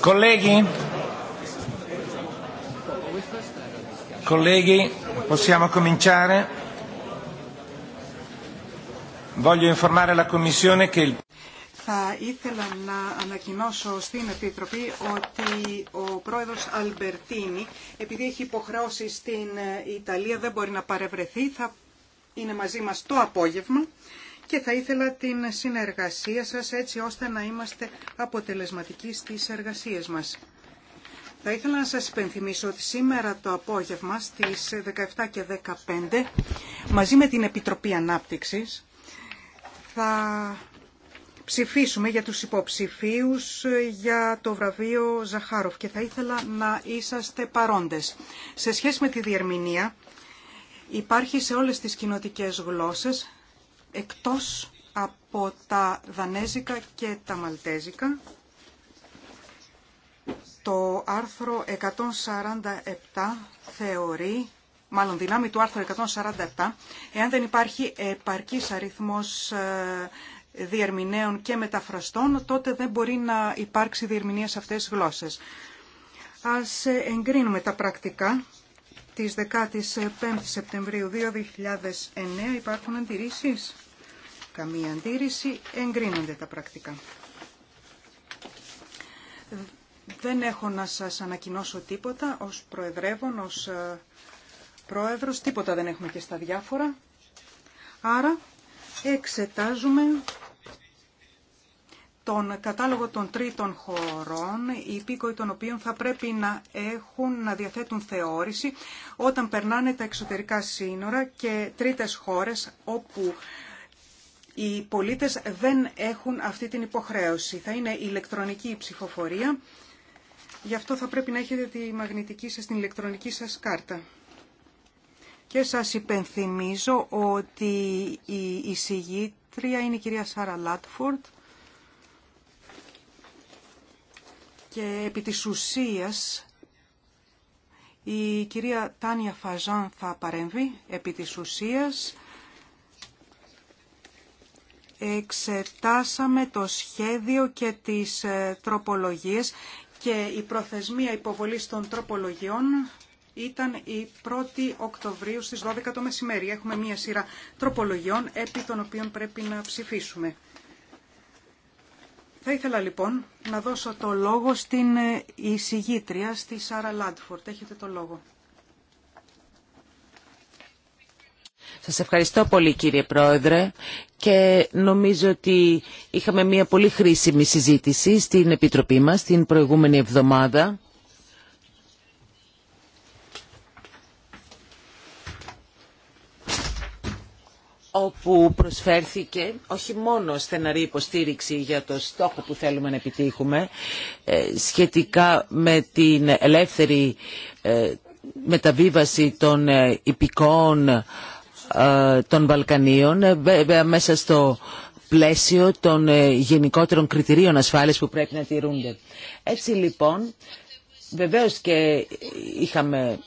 Colleghi, colleghi, possiamo cominciare. Voglio informare la Commissione che il θα ήθελα να ανακοινώσω στην Επίτροπη ότι ο πρόεδρος Αλμπερτίνη, επειδή έχει υποχρεώσει στην Ιταλία, δεν μπορεί να παρευρεθεί, θα είναι μαζί μας το απόγευμα και θα ήθελα την συνεργασία σας έτσι ώστε να είμαστε αποτελεσματικοί στις εργασίες μας. Θα ήθελα να σας υπενθυμίσω ότι σήμερα το απόγευμα στις 17 και 15 μαζί με την Επιτροπή Ανάπτυξης θα ψηφίσουμε για τους υποψηφίους για το βραβείο Ζαχάροφ και θα ήθελα να είσαστε παρόντες. Σε σχέση με τη διερμηνία υπάρχει σε όλες τις κοινοτικές γλώσσες εκτός από τα δανέζικα και τα μαλτέζικα. Το άρθρο 147 θεωρεί, μάλλον δυνάμει του άρθρου 147, εάν δεν υπάρχει επαρκής αριθμός ε, διερμηνέων και μεταφραστών, τότε δεν μπορεί να υπάρξει διερμηνία σε αυτές τις γλώσσες. Ας ε, εγκρίνουμε τα πρακτικά της 15ης Σεπτεμβρίου 2009 υπάρχουν αντιρρήσεις. Καμία αντίρρηση. Εγκρίνονται τα πρακτικά. Δεν έχω να σας ανακοινώσω τίποτα ως προεδρεύων, ως ε, πρόεδρος. Τίποτα δεν έχουμε και στα διάφορα. Άρα εξετάζουμε τον κατάλογο των τρίτων χωρών, οι υπήκοοι των οποίων θα πρέπει να έχουν, να διαθέτουν θεώρηση όταν περνάνε τα εξωτερικά σύνορα και τρίτες χώρες όπου οι πολίτες δεν έχουν αυτή την υποχρέωση. Θα είναι ηλεκτρονική η ψηφοφορία, γι' αυτό θα πρέπει να έχετε τη μαγνητική σας, την ηλεκτρονική σας κάρτα. Και σας υπενθυμίζω ότι η εισηγήτρια είναι η κυρία Σάρα Λάτφορντ, Και επί της ουσίας η κυρία Τάνια Φαζάν θα παρεμβεί επί της ουσίας. Εξετάσαμε το σχέδιο και τις ε, τροπολογίες και η προθεσμία υποβολής των τροπολογιών ήταν η 1η Οκτωβρίου στις 12 το μεσημέρι. Έχουμε μία σειρά τροπολογιών επί των οποίων πρέπει να ψηφίσουμε. Θα ήθελα λοιπόν να δώσω το λόγο στην ε, εισηγήτρια, στη Σάρα Λάντφορτ. Έχετε το λόγο. Σας ευχαριστώ πολύ κύριε Πρόεδρε και νομίζω ότι είχαμε μια πολύ χρήσιμη συζήτηση στην Επιτροπή μας την προηγούμενη εβδομάδα όπου προσφέρθηκε όχι μόνο στεναρή υποστήριξη για το στόχο που θέλουμε να επιτύχουμε ε, σχετικά με την ελεύθερη ε, μεταβίβαση των ε, υπηκόων των Βαλκανίων βέβαια μέσα στο πλαίσιο των γενικότερων κριτηρίων ασφάλειας που πρέπει να τηρούνται. Έτσι λοιπόν, βεβαίως και είχαμε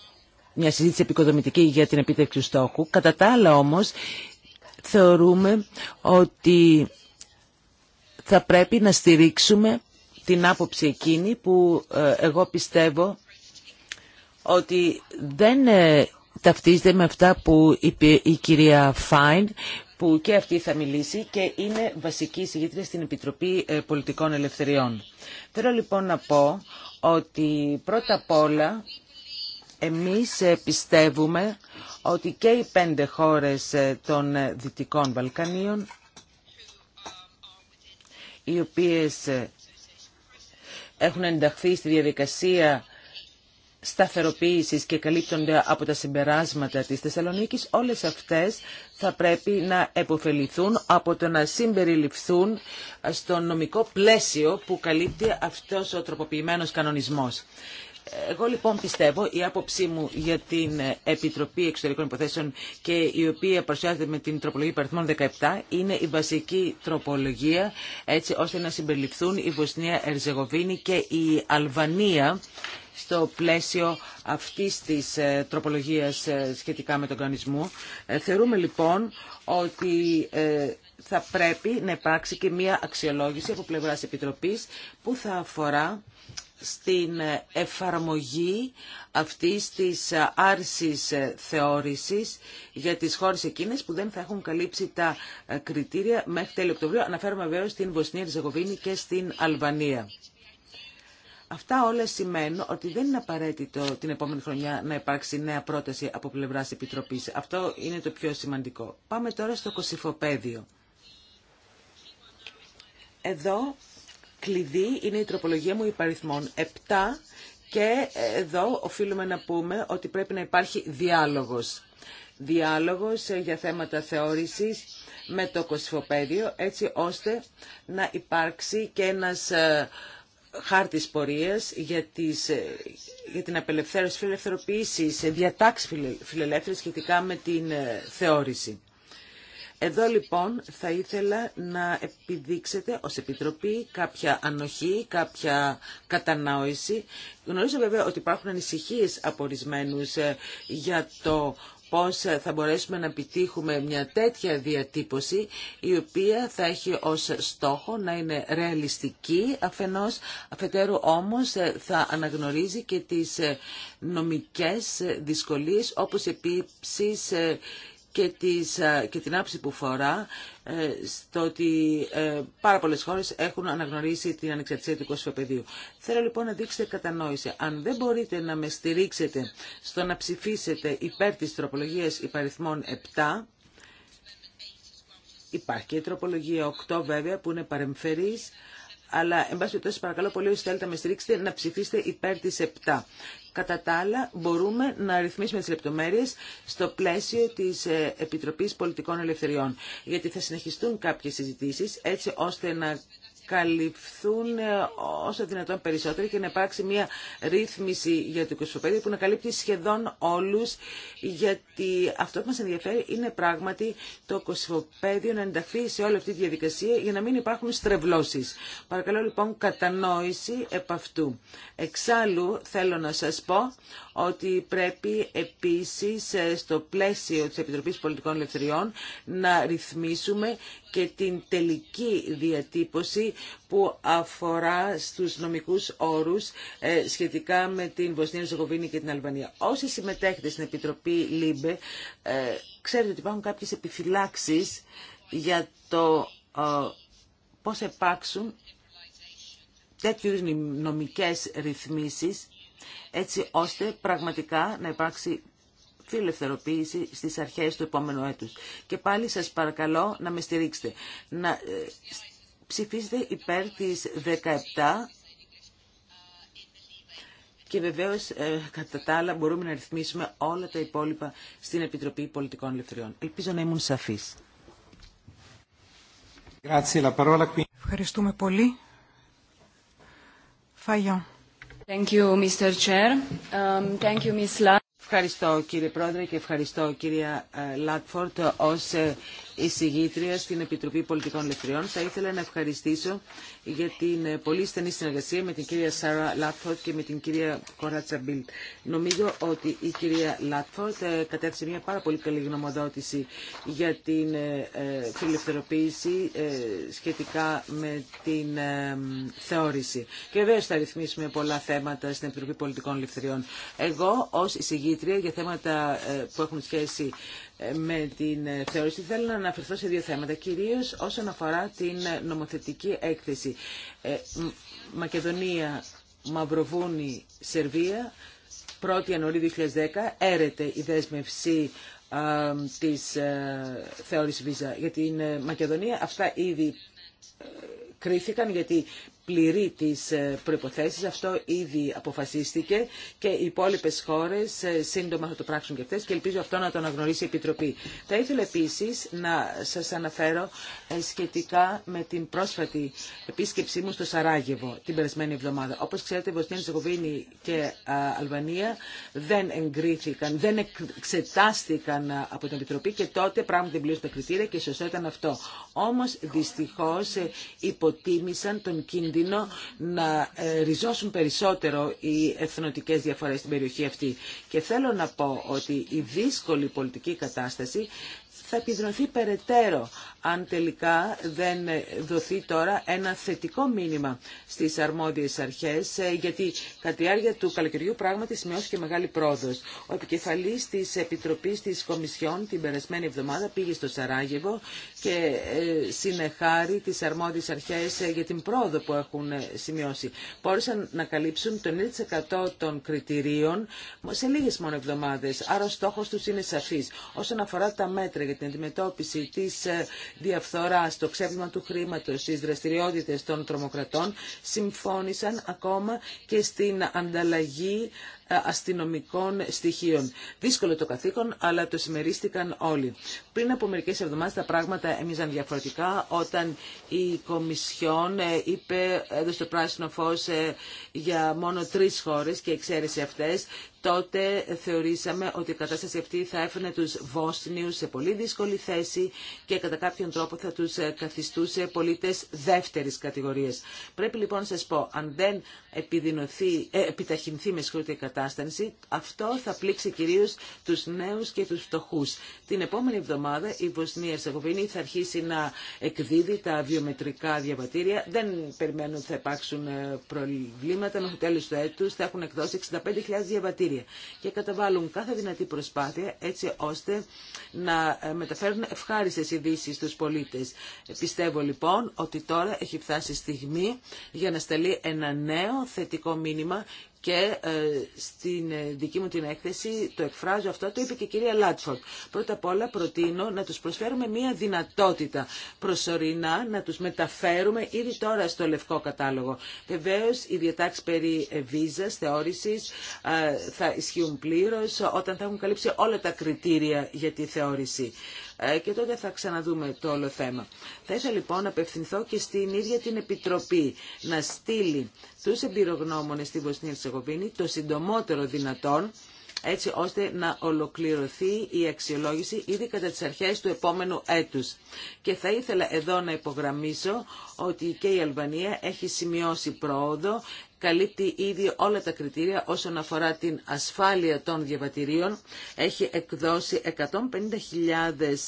μια συζήτηση επικοδομητική για την επίτευξη του στόχου. Κατά τα άλλα όμως θεωρούμε ότι θα πρέπει να στηρίξουμε την άποψη εκείνη που ε, εγώ πιστεύω ότι δεν ε, ταυτίζεται με αυτά που είπε η κυρία Φάιν που και αυτή θα μιλήσει και είναι βασική συγγήτρια στην Επιτροπή ε, Πολιτικών Ελευθεριών. Θέλω λοιπόν να πω ότι πρώτα απ' όλα εμείς ε, πιστεύουμε ότι και οι πέντε χώρες ε, των ε, Δυτικών Βαλκανίων οι οποίες έχουν ενταχθεί στη διαδικασία σταθεροποίησης και καλύπτονται από τα συμπεράσματα της Θεσσαλονίκη, όλες αυτές θα πρέπει να επωφεληθούν από το να συμπεριληφθούν στο νομικό πλαίσιο που καλύπτει αυτός ο τροποποιημένος κανονισμός. Εγώ λοιπόν πιστεύω η άποψή μου για την Επιτροπή Εξωτερικών Υποθέσεων και η οποία παρουσιάζεται με την τροπολογία υπαριθμών 17 είναι η βασική τροπολογία έτσι ώστε να συμπεριληφθούν η Βοσνία Ερζεγοβίνη και η Αλβανία στο πλαίσιο αυτής της ε, τροπολογίας ε, σχετικά με τον κανονισμό. Ε, θεωρούμε λοιπόν ότι θα πρέπει να υπάρξει και μία αξιολόγηση από πλευράς Επιτροπής που θα αφορά στην εφαρμογή αυτής της άρσης θεώρησης για τις χώρες εκείνες που δεν θα έχουν καλύψει τα κριτήρια μέχρι τέλειο Οκτωβρίου. Αναφέρομαι βέβαια στην Βοσνία, Ριζεγοβίνη και στην Αλβανία. Αυτά όλα σημαίνουν ότι δεν είναι απαραίτητο την επόμενη χρονιά να υπάρξει νέα πρόταση από πλευρά Επιτροπή. Αυτό είναι το πιο σημαντικό. Πάμε τώρα στο κοσυφοπαίδιο. Εδώ κλειδί είναι η τροπολογία μου υπαριθμών 7 και εδώ οφείλουμε να πούμε ότι πρέπει να υπάρχει διάλογος. Διάλογος για θέματα θεώρησης με το κοσυφοπαίδιο έτσι ώστε να υπάρξει και ένας ε, χάρτης πορείας για, τις, ε, για την απελευθέρωση σε διατάξεις φιλελεύθερη σχετικά με την ε, θεώρηση. Εδώ λοιπόν θα ήθελα να επιδείξετε ως Επιτροπή κάποια ανοχή, κάποια κατανόηση. Γνωρίζω βέβαια ότι υπάρχουν ανησυχίες από ε, για το πώς θα μπορέσουμε να επιτύχουμε μια τέτοια διατύπωση η οποία θα έχει ως στόχο να είναι ρεαλιστική αφενός, αφετέρου όμως ε, θα αναγνωρίζει και τις ε, νομικές δυσκολίες όπως επίσης και, ε, και την άψη που φορά ε, στο ότι ε, πάρα πολλές χώρες έχουν αναγνωρίσει την ανεξαρτησία του πεδίου. Θέλω λοιπόν να δείξετε κατανόηση. Αν δεν μπορείτε να με στηρίξετε στο να ψηφίσετε υπέρ της τροπολογίας υπαριθμών 7, Υπάρχει και η τροπολογία 8 βέβαια που είναι παρεμφερής, αλλά εν πάση περιπτώσει παρακαλώ πολύ όσοι θέλετε να με στηρίξετε να ψηφίσετε υπέρ τη 7. Κατά τα άλλα, μπορούμε να ρυθμίσουμε τι λεπτομέρειε στο πλαίσιο τη ε, Επιτροπής Πολιτικών Ελευθεριών, γιατί θα συνεχιστούν κάποιε συζητήσει, έτσι ώστε να καλυφθούν ε, όσο δυνατόν περισσότερο και να υπάρξει μια ρύθμιση για το 25 που να καλύπτει σχεδόν όλους γιατί αυτό που μας ενδιαφέρει είναι πράγματι το 25 να ενταχθεί σε όλη αυτή τη διαδικασία για να μην υπάρχουν στρεβλώσεις. Παρακαλώ λοιπόν κατανόηση επ' αυτού. Εξάλλου θέλω να σας πω ότι πρέπει επίσης ε, στο πλαίσιο της Επιτροπής Πολιτικών Ελευθεριών να ρυθμίσουμε και την τελική διατύπωση που αφορά στους νομικούς όρους ε, σχετικά με την Βοσνία, Ζεγοβίνη και την Αλβανία. Όσοι συμμετέχετε στην Επιτροπή ΛΥΜΠΕ, ε, ξέρετε ότι υπάρχουν κάποιες επιφυλάξεις για το ε, πώς επάξουν τέτοιου νομικές ρυθμίσεις έτσι ώστε πραγματικά να υπάρξει φιλελευθερωποίηση στις αρχές του επόμενου έτους. Και πάλι σας παρακαλώ να με στηρίξετε. Να ε, ψηφίσετε υπέρ της 17 και βεβαίως ε, κατά τα άλλα μπορούμε να ρυθμίσουμε όλα τα υπόλοιπα στην Επιτροπή Πολιτικών Ελευθεριών. Ελπίζω να ήμουν σαφής. Ευχαριστούμε πολύ. Thank you, Mr. Ευχαριστώ κύριε Πρόεδρε και ευχαριστώ κυρία ε, Λάτφορντ ως ε, εισηγήτρια στην Επιτροπή Πολιτικών Ελευθεριών. Θα ήθελα να ευχαριστήσω για την ε, πολύ στενή συνεργασία με την κυρία Σάρα Λάτφορτ και με την κυρία Κοράτσα Μπίλτ. Νομίζω ότι η κυρία Λάτφορτ ε, κατέθεσε μια πάρα πολύ καλή γνωμοδότηση για την ε, φιλελευθερωποίηση σχετικά με την θεώρηση. Και βέβαια θα ρυθμίσουμε πολλά θέματα στην Επιτροπή Πολιτικών Ελευθεριών. Εγώ ως εισηγήτρια για θέματα που έχουν σχέση με την θεώρηση αναφερθώ σε δύο θέματα, κυρίως όσον αφορά την νομοθετική έκθεση. Ε, Μακεδονία, Μαυροβούνη, Σερβία, 1η Ιανουαρίου 2010, έρεται η δέσμευση ε, της θεώρησης βίζα για την ε, Μακεδονία. Αυτά ήδη ε, κρίθηκαν γιατί πληρεί τι ε, προϋποθέσεις. Αυτό ήδη αποφασίστηκε και οι υπόλοιπε χώρες ε, σύντομα θα το πράξουν και αυτές και ελπίζω αυτό να το αναγνωρίσει η Επιτροπή. Θα ήθελα επίσης να σας αναφέρω ε, σχετικά με την πρόσφατη επίσκεψή μου στο Σαράγεβο την περασμένη εβδομάδα. Όπως ξέρετε, Βοσνία, Ζεγοβίνη και Αλβανία δεν εγκρίθηκαν, δεν εξετάστηκαν από την Επιτροπή και τότε πράγματι δεν τα κριτήρια και σωστό ήταν αυτό. Όμως δυστυχώς υποτίμησαν τον κίνδυνο να ε, ριζώσουν περισσότερο οι εθνοτικές διαφορές στην περιοχή αυτή. Και θέλω να πω ότι η δύσκολη πολιτική κατάσταση θα επιδροθεί περαιτέρω αν τελικά δεν δοθεί τώρα ένα θετικό μήνυμα στις αρμόδιες αρχές, ε, γιατί κατά τη διάρκεια του καλοκαιριού πράγματι σημειώθηκε μεγάλη πρόοδος. Ο επικεφαλής της Επιτροπής της Κομισιόν την περασμένη εβδομάδα πήγε στο Σαράγεβο και ε, συνεχάρει τις αρμόδιες αρχές ε, για την πρόοδο που έχουν σημειώσει. Πόρεσαν να καλύψουν το 90% των κριτηρίων σε λίγες μόνο εβδομάδες, άρα ο στόχος τους είναι σαφής. Όσον αφορά τα μέτρα για την αντιμετώπιση της Διαφθορά στο ξέπλυμα του χρήματος, στις δραστηριότητες των τρομοκρατών, συμφώνησαν ακόμα και στην ανταλλαγή ε, αστυνομικών στοιχείων. Δύσκολο το καθήκον, αλλά το συμμερίστηκαν όλοι. Πριν από μερικές εβδομάδες τα πράγματα έμειζαν διαφορετικά όταν η Κομισιόν ε, είπε, έδωσε το πράσινο φως ε, για μόνο τρεις χώρες και εξαίρεσε αυτές τότε θεωρήσαμε ότι η κατάσταση αυτή θα έφερνε τους Βόσνιους σε πολύ δύσκολη θέση και κατά κάποιον τρόπο θα τους ε, καθιστούσε πολίτες δεύτερης κατηγορίας. Πρέπει λοιπόν να σας πω, αν δεν ε, επιταχυνθεί με συγχωρείτε η κατάσταση, αυτό θα πλήξει κυρίως τους νέους και τους φτωχούς. Την επόμενη εβδομάδα η Βοσνία Ερσεγοβίνη θα αρχίσει να εκδίδει τα βιομετρικά διαβατήρια. Δεν περιμένουν ότι θα υπάρξουν ε, προβλήματα. Μέχρι τέλος του έτους θα έχουν εκδώσει 65.000 διαβατήρια και καταβάλουν κάθε δυνατή προσπάθεια έτσι ώστε να ε, μεταφέρουν ευχάριστες ειδήσει στους πολίτες. Πιστεύω λοιπόν ότι τώρα έχει φτάσει η στιγμή για να στελεί ένα νέο θετικό μήνυμα και ε, στην ε, δική μου την έκθεση το εκφράζω αυτό, το είπε και η κυρία Λάτσφορντ. Πρώτα απ' όλα προτείνω να τους προσφέρουμε μία δυνατότητα προσωρινά να τους μεταφέρουμε ήδη τώρα στο λευκό κατάλογο. Βεβαίω, οι διατάξει περί ε, βίζα, θεώρηση θα ισχύουν πλήρω όταν θα έχουν καλύψει όλα τα κριτήρια για τη θεώρηση. Ε, και τότε θα ξαναδούμε το όλο θέμα. Θα ήθελα λοιπόν να απευθυνθώ και στην ίδια την Επιτροπή να στείλει τους εμπειρογνώμονες στη Βοσνία Ερσεγοβίνη το συντομότερο δυνατόν έτσι ώστε να ολοκληρωθεί η αξιολόγηση ήδη κατά τις αρχές του επόμενου έτους. Και θα ήθελα εδώ να υπογραμμίσω ότι και η Αλβανία έχει σημειώσει πρόοδο, καλύπτει ήδη όλα τα κριτήρια όσον αφορά την ασφάλεια των διαβατηρίων. Έχει εκδώσει 150.000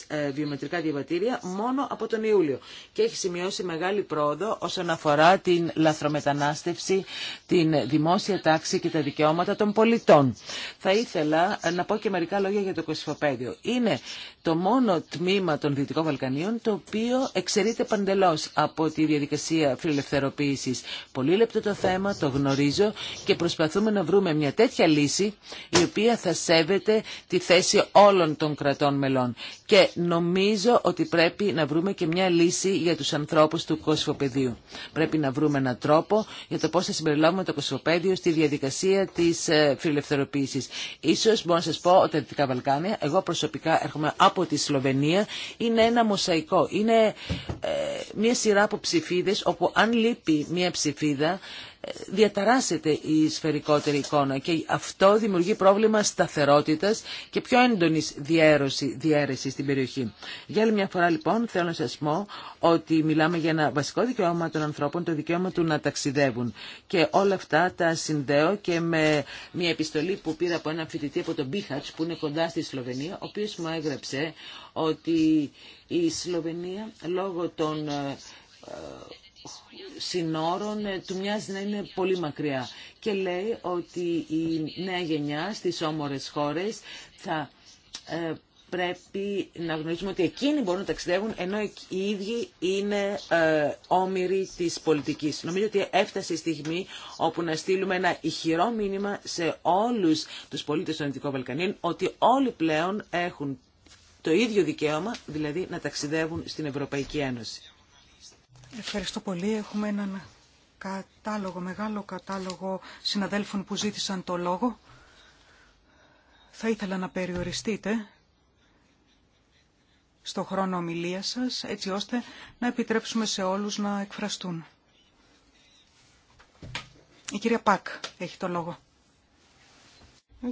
ε, βιομετρικά διαβατήρια μόνο από τον Ιούλιο και έχει σημειώσει μεγάλη πρόοδο όσον αφορά την λαθρομετανάστευση, την δημόσια τάξη και τα δικαιώματα των πολιτών. Θα ήθελα ε, να πω και μερικά λόγια για το Κωσυφοπαίδιο. Είναι το μόνο τμήμα των Δυτικών Βαλκανίων το οποίο εξαιρείται παντελώς από τη διαδικασία φιλελευθερωποίησης. Πολύ λεπτό το θέμα, το γνωρίζω και προσπαθούμε να βρούμε μια τέτοια λύση η οποία θα σέβεται τη θέση όλων των κρατών μελών. Και νομίζω ότι πρέπει να βρούμε και μια λύση για τους ανθρώπους του κοσφοπεδίου. Πρέπει να βρούμε έναν τρόπο για το πώς θα συμπεριλάβουμε το κοσφοπέδιο στη διαδικασία της ε, φιλελευθεροποίησης. Ίσως μπορώ να σας πω ότι τα Δυτικά Βαλκάνια, εγώ προσωπικά έρχομαι από τη Σλοβενία, είναι ένα μοσαϊκό. Είναι ε, μια σειρά από ψηφίδες όπου αν λείπει μια ψηφίδα διαταράσσεται η σφαιρικότερη εικόνα και αυτό δημιουργεί πρόβλημα σταθερότητας και πιο έντονη διαίρεση στην περιοχή. Για άλλη μια φορά λοιπόν θέλω να σας πω ότι μιλάμε για ένα βασικό δικαιώμα των ανθρώπων, το δικαίωμα του να ταξιδεύουν και όλα αυτά τα συνδέω και με μια επιστολή που πήρα από έναν φοιτητή από τον Μπίχατς που είναι κοντά στη Σλοβενία, ο οποίος μου έγραψε ότι η Σλοβενία λόγω των ε, ε, συνόρων ε, του μοιάζει να είναι πολύ μακριά και λέει ότι η νέα γενιά στις όμορες χώρες θα ε, πρέπει να γνωρίζουμε ότι εκείνοι μπορούν να ταξιδεύουν ενώ οι ίδιοι είναι ε, όμοιροι της πολιτικής. Νομίζω ότι έφτασε η στιγμή όπου να στείλουμε ένα ηχηρό μήνυμα σε όλους τους πολίτες του Ανατολικού Βαλκανίων ότι όλοι πλέον έχουν το ίδιο δικαίωμα, δηλαδή να ταξιδεύουν στην Ευρωπαϊκή Ένωση. Ευχαριστώ πολύ. Έχουμε έναν κατάλογο, μεγάλο κατάλογο συναδέλφων που ζήτησαν το λόγο. Θα ήθελα να περιοριστείτε στο χρόνο ομιλία σας, έτσι ώστε να επιτρέψουμε σε όλους να εκφραστούν. Η κυρία Πακ έχει το λόγο.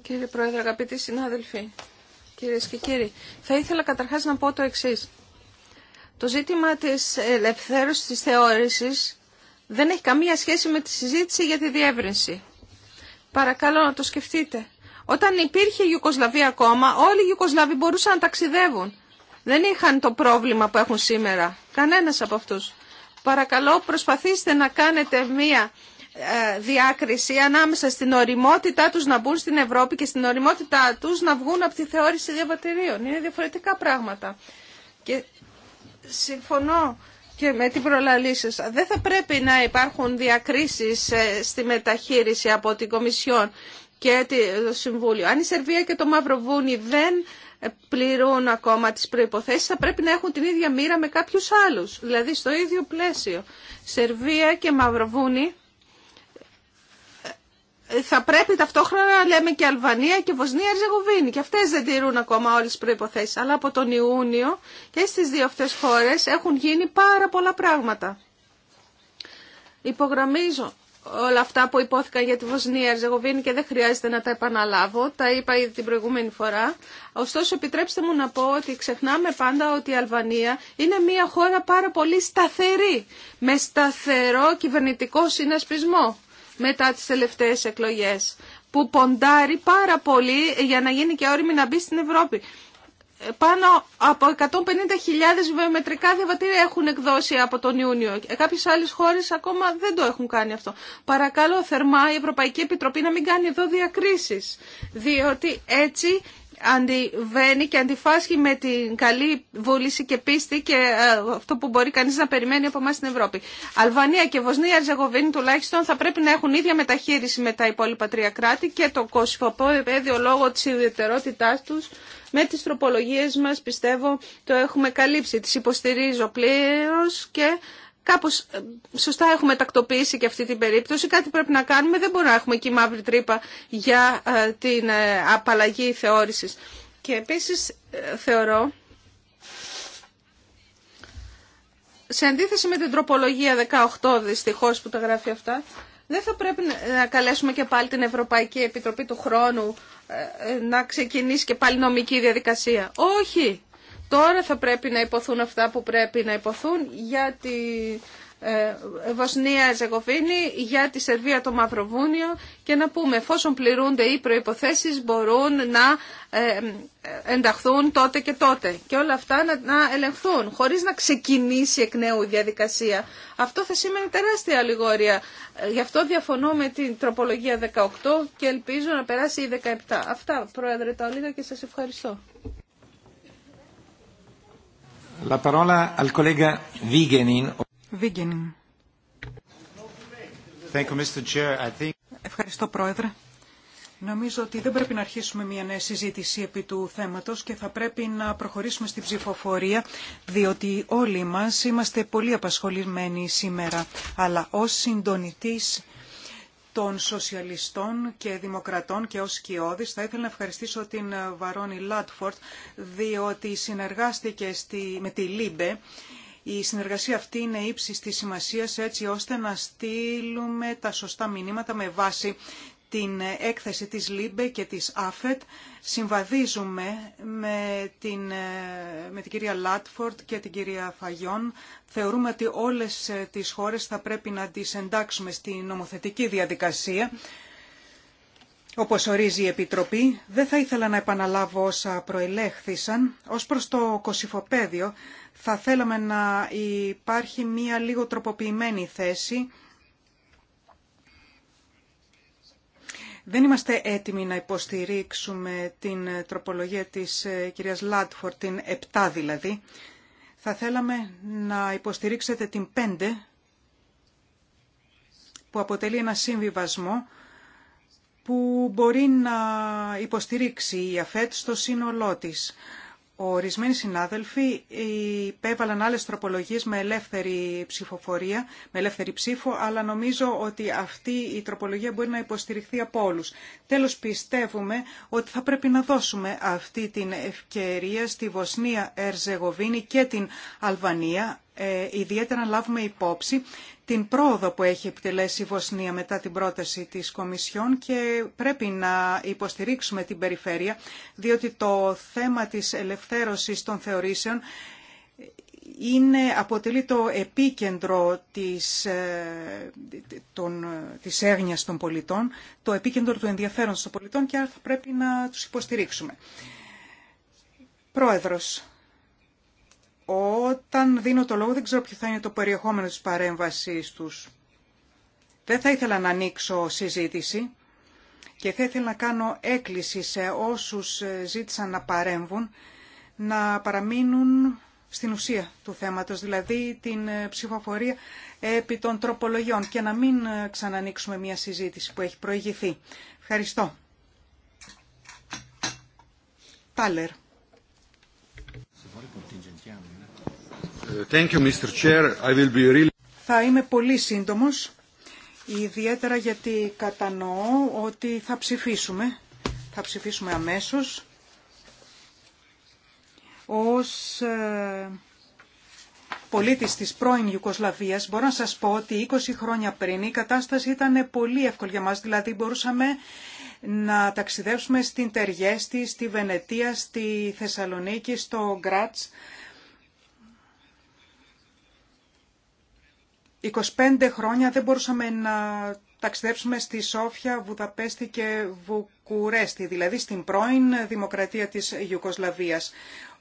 Κύριε Πρόεδρε, αγαπητοί συνάδελφοι, κυρίες και κύριοι, θα ήθελα καταρχάς να πω το εξής. Το ζήτημα της ελευθέρωσης της θεώρησης δεν έχει καμία σχέση με τη συζήτηση για τη διεύρυνση. Παρακαλώ να το σκεφτείτε. Όταν υπήρχε η Ιουκοσλαβία ακόμα, όλοι οι Ιουκοσλαβοί μπορούσαν να ταξιδεύουν. Δεν είχαν το πρόβλημα που έχουν σήμερα. Κανένας από αυτούς. Παρακαλώ προσπαθήστε να κάνετε μία ε, διάκριση ανάμεσα στην οριμότητά τους να μπουν στην Ευρώπη και στην οριμότητά τους να βγουν από τη θεώρηση διαβατηρίων. Είναι διαφορετικά πράγματα. Και συμφωνώ και με την προλαλή σας. Δεν θα πρέπει να υπάρχουν διακρίσεις ε, στη μεταχείριση από την Κομισιόν και το Συμβούλιο. Αν η Σερβία και το Μαυροβούνι δεν πληρούν ακόμα τις προϋποθέσεις, θα πρέπει να έχουν την ίδια μοίρα με κάποιους άλλους, δηλαδή στο ίδιο πλαίσιο. Σερβία και Μαυροβούνι θα πρέπει ταυτόχρονα να λέμε και Αλβανία και Βοσνία Ερζεγοβίνη και αυτές δεν τηρούν ακόμα όλες τις προϋποθέσεις αλλά από τον Ιούνιο και στις δύο αυτές χώρες έχουν γίνει πάρα πολλά πράγματα. Υπογραμμίζω όλα αυτά που υπόθηκαν για τη Βοσνία Ερζεγοβίνη και δεν χρειάζεται να τα επαναλάβω, τα είπα ήδη την προηγούμενη φορά. Ωστόσο επιτρέψτε μου να πω ότι ξεχνάμε πάντα ότι η Αλβανία είναι μια χώρα πάρα πολύ σταθερή, με σταθερό κυβερνητικό συνασπισμό μετά τις τελευταίες εκλογές που ποντάρει πάρα πολύ για να γίνει και όριμη να μπει στην Ευρώπη. Πάνω από 150.000 βιομετρικά διαβατήρια έχουν εκδώσει από τον Ιούνιο. Ε, Κάποιε άλλε χώρε ακόμα δεν το έχουν κάνει αυτό. Παρακαλώ θερμά η Ευρωπαϊκή Επιτροπή να μην κάνει εδώ διακρίσει. Διότι έτσι αντιβαίνει και αντιφάσχει με την καλή βούληση και πίστη και ε, αυτό που μπορεί κανείς να περιμένει από εμάς στην Ευρώπη. Αλβανία και Βοσνία, Ζεγοβίνη τουλάχιστον θα πρέπει να έχουν ίδια μεταχείριση με τα υπόλοιπα τρία κράτη και το επέδειο λόγω της ιδιαιτερότητάς τους με τις τροπολογίες μας πιστεύω το έχουμε καλύψει. Τις υποστηρίζω πλήρως και Κάπω ε, σωστά έχουμε τακτοποιήσει και αυτή την περίπτωση. Κάτι πρέπει να κάνουμε. Δεν μπορούμε να έχουμε εκεί μαύρη τρύπα για ε, την ε, απαλλαγή θεώρηση. Και επίσης θεωρώ, σε αντίθεση με την τροπολογία 18 δυστυχώ που τα γράφει αυτά, δεν θα πρέπει να καλέσουμε και πάλι την Ευρωπαϊκή Επιτροπή του Χρόνου να ξεκινήσει και πάλι νομική διαδικασία. Όχι! Τώρα θα πρέπει να υποθούν αυτά που πρέπει να υποθούν για τη ε, Βοσνία Ζεγοβίνη, για τη Σερβία το Μαυροβούνιο και να πούμε εφόσον πληρούνται οι προϋποθέσεις μπορούν να ε, ενταχθούν τότε και τότε και όλα αυτά να ελεγχθούν χωρίς να ξεκινήσει εκ νέου η διαδικασία. Αυτό θα σημαίνει τεράστια αλληγόρια. Ε, γι' αυτό διαφωνώ με την τροπολογία 18 και ελπίζω να περάσει η 17. Αυτά, Πρόεδρε, τα και σας ευχαριστώ. Ευχαριστώ, Πρόεδρε. Νομίζω ότι δεν πρέπει να αρχίσουμε μια νέα συζήτηση επί του θέματος και θα πρέπει να προχωρήσουμε στην ψηφοφορία, διότι όλοι μας είμαστε πολύ απασχολημένοι σήμερα. Αλλά ως συντονητής των σοσιαλιστών και δημοκρατών και ως κοιόδης. Θα ήθελα να ευχαριστήσω την Βαρόνι Λάτφορτ, διότι συνεργάστηκε με τη ΛΥΜΠΕ. Η συνεργασία αυτή είναι ύψη της σημασίας έτσι ώστε να στείλουμε τα σωστά μηνύματα με βάση την έκθεση της ΛΥΜΠΕ και της ΑΦΕΤ συμβαδίζουμε με την, κυρία Λάτφορντ και την κυρία Φαγιόν. Θεωρούμε ότι όλες τις χώρες θα πρέπει να τις εντάξουμε στη νομοθετική διαδικασία όπως ορίζει η Επιτροπή, δεν θα ήθελα να επαναλάβω όσα προελέχθησαν. Ως προς το κοσυφοπέδιο, θα θέλαμε να υπάρχει μία λίγο τροποποιημένη θέση Δεν είμαστε έτοιμοι να υποστηρίξουμε την τροπολογία της ε, κυρίας Λάτφορ, την 7 δηλαδή. Θα θέλαμε να υποστηρίξετε την 5 που αποτελεί ένα συμβιβασμό που μπορεί να υποστηρίξει η ΑΦΕΤ στο σύνολό της. Ορισμένοι συνάδελφοι υπέβαλαν άλλε τροπολογίε με ελεύθερη ψηφοφορία, με ελεύθερη ψήφο, αλλά νομίζω ότι αυτή η τροπολογία μπορεί να υποστηριχθεί από όλου. Τέλος, πιστεύουμε ότι θα πρέπει να δώσουμε αυτή την ευκαιρία στη Βοσνία, Ερζεγοβίνη και την Αλβανία, ε, ιδιαίτερα να λάβουμε υπόψη την πρόοδο που έχει επιτελέσει η Βοσνία μετά την πρόταση της Κομισιόν και πρέπει να υποστηρίξουμε την περιφέρεια, διότι το θέμα της ελευθέρωσης των θεωρήσεων είναι, αποτελεί το επίκεντρο της, ε, των, της έγνοιας των πολιτών, το επίκεντρο του ενδιαφέροντος των πολιτών και άρα θα πρέπει να τους υποστηρίξουμε. Πρόεδρος, όταν δίνω το λόγο δεν ξέρω ποιο θα είναι το περιεχόμενο της παρέμβασής τους. Δεν θα ήθελα να ανοίξω συζήτηση και θα ήθελα να κάνω έκκληση σε όσους ε, ζήτησαν να παρέμβουν να παραμείνουν στην ουσία του θέματος, δηλαδή την ε, ψηφοφορία επί των τροπολογιών και να μην ε, ξανανοίξουμε μια συζήτηση που έχει προηγηθεί. Ευχαριστώ. Τάλερ. Θα είμαι πολύ σύντομος, ιδιαίτερα γιατί κατανοώ ότι θα ψηφίσουμε. Θα ψηφίσουμε αμέσως ως ε, πολίτης της πρώην Ιουκοσλαβίας μπορώ να σας πω ότι 20 χρόνια πριν η κατάσταση ήταν πολύ εύκολη για μας. Δηλαδή μπορούσαμε να ταξιδέψουμε στην Τεργέστη, στη Βενετία, στη Θεσσαλονίκη, στο Γκράτς 25 χρόνια δεν μπορούσαμε να ταξιδέψουμε στη Σόφια, Βουδαπέστη και Βουκουρέστη, δηλαδή στην πρώην δημοκρατία της Ιουκοσλαβίας.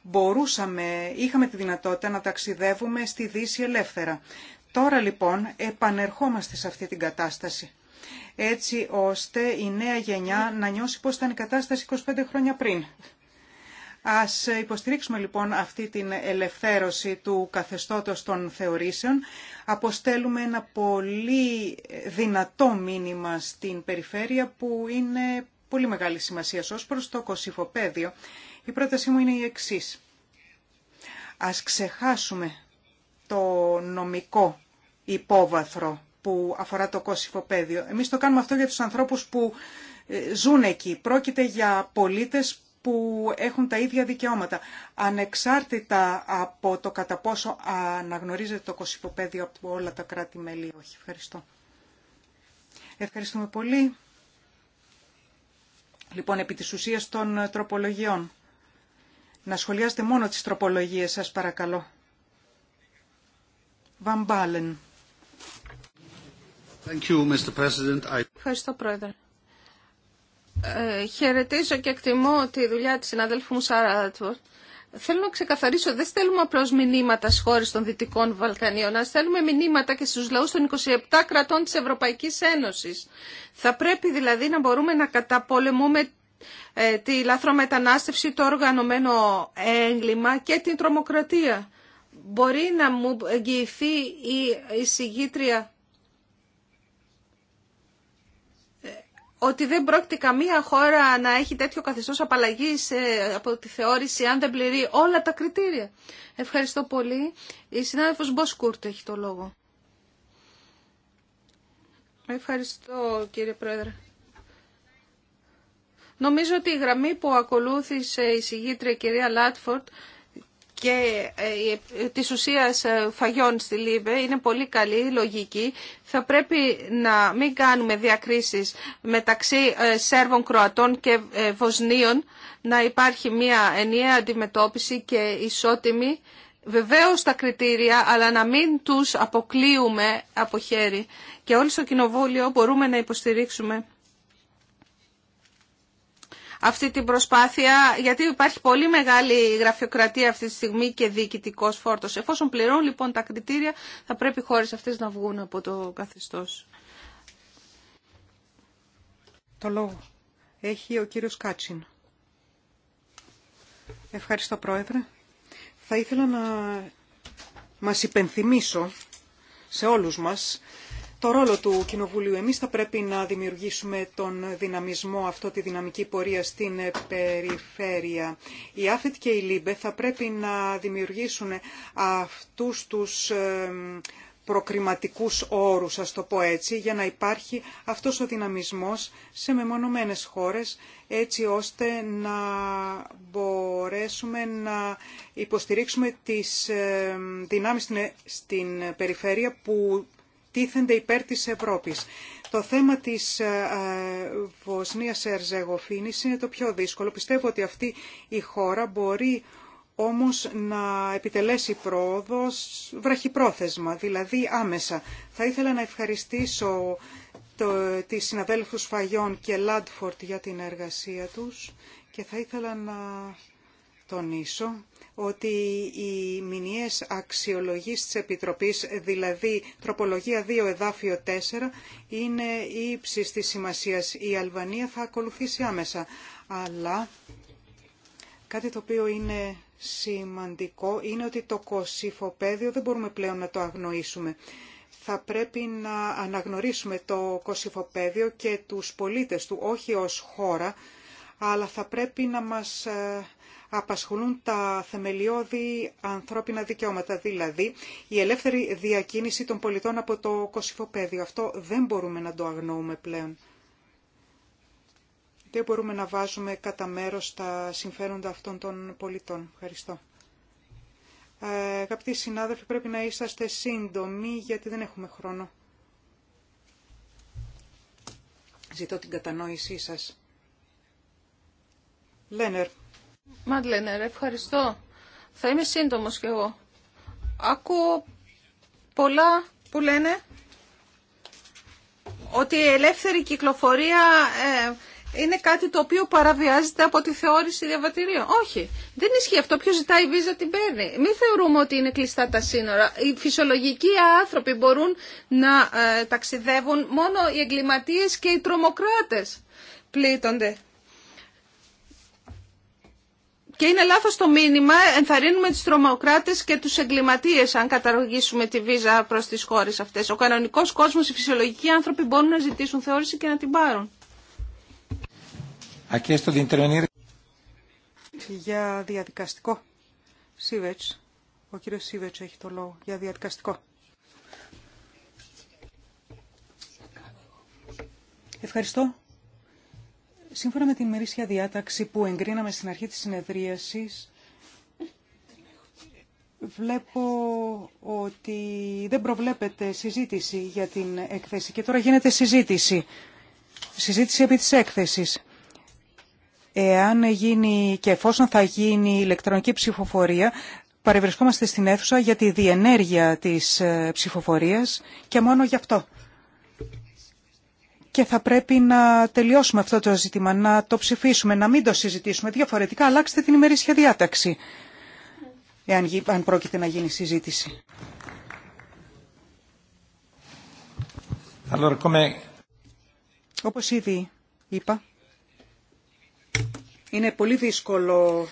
Μπορούσαμε, είχαμε τη δυνατότητα να ταξιδεύουμε στη Δύση ελεύθερα. Τώρα λοιπόν επανερχόμαστε σε αυτή την κατάσταση έτσι ώστε η νέα γενιά να νιώσει πώς ήταν η κατάσταση 25 χρόνια πριν. Ας υποστηρίξουμε λοιπόν αυτή την ελευθέρωση του καθεστώτος των θεωρήσεων. Αποστέλουμε ένα πολύ δυνατό μήνυμα στην περιφέρεια που είναι πολύ μεγάλη σημασία ως προς το κοσυφοπαίδιο. Η πρότασή μου είναι η εξής. Ας ξεχάσουμε το νομικό υπόβαθρο που αφορά το κοσυφοπαίδιο. Εμείς το κάνουμε αυτό για τους ανθρώπους που ε, ζουν εκεί. Πρόκειται για πολίτες που έχουν τα ίδια δικαιώματα, ανεξάρτητα από το κατά πόσο αναγνωρίζεται το κοσυποπέδιο από όλα τα κράτη-μέλη. Όχι, ευχαριστώ. Ευχαριστούμε πολύ. Λοιπόν, επί της ουσίας των τροπολογιών. Να σχολιάσετε μόνο τις τροπολογίες σας, παρακαλώ. Van Ευχαριστώ, Πρόεδρε. Ε, χαιρετίζω και εκτιμώ τη δουλειά της συναδέλφου μου Σάρα Θέλω να ξεκαθαρίσω, δεν στέλνουμε απλώ μηνύματα στι χώρε των Δυτικών Βαλκανίων, αλλά στέλνουμε μηνύματα και στου λαού των 27 κρατών τη Ευρωπαϊκή Ένωση. Θα πρέπει δηλαδή να μπορούμε να καταπολεμούμε ε, τη λαθρομετανάστευση, το οργανωμένο έγκλημα και την τρομοκρατία. Μπορεί να μου εγγυηθεί η εισηγήτρια ότι δεν πρόκειται καμία χώρα να έχει τέτοιο καθεστώς απαλλαγής ε, από τη θεώρηση αν δεν πληρεί όλα τα κριτήρια. Ευχαριστώ πολύ. Η συνάδελφος Μποσκούρτ έχει το λόγο. Ευχαριστώ κύριε Πρόεδρε. Νομίζω ότι η γραμμή που ακολούθησε η συγγήτρια κυρία Λάτφορτ και ε, ε, της ουσίας ε, φαγιών στη Λίβε είναι πολύ καλή, λογική. Θα πρέπει να μην κάνουμε διακρίσεις μεταξύ Σέρβων, Κροατών και Βοσνίων, να υπάρχει μια ενιαία αντιμετώπιση και ισότιμη, βεβαίως τα κριτήρια, αλλά να μην τους αποκλείουμε από χέρι. Και όλοι στο Κοινοβούλιο μπορούμε να υποστηρίξουμε αυτή την προσπάθεια, γιατί υπάρχει πολύ μεγάλη γραφειοκρατία αυτή τη στιγμή και διοικητικό φόρτο. Εφόσον πληρώνουν λοιπόν τα κριτήρια, θα πρέπει οι χώρε αυτέ να βγουν από το καθεστώ. Το λόγο έχει ο κύριος Κάτσιν. Ευχαριστώ Πρόεδρε. Θα ήθελα να μας υπενθυμίσω σε όλους μας το ρόλο του Κοινοβουλίου. Εμείς θα πρέπει να δημιουργήσουμε τον δυναμισμό, αυτό τη δυναμική πορεία στην περιφέρεια. Η ΑΦΕΤ και η ΛΥΜΠΕ θα πρέπει να δημιουργήσουν αυτούς τους προκριματικούς όρους, ας το πω έτσι, για να υπάρχει αυτός ο δυναμισμός σε μεμονωμένες χώρες, έτσι ώστε να μπορέσουμε να υποστηρίξουμε τις δυνάμεις στην περιφέρεια που τίθενται υπέρ της Ευρώπης. Το θέμα της ε, ε, Βοσνίας Ερζεγοφίνης είναι το πιο δύσκολο. Πιστεύω ότι αυτή η χώρα μπορεί όμως να επιτελέσει πρόοδος βραχυπρόθεσμα, δηλαδή άμεσα. Θα ήθελα να ευχαριστήσω το, τις συναδέλφους Φαγιών και Λάντφορτ για την εργασία τους και θα ήθελα να τονίσω ότι οι μηνιαίες αξιολογήσεις της Επιτροπής, δηλαδή τροπολογία 2 εδάφιο 4, είναι ύψης της σημασίας. Η Αλβανία θα ακολουθήσει άμεσα. Αλλά κάτι το οποίο είναι σημαντικό είναι ότι το κοσυφοπαίδιο δεν μπορούμε πλέον να το αγνοήσουμε. Θα πρέπει να αναγνωρίσουμε το κοσυφοπαίδιο και τους πολίτες του, όχι ως χώρα, αλλά θα πρέπει να μας ε, απασχολούν τα θεμελιώδη ανθρώπινα δικαιώματα, δηλαδή η ελεύθερη διακίνηση των πολιτών από το κοσυφοπέδιο. Αυτό δεν μπορούμε να το αγνοούμε πλέον. Δεν μπορούμε να βάζουμε κατά μέρο τα συμφέροντα αυτών των πολιτών. Ευχαριστώ. Ε, αγαπητοί συνάδελφοι, πρέπει να είσαστε σύντομοι γιατί δεν έχουμε χρόνο. Ζητώ την κατανόησή σας. Λένερ. Μαντλένερ, ευχαριστώ. Θα είμαι σύντομος κι εγώ. Ακούω πολλά που λένε ότι η ελεύθερη κυκλοφορία ε, είναι κάτι το οποίο παραβιάζεται από τη θεώρηση διαβατηρίων. Όχι, δεν ισχύει αυτό. Ποιο ζητάει βίζα την παίρνει. Μην θεωρούμε ότι είναι κλειστά τα σύνορα. Οι φυσιολογικοί άνθρωποι μπορούν να ε, ταξιδεύουν. Μόνο οι εγκληματίες και οι τρομοκράτες πλήττονται και είναι λάθο το μήνυμα, ενθαρρύνουμε του τρομοκράτε και τους εγκληματίες αν καταργήσουμε τη βίζα προς τις χώρε αυτές. Ο κανονικός κόσμος, οι φυσιολογικοί άνθρωποι μπορούν να ζητήσουν θεώρηση και να την πάρουν. Για διαδικαστικό. Ο κύριος έχει το λόγο για διαδικαστικό. Ευχαριστώ. Σύμφωνα με την μερίσια διάταξη που εγκρίναμε στην αρχή της συνεδρίασης, βλέπω ότι δεν προβλέπεται συζήτηση για την έκθεση και τώρα γίνεται συζήτηση. Συζήτηση επί της έκθεσης. Εάν γίνει και εφόσον θα γίνει ηλεκτρονική ψηφοφορία, παρευρισκόμαστε στην αίθουσα για τη διενέργεια της ε, ψηφοφορίας και μόνο γι' αυτό και θα πρέπει να τελειώσουμε αυτό το ζήτημα, να το ψηφίσουμε, να μην το συζητήσουμε. Διαφορετικά αλλάξτε την ημερήσια διάταξη, εάν, αν πρόκειται να γίνει συζήτηση. come... Όπως ήδη είπα, είναι πολύ δύσκολο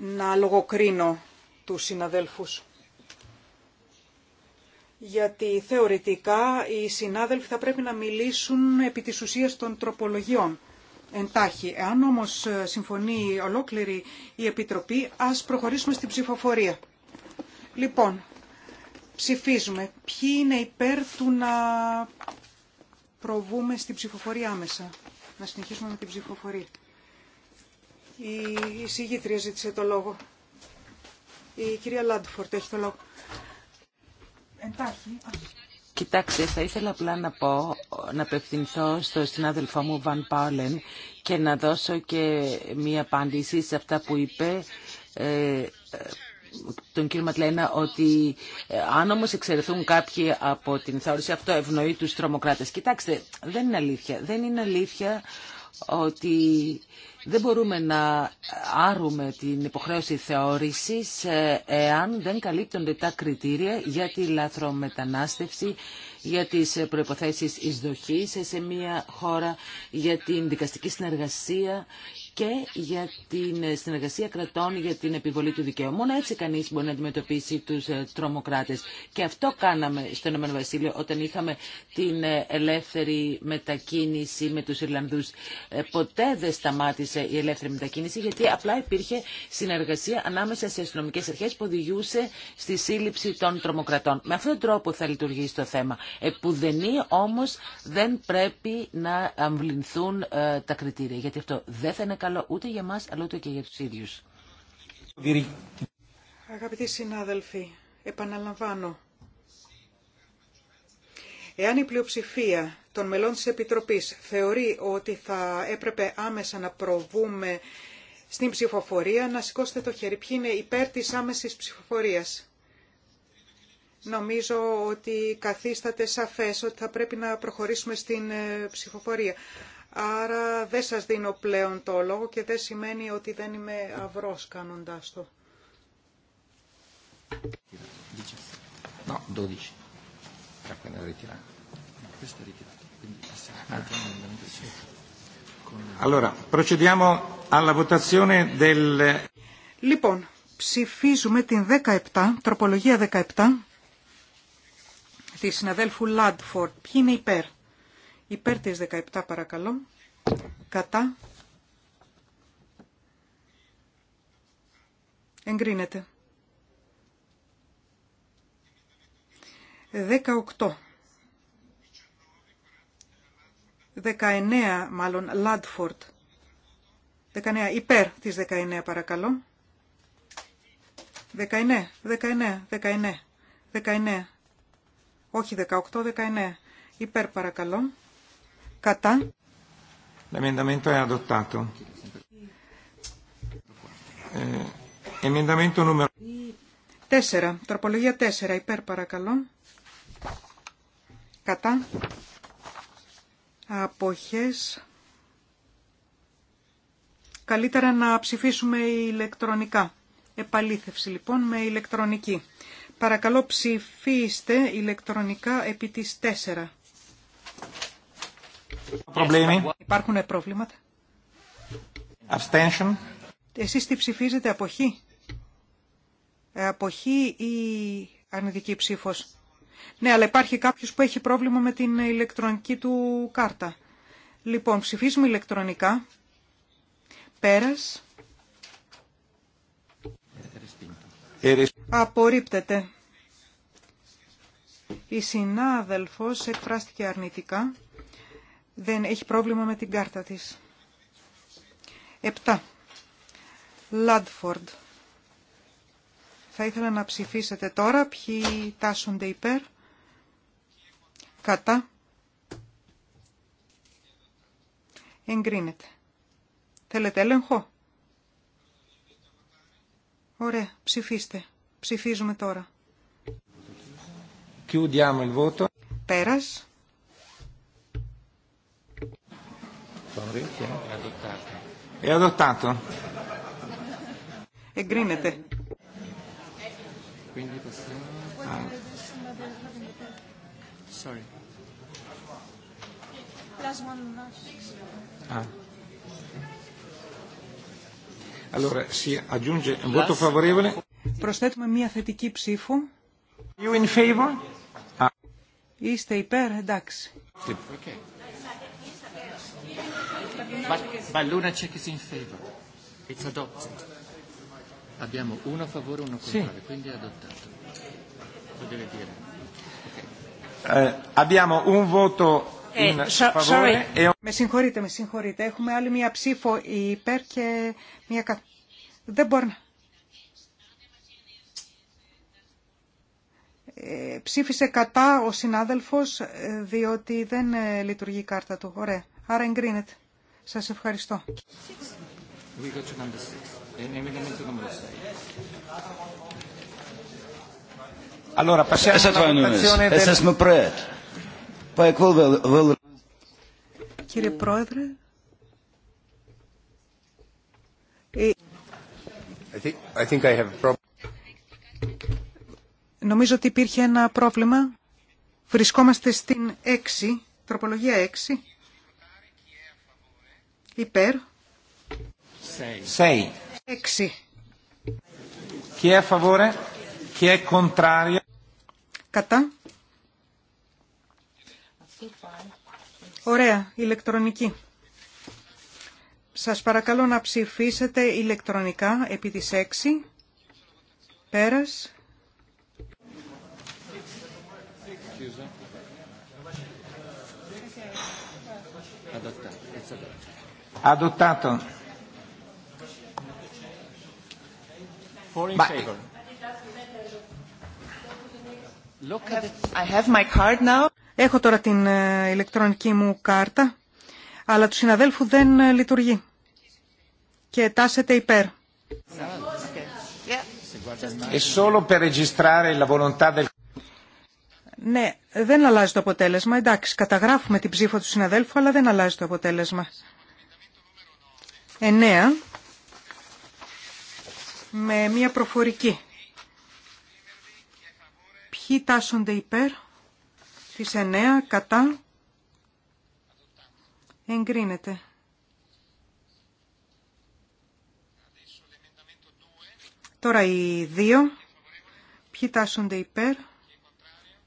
να λογοκρίνω τους συναδέλφους γιατί θεωρητικά οι συνάδελφοι θα πρέπει να μιλήσουν επί της ουσίας των τροπολογιών εντάχει. Εάν όμως ε, συμφωνεί ολόκληρη η Επιτροπή, ας προχωρήσουμε στην ψηφοφορία. Λοιπόν, ψηφίζουμε. Ποιοι είναι υπέρ του να προβούμε στην ψηφοφορία άμεσα. Να συνεχίσουμε με την ψηφοφορία. Η συγγήτρια ζήτησε το λόγο. Η κυρία Λάντφορτ έχει το λόγο. Κοιτάξτε, θα ήθελα απλά να πω, να απευθυνθώ στο συνάδελφό μου Βαν Πάολεν και να δώσω και μία απάντηση σε αυτά που είπε ε, τον κύριο Ματλένα ότι ε, αν όμως εξαιρεθούν κάποιοι από την θεώρηση αυτό ευνοεί τους τρομοκράτες. Κοιτάξτε, δεν είναι αλήθεια. Δεν είναι αλήθεια ότι δεν μπορούμε να άρουμε την υποχρέωση θεώρησης ε, εάν δεν καλύπτονται τα κριτήρια για τη λαθρομετανάστευση, για τις προϋποθέσεις εισδοχής σε μια χώρα, για την δικαστική συνεργασία, και για την συνεργασία κρατών για την επιβολή του δικαίου. Μόνο έτσι κανεί μπορεί να αντιμετωπίσει του ε, τρομοκράτε. Και αυτό κάναμε στο ΕΒ όταν είχαμε την ε, ελεύθερη μετακίνηση με του Ιρλανδούς. Ε, ποτέ δεν σταμάτησε η ελεύθερη μετακίνηση γιατί απλά υπήρχε συνεργασία ανάμεσα σε αστυνομικέ αρχέ που οδηγούσε στη σύλληψη των τρομοκρατών. Με αυτόν τον τρόπο θα λειτουργήσει το θέμα. Επουδενή όμω δεν πρέπει να αμβληνθούν τα κριτήρια γιατί αυτό δεν θα είναι καλό ούτε για μας αλλά ούτε και για τους ίδιους. Αγαπητοί συνάδελφοι, επαναλαμβάνω. Εάν η πλειοψηφία των μελών της Επιτροπής θεωρεί ότι θα έπρεπε άμεσα να προβούμε στην ψηφοφορία, να σηκώσετε το χέρι. Ποιοι είναι υπέρ της άμεσης ψηφοφορίας. Νομίζω ότι καθίσταται σαφές ότι θα πρέπει να προχωρήσουμε στην ε, ψηφοφορία. Άρα δεν σας δίνω πλέον το λόγο και δεν σημαίνει ότι δεν είμαι αυρός κάνοντάς το. Λοιπόν, ψηφίζουμε την 17, τροπολογία 17 τη συναδέλφου Λάντφορτ. Ποιοι είναι υπέρ. Υπέρ της 17 παρακαλώ. Κατά. Εγκρίνεται. 18. 19 μάλλον, Λάντφορτ. 19, υπέρ της 19 παρακαλώ. 19, 19, 19, 19. Όχι 18, 19. Υπέρ παρακαλώ. Κατά. L'emendamento eh, Τροπολογία 4. Υπέρ παρακαλώ. Κατά. Αποχές. Καλύτερα να ψηφίσουμε ηλεκτρονικά. Επαλήθευση λοιπόν με ηλεκτρονική. Παρακαλώ ψηφίστε ηλεκτρονικά επί της 4. Υπάρχουν προβλήματα. Abstention. Εσείς τι ψηφίζετε, αποχή. Αποχή ή αρνητική ψήφος. Ναι, αλλά υπάρχει κάποιος που έχει πρόβλημα με την ηλεκτρονική του κάρτα. Λοιπόν, ψηφίζουμε ηλεκτρονικά. Πέρας. Απορρίπτεται. Η συνάδελφος εκφράστηκε αρνητικά δεν έχει πρόβλημα με την κάρτα της. 7. Λάντφορντ. Θα ήθελα να ψηφίσετε τώρα ποιοι τάσσονται υπέρ, κατά, εγκρίνεται. Θέλετε έλεγχο. Ωραία, ψηφίστε. Ψηφίζουμε τώρα. Chiudiamo il Πέρας. È adottato. Εγκρίνεται. Quindi possiamo... Allora si aggiunge un voto favorevole. Προσθέτουμε μια θετική ψήφο. You in favor? Είστε υπέρ, εντάξει. Με συγχωρείτε, με Έχουμε άλλη μία ψήφο υπέρ και μία κατά. Δεν μπορεί να... Ε, ψήφισε κατά ο συνάδελφος ε, διότι δεν ε, λειτουργεί η κάρτα του. Ωραία. Άρα εγκρίνεται. Σας ευχαριστώ. Ε, ναι, Κύριε Πρόεδρε, ε, Νομίζω ότι υπήρχε ένα πρόβλημα. Βρισκόμαστε στην 6, τροπολογία 6. Υπέρ. 6. 6. Chi è a favore? Κατά. Ωραία, ηλεκτρονική. Σας παρακαλώ να ψηφίσετε ηλεκτρονικά επί της 6. Πέρας. Έχω τώρα την ε, ηλεκτρονική μου κάρτα, αλλά του συναδέλφου δεν ε, λειτουργεί και τάσεται υπέρ. Ναι, δεν αλλάζει το αποτέλεσμα. Εντάξει, καταγράφουμε την ψήφο του συναδέλφου, αλλά δεν αλλάζει το αποτέλεσμα. 9 με μια προφορική. Ποιοι τάσσονται υπέρ της 9 κατά εγκρίνεται. Τώρα οι δύο. Ποιοι τάσσονται υπέρ,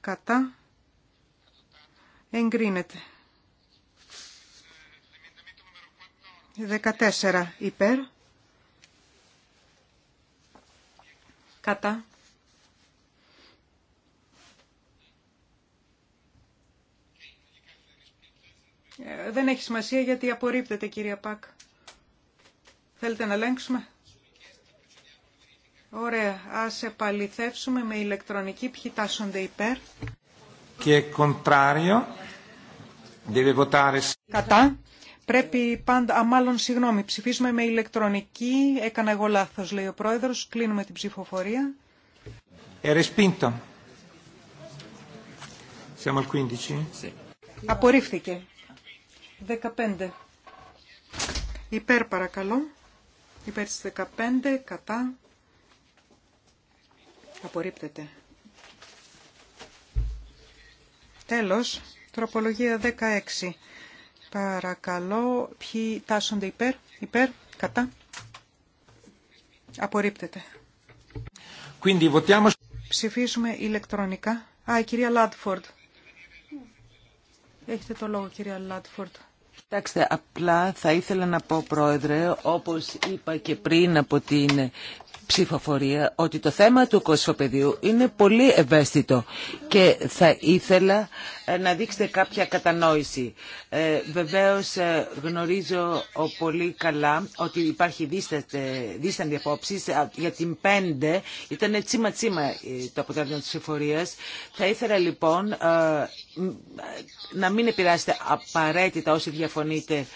κατά, εγκρίνεται. 14 υπέρ. Κατά. Ε, δεν έχει σημασία γιατί απορρίπτεται κυρία Πακ. Θέλετε να ελέγξουμε. Ωραία. Ας επαληθεύσουμε με ηλεκτρονική ποιοι τάσσονται υπέρ. Και Κατά. Πρέπει πάντα, α, μάλλον συγγνώμη, ψηφίζουμε με ηλεκτρονική, έκανα εγώ λάθο, λέει ο πρόεδρο. κλείνουμε την ψηφοφορία. Ερεσπίντο. Siamo al 15. Απορρίφθηκε. 15. Υπέρ παρακαλώ. Υπέρ τη 15, κατά. Απορρίπτεται. Τέλος, τροπολογία 16. Παρακαλώ, ποιοι τάσσονται υπέρ, υπέρ, κατά. Απορρίπτεται. Ψηφίζουμε ηλεκτρονικά. Α, η κυρία Λάτφορντ. Έχετε το λόγο, κυρία Λάτφορντ. Κοιτάξτε, απλά θα ήθελα να πω, Πρόεδρε, όπως είπα και πριν από την ψηφοφορία ότι το θέμα του κοσμοπεδίου είναι πολύ ευαίσθητο και θα ήθελα ε, να δείξετε κάποια κατανόηση. Ε, βεβαίως ε, γνωρίζω πολύ καλά ότι υπάρχει δίσταντη απόψη για την 5 ήταν τσίμα τσίμα ε, το αποτέλεσμα της ψηφορίας. Θα ήθελα λοιπόν να μην επηρεάσετε απαραίτητα όσοι διαφωνείτε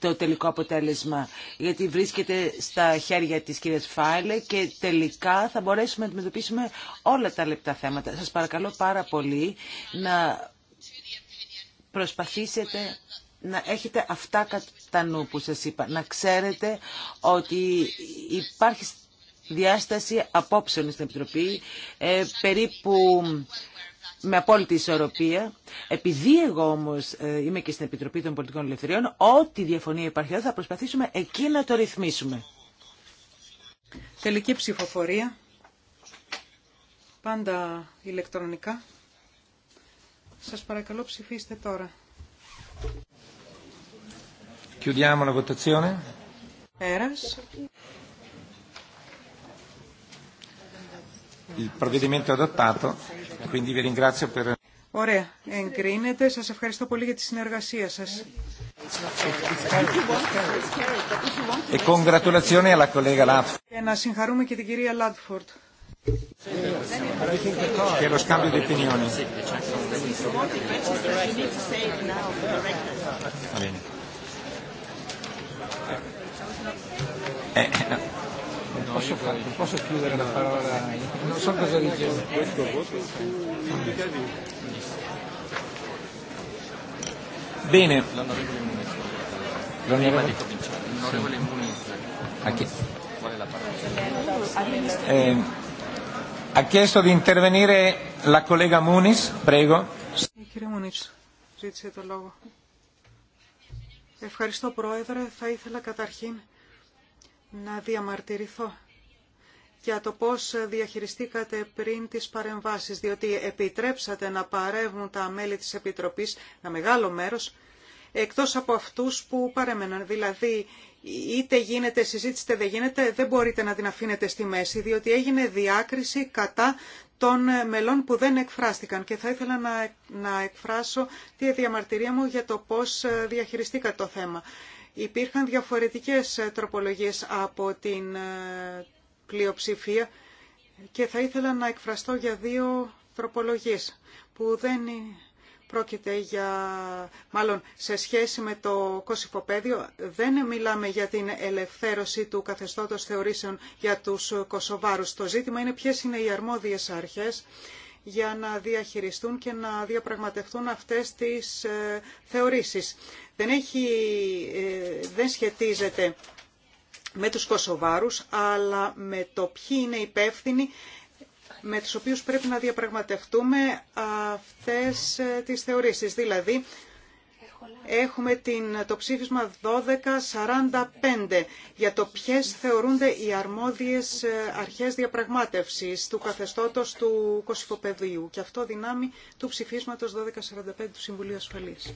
το τελικό αποτέλεσμα. Γιατί βρίσκεται στα χέρια της κυρίας Φάιλε και τελικά θα μπορέσουμε να αντιμετωπίσουμε όλα τα λεπτά θέματα. Σας παρακαλώ πάρα πολύ να προσπαθήσετε να έχετε αυτά κατά νου που σας είπα. Να ξέρετε ότι υπάρχει διάσταση απόψεων στην Επιτροπή. Ε, περίπου με απόλυτη ισορροπία. Επειδή εγώ όμω ε, είμαι και στην Επιτροπή των Πολιτικών Ελευθεριών, ό,τι διαφωνία υπάρχει εδώ θα προσπαθήσουμε εκεί να το ρυθμίσουμε. Τελική ψηφοφορία. Πάντα ηλεκτρονικά. Σας παρακαλώ ψηφίστε τώρα. Chiudiamo la votazione. Eras. Il provvedimento adottato Ωραία, εγκρίνεται. Σας ευχαριστώ πολύ για τη συνεργασία σας. E και να συγχαρούμε και την κυρία Λάτφορντ. Και το σκάμπιο posso fare, posso chiudere la parola, non so cosa Bene. L'onorevole Muniz. l'onorevole A chi? Qual è la parola? Eh, ha chiesto di intervenire la collega Munis, prego. Κύριε Μουνίτς, ζήτησε το λόγο. Ευχαριστώ Πρόεδρε. Θα ήθελα καταρχήν να διαμαρτυρηθώ για το πώς διαχειριστήκατε πριν τις παρεμβάσεις, διότι επιτρέψατε να παρεύουν τα μέλη της Επιτροπής, ένα μεγάλο μέρος, εκτός από αυτούς που παρέμεναν. Δηλαδή, είτε γίνεται συζήτηση, είτε δεν γίνεται, δεν μπορείτε να την αφήνετε στη μέση, διότι έγινε διάκριση κατά των μελών που δεν εκφράστηκαν. Και θα ήθελα να, να εκφράσω τη διαμαρτυρία μου για το πώς διαχειριστήκατε το θέμα. Υπήρχαν διαφορετικές ε, τροπολογίες από την ε, πλειοψηφία και θα ήθελα να εκφραστώ για δύο τροπολογίες που δεν πρόκειται για, μάλλον σε σχέση με το κοσυφοπέδιο δεν μιλάμε για την ελευθέρωση του καθεστώτος θεωρήσεων για τους Κωσοβάρους. Το ζήτημα είναι ποιες είναι οι αρμόδιες αρχές για να διαχειριστούν και να διαπραγματευτούν αυτές τις ε, θεωρήσεις δεν, έχει, ε, δεν σχετίζεται με τους Κωσοβάρους, αλλά με το ποιοι είναι υπεύθυνοι με τους οποίους πρέπει να διαπραγματευτούμε αυτές ε, τις θεωρήσεις. Δηλαδή, έχουμε την, το ψήφισμα 1245 για το ποιες θεωρούνται οι αρμόδιες ε, αρχές διαπραγμάτευσης του καθεστώτος του Κωσυφοπεδίου και αυτό δυνάμει του ψηφίσματος 1245 του Συμβουλίου Ασφαλείας.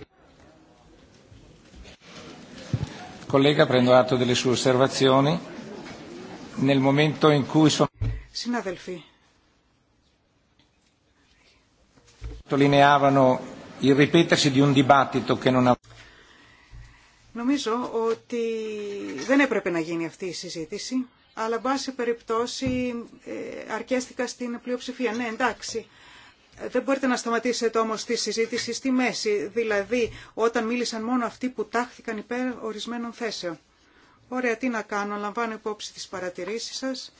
Συνάδελφοι. Νομίζω ότι δεν έπρεπε να γίνει αυτή η συζήτηση, αλλά μπάση περιπτώσει ε, αρκέστηκα στην πλειοψηφία. Ναι, εντάξει. Δεν μπορείτε να σταματήσετε όμως τη συζήτηση στη μέση, δηλαδή όταν μίλησαν μόνο αυτοί που τάχθηκαν υπέρ ορισμένων θέσεων. Ωραία, τι να κάνω, λαμβάνω υπόψη τις παρατηρήσεις σας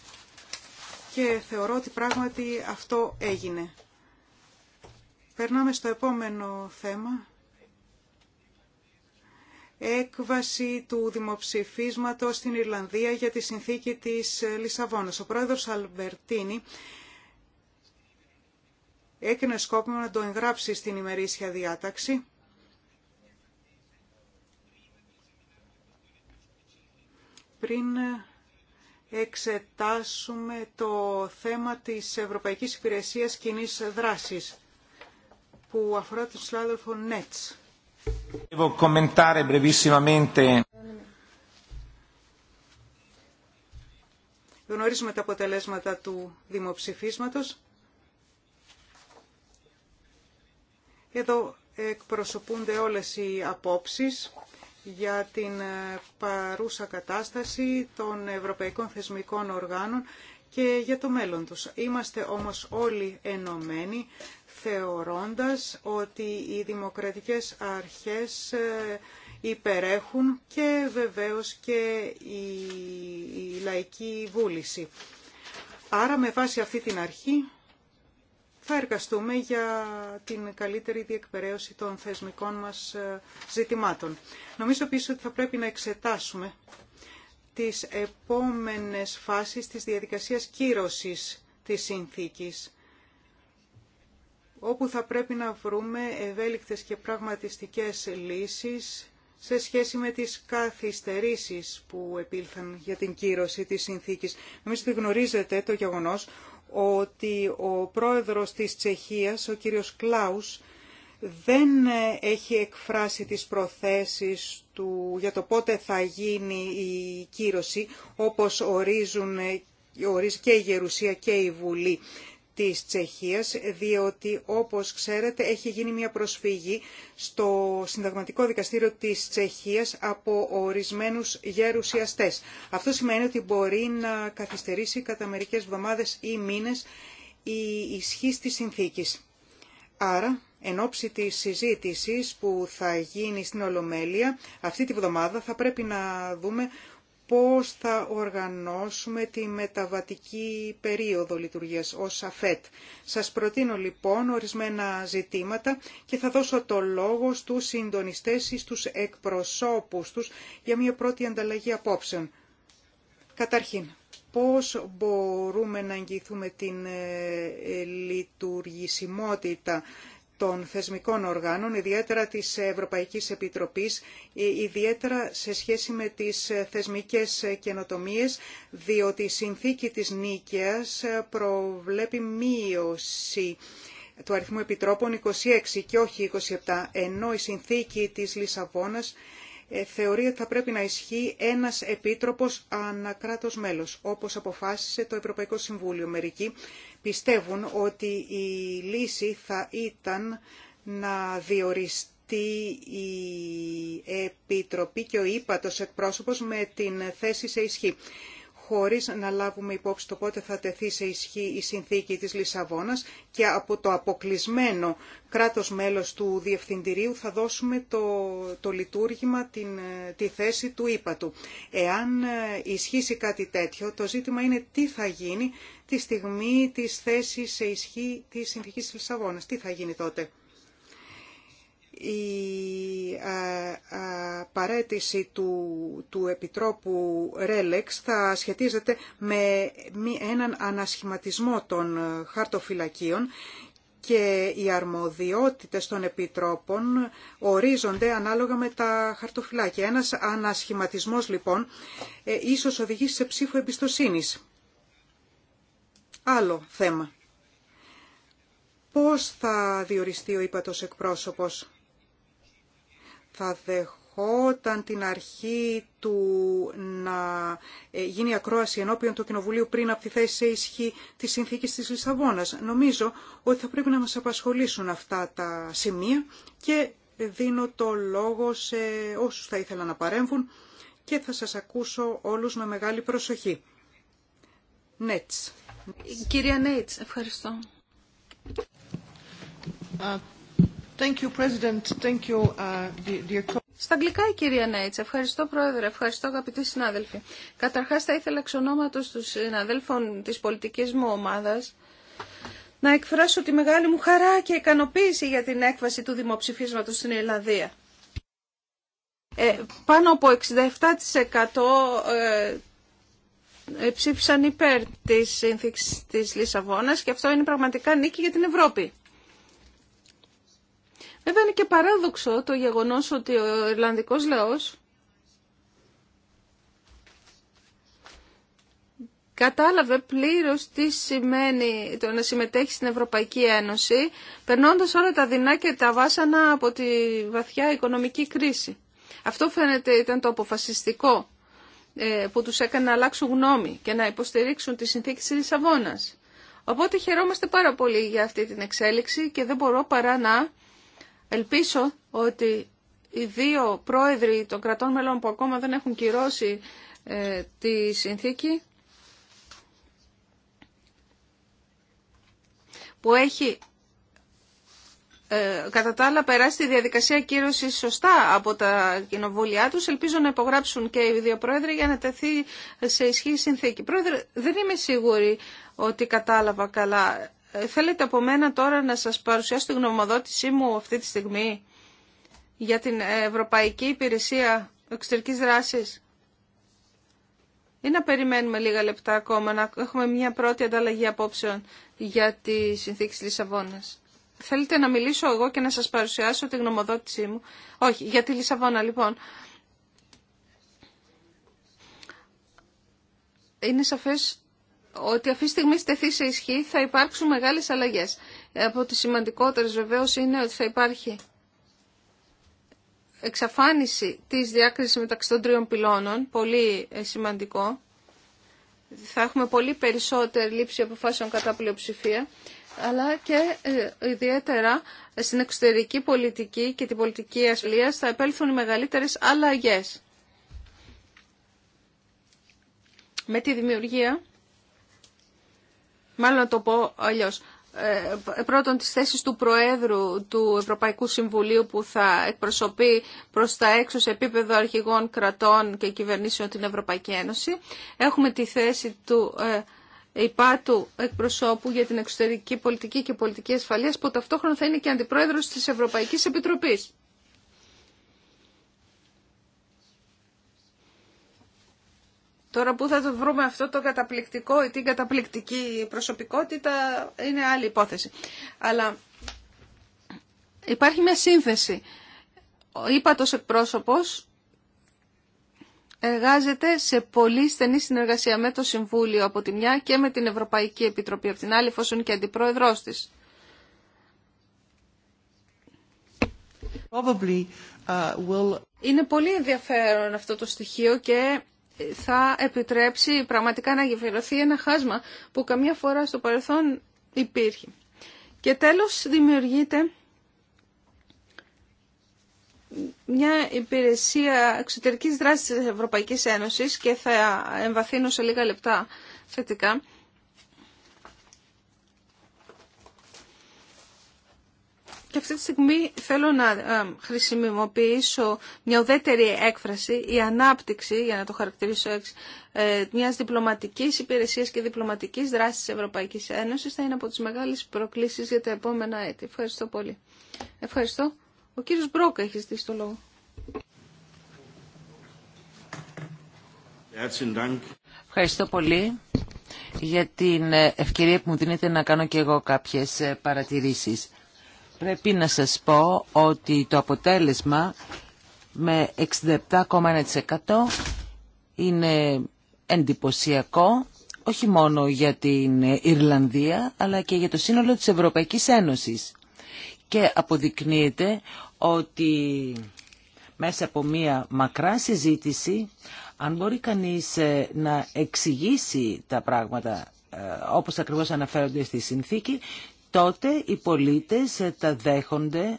και θεωρώ ότι πράγματι αυτό έγινε. Περνάμε στο επόμενο θέμα. Έκβαση του δημοψηφίσματος στην Ιρλανδία για τη συνθήκη της Λισαβόνας. Ο πρόεδρος Αλμπερτίνη έκρινε σκόπιμο να το εγγράψει στην ημερήσια διάταξη. Πριν εξετάσουμε το θέμα της Ευρωπαϊκής Υπηρεσίας κοινή Δράσης που αφορά τον συνάδελφο Νέτς. Γνωρίζουμε τα αποτελέσματα του δημοψηφίσματος. Εδώ εκπροσωπούνται όλες οι απόψεις για την ε, παρούσα κατάσταση των ευρωπαϊκών θεσμικών οργάνων και για το μέλλον τους. Είμαστε όμως όλοι ενωμένοι θεωρώντας ότι οι δημοκρατικές αρχές ε, υπερέχουν και βεβαίως και η λαϊκή βούληση. Άρα με βάση αυτή την αρχή θα εργαστούμε για την καλύτερη διεκπαιρέωση των θεσμικών μας ε, ζητημάτων. Νομίζω επίσης ότι θα πρέπει να εξετάσουμε τις επόμενες φάσεις της διαδικασίας κύρωσης της συνθήκης όπου θα πρέπει να βρούμε ευέλικτες και πραγματιστικές λύσεις σε σχέση με τις καθυστερήσεις που επήλθαν για την κύρωση της συνθήκης. Νομίζω ότι γνωρίζετε το γεγονός ότι ο πρόεδρος της Τσεχίας, ο κύριος Κλάους, δεν έχει εκφράσει τις προθέσεις του για το πότε θα γίνει η κύρωση, όπως ορίζουν ορίζει και η Γερουσία και η Βουλή της Τσεχίας, διότι όπως ξέρετε έχει γίνει μια προσφύγη στο Συνταγματικό Δικαστήριο της Τσεχίας από ορισμένους γερουσιαστές. Αυτό σημαίνει ότι μπορεί να καθυστερήσει κατά μερικές εβδομάδες ή μήνες η ισχύ της συνθήκης. Άρα, εν ώψη της συζήτησης που θα γίνει στην Ολομέλεια, αυτή τη βδομάδα θα πρέπει να δούμε πώς θα οργανώσουμε τη μεταβατική περίοδο λειτουργίας ως ΑΦΕΤ. Σας προτείνω λοιπόν ορισμένα ζητήματα και θα δώσω το λόγο στους συντονιστές ή στους εκπροσώπους τους για μια πρώτη ανταλλαγή απόψεων. Καταρχήν, πώς μπορούμε να εγγυηθούμε την ε, ε, λειτουργησιμότητα των θεσμικών οργάνων, ιδιαίτερα της Ευρωπαϊκής Επιτροπής, ε, ιδιαίτερα σε σχέση με τις ε, θεσμικές ε, καινοτομίες, διότι η συνθήκη της Νίκαιας προβλέπει μείωση του αριθμού επιτρόπων 26 και όχι 27, ενώ η συνθήκη της Λισαβόνας ε, θεωρεί ότι θα πρέπει να ισχύει ένας επίτροπος ανακράτος μέλος, όπως αποφάσισε το Ευρωπαϊκό Συμβούλιο. Μερικοί πιστεύουν ότι η λύση θα ήταν να διοριστεί η Επιτροπή και ο ύπατος εκπρόσωπος με την θέση σε ισχύ χωρίς να λάβουμε υπόψη το πότε θα τεθεί σε ισχύ η συνθήκη της Λισαβόνας και από το αποκλεισμένο κράτος μέλος του Διευθυντηρίου θα δώσουμε το, το λειτουργήμα, την, τη θέση του ύπατου. Εάν ε, ισχύσει κάτι τέτοιο, το ζήτημα είναι τι θα γίνει τη στιγμή της θέσης σε ισχύ της συνθήκης της Λισαβόνας. Τι θα γίνει τότε η ε, ε, παρέτηση του, του Επιτρόπου Ρέλεξ θα σχετίζεται με έναν ανασχηματισμό των ε, χαρτοφυλακίων και οι αρμοδιότητες των επιτρόπων ορίζονται ανάλογα με τα χαρτοφυλάκια. Ένας ανασχηματισμός λοιπόν ε, ίσως οδηγεί σε ψήφο εμπιστοσύνης. Άλλο θέμα. Πώς θα διοριστεί ο ύπατος εκπρόσωπος θα δεχόταν την αρχή του να ε, γίνει ακρόαση ενώπιον του Κοινοβουλίου πριν από τη θέση σε ισχύ της συνθήκης της Λισαβόνας. Νομίζω ότι θα πρέπει να μας απασχολήσουν αυτά τα σημεία και δίνω το λόγο σε όσους θα ήθελα να παρέμβουν και θα σας ακούσω όλους με μεγάλη προσοχή. Νέτς. Κυρία Νέτς, ευχαριστώ. Thank uh, Στα αγγλικά η κυρία Νέιτς. Ευχαριστώ Πρόεδρε, ευχαριστώ αγαπητοί συνάδελφοι. Καταρχάς θα ήθελα εξ ονόματος των συναδέλφων της πολιτικής μου ομάδας να εκφράσω τη μεγάλη μου χαρά και ικανοποίηση για την έκβαση του δημοψηφίσματος στην Ελλαδία. Ε, πάνω από 67% ε, ψήφισαν υπέρ της σύνθηξης της Λισαβόνας και αυτό είναι πραγματικά νίκη για την Ευρώπη. Εδώ είναι και παράδοξο το γεγονός ότι ο Ιρλανδικός λαός κατάλαβε πλήρως τι σημαίνει το να συμμετέχει στην Ευρωπαϊκή Ένωση, περνώντας όλα τα δεινά και τα βάσανα από τη βαθιά οικονομική κρίση. Αυτό φαίνεται ήταν το αποφασιστικό ε, που τους έκανε να αλλάξουν γνώμη και να υποστηρίξουν τη συνθήκη της Λισαβόνας. Οπότε χαιρόμαστε πάρα πολύ για αυτή την εξέλιξη και δεν μπορώ παρά να Ελπίζω ότι οι δύο πρόεδροι των κρατών μελών που ακόμα δεν έχουν κυρώσει ε, τη συνθήκη που έχει ε, κατά τα άλλα περάσει τη διαδικασία κύρωση σωστά από τα κοινοβούλια του. Ελπίζω να υπογράψουν και οι δύο πρόεδροι για να τεθεί σε ισχύ η συνθήκη. Πρόεδρε, δεν είμαι σίγουρη ότι κατάλαβα καλά. Ε, θέλετε από μένα τώρα να σας παρουσιάσω τη γνωμοδότησή μου αυτή τη στιγμή για την Ευρωπαϊκή Υπηρεσία Εξωτερικής Δράσης. Ή να περιμένουμε λίγα λεπτά ακόμα, να έχουμε μια πρώτη ανταλλαγή απόψεων για τη συνθήκη της Λισαβόνας. Θέλετε να μιλήσω εγώ και να σας παρουσιάσω τη γνωμοδότησή μου. Όχι, για τη Λισαβόνα λοιπόν. Είναι σαφές ότι αυτή τη στιγμή στεθεί σε ισχύ θα υπάρξουν μεγάλες αλλαγές. Από τις σημαντικότερες βεβαίως είναι ότι θα υπάρχει εξαφάνιση της διάκρισης μεταξύ των τριών πυλώνων, πολύ ε, σημαντικό. Θα έχουμε πολύ περισσότερη λήψη αποφάσεων κατά πλειοψηφία, αλλά και ε, ιδιαίτερα στην εξωτερική πολιτική και την πολιτική ασφαλείας θα επέλθουν οι μεγαλύτερες αλλαγές. Με τη δημιουργία Μάλλον να το πω αλλιώς. Ε, πρώτον, τις θέσεις του Προέδρου του Ευρωπαϊκού Συμβουλίου που θα εκπροσωπεί προς τα έξω σε επίπεδο αρχηγών κρατών και κυβερνήσεων την Ευρωπαϊκή Ένωση. Έχουμε τη θέση του ε, υπάτου εκπροσώπου για την εξωτερική πολιτική και πολιτική ασφαλείας που ταυτόχρονα θα είναι και αντιπρόεδρος της Ευρωπαϊκής Επιτροπής. Τώρα που θα το βρούμε αυτό το καταπληκτικό ή την καταπληκτική προσωπικότητα είναι άλλη υπόθεση. Αλλά υπάρχει μια σύνθεση. Ο ύπατος εκπρόσωπος εργάζεται σε πολύ στενή συνεργασία με το Συμβούλιο από τη μια και με την Ευρωπαϊκή Επιτροπή από την άλλη, εφόσον και αντιπρόεδρός της. Uh, είναι πολύ ενδιαφέρον αυτό το στοιχείο και θα επιτρέψει πραγματικά να γεφυρωθεί ένα χάσμα που καμιά φορά στο παρελθόν υπήρχε. Και τέλος δημιουργείται μια υπηρεσία εξωτερικής δράσης της Ευρωπαϊκής Ένωσης και θα εμβαθύνω σε λίγα λεπτά θετικά Και αυτή τη στιγμή θέλω να ε, χρησιμοποιήσω μια ουδέτερη έκφραση, η ανάπτυξη, για να το χαρακτηρίσω έτσι, ε, μια διπλωματική υπηρεσία και διπλωματική δράση τη Ευρωπαϊκή Ένωση θα είναι από τι μεγάλε προκλήσει για τα επόμενα έτη. Ευχαριστώ πολύ. Ευχαριστώ. Ο κύριο Μπρόκ έχει ζητήσει το λόγο. Ευχαριστώ πολύ για την ευκαιρία που μου δίνετε να κάνω και εγώ κάποιες ε, παρατηρήσεις. Πρέπει να σας πω ότι το αποτέλεσμα με 67,1% είναι εντυπωσιακό όχι μόνο για την Ιρλανδία αλλά και για το σύνολο της Ευρωπαϊκής Ένωσης. Και αποδεικνύεται ότι μέσα από μία μακρά συζήτηση αν μπορεί κανείς ε, να εξηγήσει τα πράγματα ε, όπως ακριβώς αναφέρονται στη συνθήκη, τότε οι πολίτες ε, τα δέχονται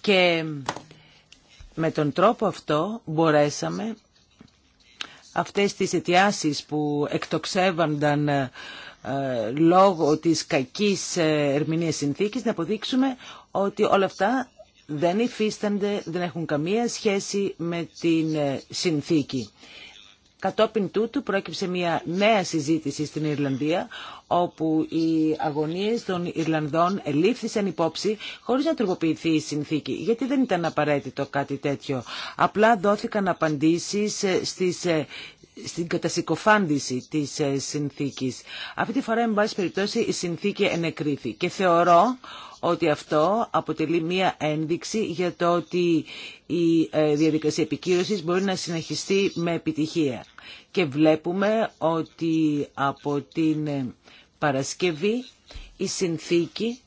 και με τον τρόπο αυτό μπορέσαμε αυτές τις αιτιάσεις που εκτοξεύανταν ε, λόγω της κακής ε, ερμηνείας συνθήκης να αποδείξουμε ότι όλα αυτά δεν υφίστανται, δεν έχουν καμία σχέση με την συνθήκη. Κατόπιν τούτου πρόκειψε μια νέα συζήτηση στην Ιρλανδία όπου οι αγωνίες των Ιρλανδών ελήφθησαν υπόψη χωρίς να τροποποιηθεί η συνθήκη. Γιατί δεν ήταν απαραίτητο κάτι τέτοιο. Απλά δόθηκαν απαντήσεις ε, στις ε, στην κατασυκοφάντηση της ε, συνθήκης. Αυτή τη φορά, εν πάση περιπτώσει, η συνθήκη ενεκρίθη και θεωρώ ότι αυτό αποτελεί μία ένδειξη για το ότι η ε, διαδικασία επικύρωσης μπορεί να συνεχιστεί με επιτυχία. Και βλέπουμε ότι από την ε, Παρασκευή η συνθήκη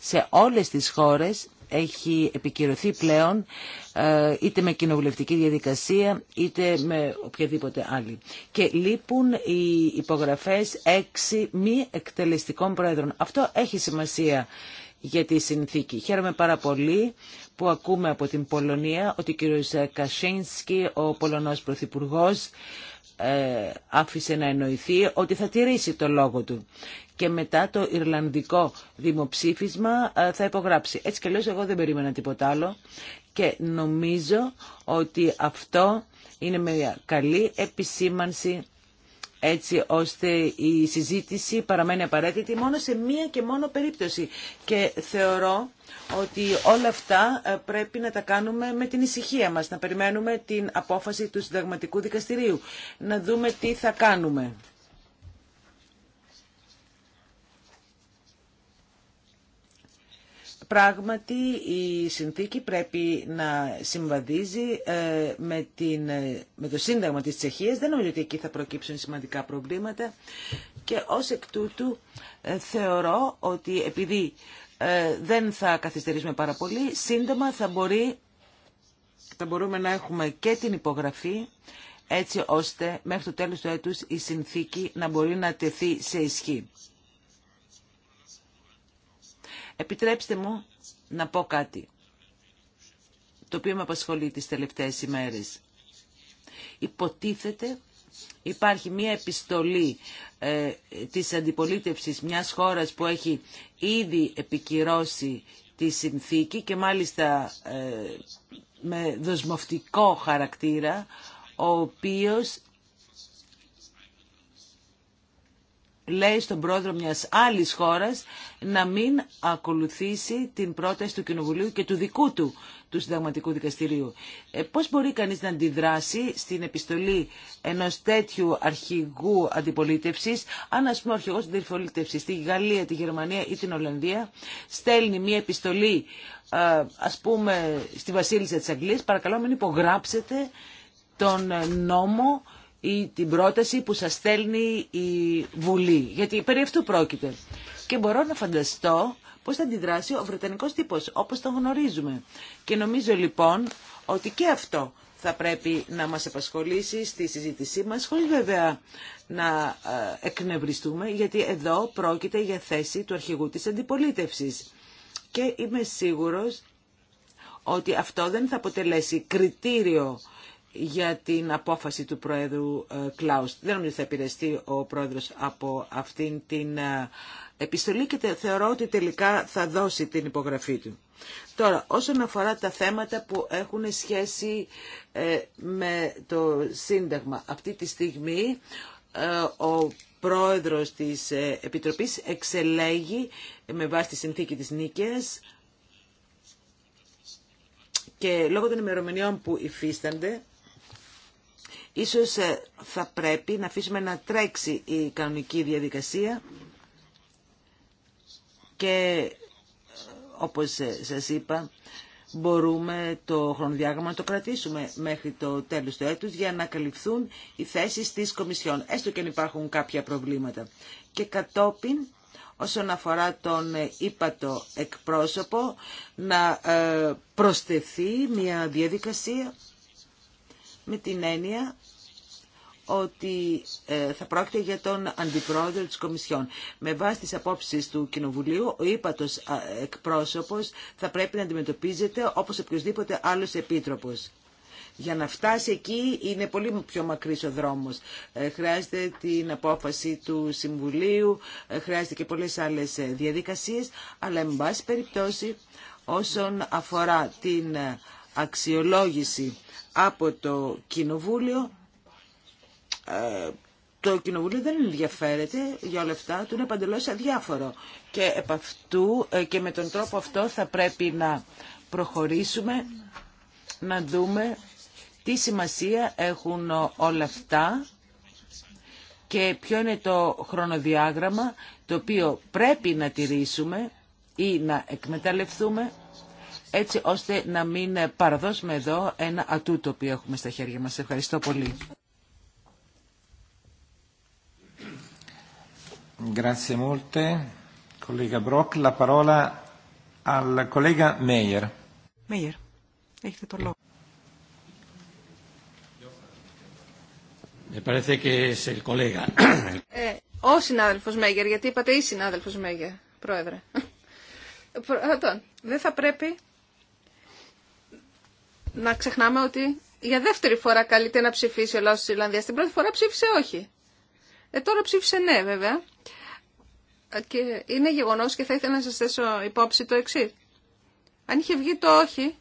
σε όλες τις χώρες έχει επικυρωθεί πλέον ε, είτε με κοινοβουλευτική διαδικασία είτε με οποιαδήποτε άλλη. Και λείπουν οι υπογραφές έξι μη εκτελεστικών πρόεδρων. Αυτό έχει σημασία για τη συνθήκη. Χαίρομαι πάρα πολύ που ακούμε από την Πολωνία ότι ο κ. Κασίνσκι, ο Πολωνός Πρωθυπουργός, ε, άφησε να εννοηθεί ότι θα τηρήσει το λόγο του και μετά το Ιρλανδικό δημοψήφισμα ε, θα υπογράψει. Έτσι και λέω, εγώ δεν περίμενα τίποτα άλλο και νομίζω ότι αυτό είναι μια καλή επισήμανση έτσι ώστε η συζήτηση παραμένει απαραίτητη μόνο σε μία και μόνο περίπτωση. Και θεωρώ ότι όλα αυτά ε, πρέπει να τα κάνουμε με την ησυχία μας, να περιμένουμε την απόφαση του συνταγματικού δικαστηρίου, να δούμε τι θα κάνουμε. Πράγματι η συνθήκη πρέπει να συμβαδίζει ε, με, την, ε, με το Σύνταγμα της Τσεχίας. Δεν νομίζω ότι εκεί θα προκύψουν σημαντικά προβλήματα και ως εκ τούτου ε, θεωρώ ότι επειδή δεν θα καθυστερήσουμε πάρα πολύ, σύντομα θα, θα μπορούμε να έχουμε και την υπογραφή έτσι ώστε μέχρι το τέλος του έτους η συνθήκη να μπορεί να τεθεί σε ισχύ. Επιτρέψτε μου να πω κάτι, το οποίο με απασχολεί τις τελευταίες ημέρες. Υποτίθεται υπάρχει μια επιστολή ε, της αντιπολίτευσης μιας χώρας που έχει ήδη επικυρώσει τη συνθήκη και μάλιστα ε, με δοσμοφτικό χαρακτήρα, ο οποίος λέει στον πρόεδρο μιας άλλης χώρας να μην ακολουθήσει την πρόταση του Κοινοβουλίου και του δικού του του Συνταγματικού Δικαστηρίου. Ε, πώς μπορεί κανείς να αντιδράσει στην επιστολή ενός τέτοιου αρχηγού αντιπολίτευσης, αν ας πούμε ο αρχηγός αντιπολίτευσης στη Γαλλία, τη Γερμανία ή την Ολλανδία στέλνει μια επιστολή ε, ας πούμε στη Βασίλισσα της Αγγλίας, παρακαλώ μην υπογράψετε τον νόμο ή την πρόταση που σας στέλνει η Βουλή. Γιατί περί αυτού πρόκειται. Και μπορώ να φανταστώ πώς θα αντιδράσει ο Βρετανικός τύπος, όπως τον γνωρίζουμε. Και νομίζω λοιπόν ότι και αυτό θα πρέπει να μας απασχολήσει στη συζήτησή μας, χωρίς βέβαια να ε, εκνευριστούμε, γιατί εδώ πρόκειται για θέση του αρχηγού της αντιπολίτευσης. Και είμαι σίγουρος ότι αυτό δεν θα αποτελέσει κριτήριο για την απόφαση του Πρόεδρου ε, Κλάους. Δεν νομίζω ότι θα επηρεαστεί ο Πρόεδρος από αυτήν την ε, επιστολή και θεωρώ ότι τελικά θα δώσει την υπογραφή του. Τώρα, όσον αφορά τα θέματα που έχουν σχέση ε, με το Σύνταγμα, αυτή τη στιγμή ο Πρόεδρος της Επιτροπής εξελέγει με βάση τη συνθήκη της Νίκαιας και λόγω των ημερομηνιών που υφίστανται Ίσως ε, θα πρέπει να αφήσουμε να τρέξει η κανονική διαδικασία και ε, όπως ε, σας είπα μπορούμε το χρονοδιάγραμμα να το κρατήσουμε μέχρι το τέλος του έτους για να καλυφθούν οι θέσεις της Κομισιόν, έστω και αν υπάρχουν κάποια προβλήματα. Και κατόπιν, όσον αφορά τον ύπατο εκπρόσωπο, να προσθεθεί μια διαδικασία με την έννοια ότι ε, θα πρόκειται για τον αντιπρόεδρο της Κομισιόν. Με βάση τις απόψεις του Κοινοβουλίου, ο ύπατος εκπρόσωπος θα πρέπει να αντιμετωπίζεται όπως οποιοδήποτε άλλος επίτροπος. Για να φτάσει εκεί είναι πολύ πιο μακρύς ο δρόμος. Ε, χρειάζεται την απόφαση του Συμβουλίου, ε, χρειάζεται και πολλές άλλες διαδικασίες, αλλά εν πάση περιπτώσει όσον αφορά την αξιολόγηση από το Κοινοβούλιο. Ε, το Κοινοβούλιο δεν ενδιαφέρεται για όλα αυτά, του είναι παντελώς αδιάφορο. Και επ' ε, και με τον τρόπο αυτό θα πρέπει να προχωρήσουμε, να δούμε τι σημασία έχουν όλα αυτά και ποιο είναι το χρονοδιάγραμμα το οποίο πρέπει να τηρήσουμε ή να εκμεταλλευτούμε έτσι ώστε να μην παραδώσουμε εδώ ένα ατού το οποίο έχουμε στα χέρια μας. Ευχαριστώ πολύ. ο συνάδελφο Μέγερ, γιατί είπατε ή συνάδελφο Μέγερ, πρόεδρε. Πρώτον, δεν θα πρέπει να ξεχνάμε ότι για δεύτερη φορά καλείται να ψηφίσει ο λαός της Ιρλανδίας. Την πρώτη φορά ψήφισε όχι. Ε, τώρα ψήφισε ναι βέβαια. Ε, και είναι γεγονός και θα ήθελα να σας θέσω υπόψη το εξή. Αν είχε βγει το όχι,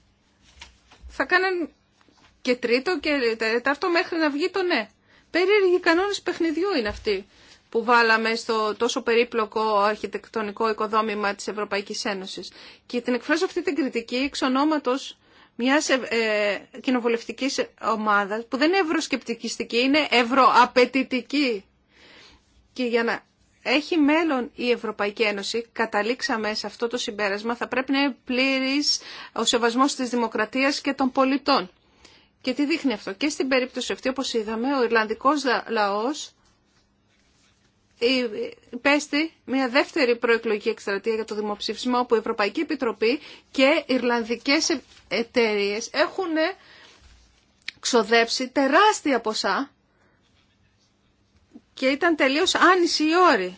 θα κάναν και τρίτο και τέταρτο μέχρι να βγει το ναι. Περίεργοι κανόνες παιχνιδιού είναι αυτοί που βάλαμε στο τόσο περίπλοκο αρχιτεκτονικό οικοδόμημα της Ευρωπαϊκής Ένωσης. Και την εκφράζω αυτή την κριτική εξ ονόματος μιας ε, ε, κοινοβουλευτική ομάδας που δεν είναι ευρωσκεπτικιστική, είναι ευρωαπαιτητική. Και για να έχει μέλλον η Ευρωπαϊκή Ένωση, καταλήξαμε σε αυτό το συμπέρασμα, θα πρέπει να είναι πλήρη ο σεβασμός τη δημοκρατία και των πολιτών. Και τι δείχνει αυτό. Και στην περίπτωση αυτή, όπω είδαμε, ο Ιρλανδικός λαός υπέστη μια δεύτερη προεκλογική εκστρατεία για το δημοψήφισμα όπου η Ευρωπαϊκή Επιτροπή και οι Ιρλανδικές εταιρείε έχουν ξοδέψει τεράστια ποσά και ήταν τελείως άνηση η όρη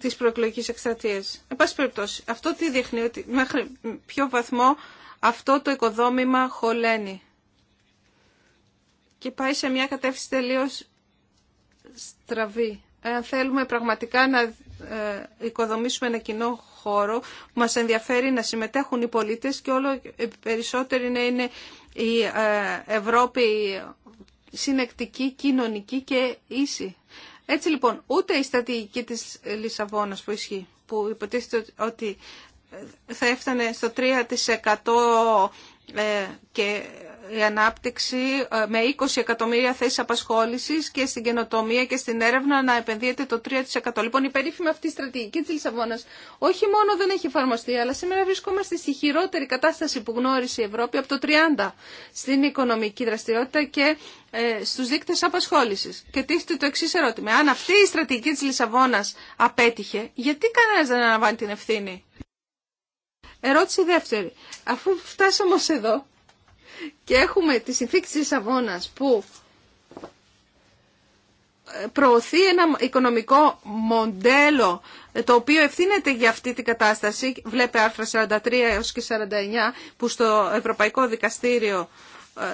της προεκλογικής εκστρατείας. Εν πάση περιπτώσει, αυτό τι δείχνει, ότι μέχρι ποιο βαθμό αυτό το οικοδόμημα χωλαίνει και πάει σε μια κατεύθυνση τελείως στραβή. Αν θέλουμε πραγματικά να ε, οικοδομήσουμε ένα κοινό χώρο που μας ενδιαφέρει να συμμετέχουν οι πολίτες και όλο περισσότεροι να είναι η ε, Ευρώπη συνεκτική, κοινωνική και ίση. Έτσι λοιπόν, ούτε η στρατηγική της Λισαβόνας που ισχύει, που υποτίθεται ότι θα έφτανε στο 3% ε, και η ανάπτυξη ε, με 20 εκατομμύρια θέσεις απασχόλησης και στην καινοτομία και στην έρευνα να επενδύεται το 3%. Λοιπόν, η περίφημη αυτή η στρατηγική της Λισαβόνας όχι μόνο δεν έχει εφαρμοστεί, αλλά σήμερα βρισκόμαστε στη χειρότερη κατάσταση που γνώρισε η Ευρώπη από το 30 στην οικονομική δραστηριότητα και ε, στους δείκτες απασχόλησης. Και τίθεται το εξή ερώτημα. Αν αυτή η στρατηγική της Λισαβόνας απέτυχε, γιατί κανένας δεν αναβάνει την ευθύνη. Ερώτηση δεύτερη. Αφού φτάσαμε εδώ, και έχουμε τη συνθήκη της Αβώνας που ε, προωθεί ένα οικονομικό μοντέλο ε, το οποίο ευθύνεται για αυτή την κατάσταση, βλέπε άρθρα 43 έως και 49 που στο Ευρωπαϊκό Δικαστήριο ε,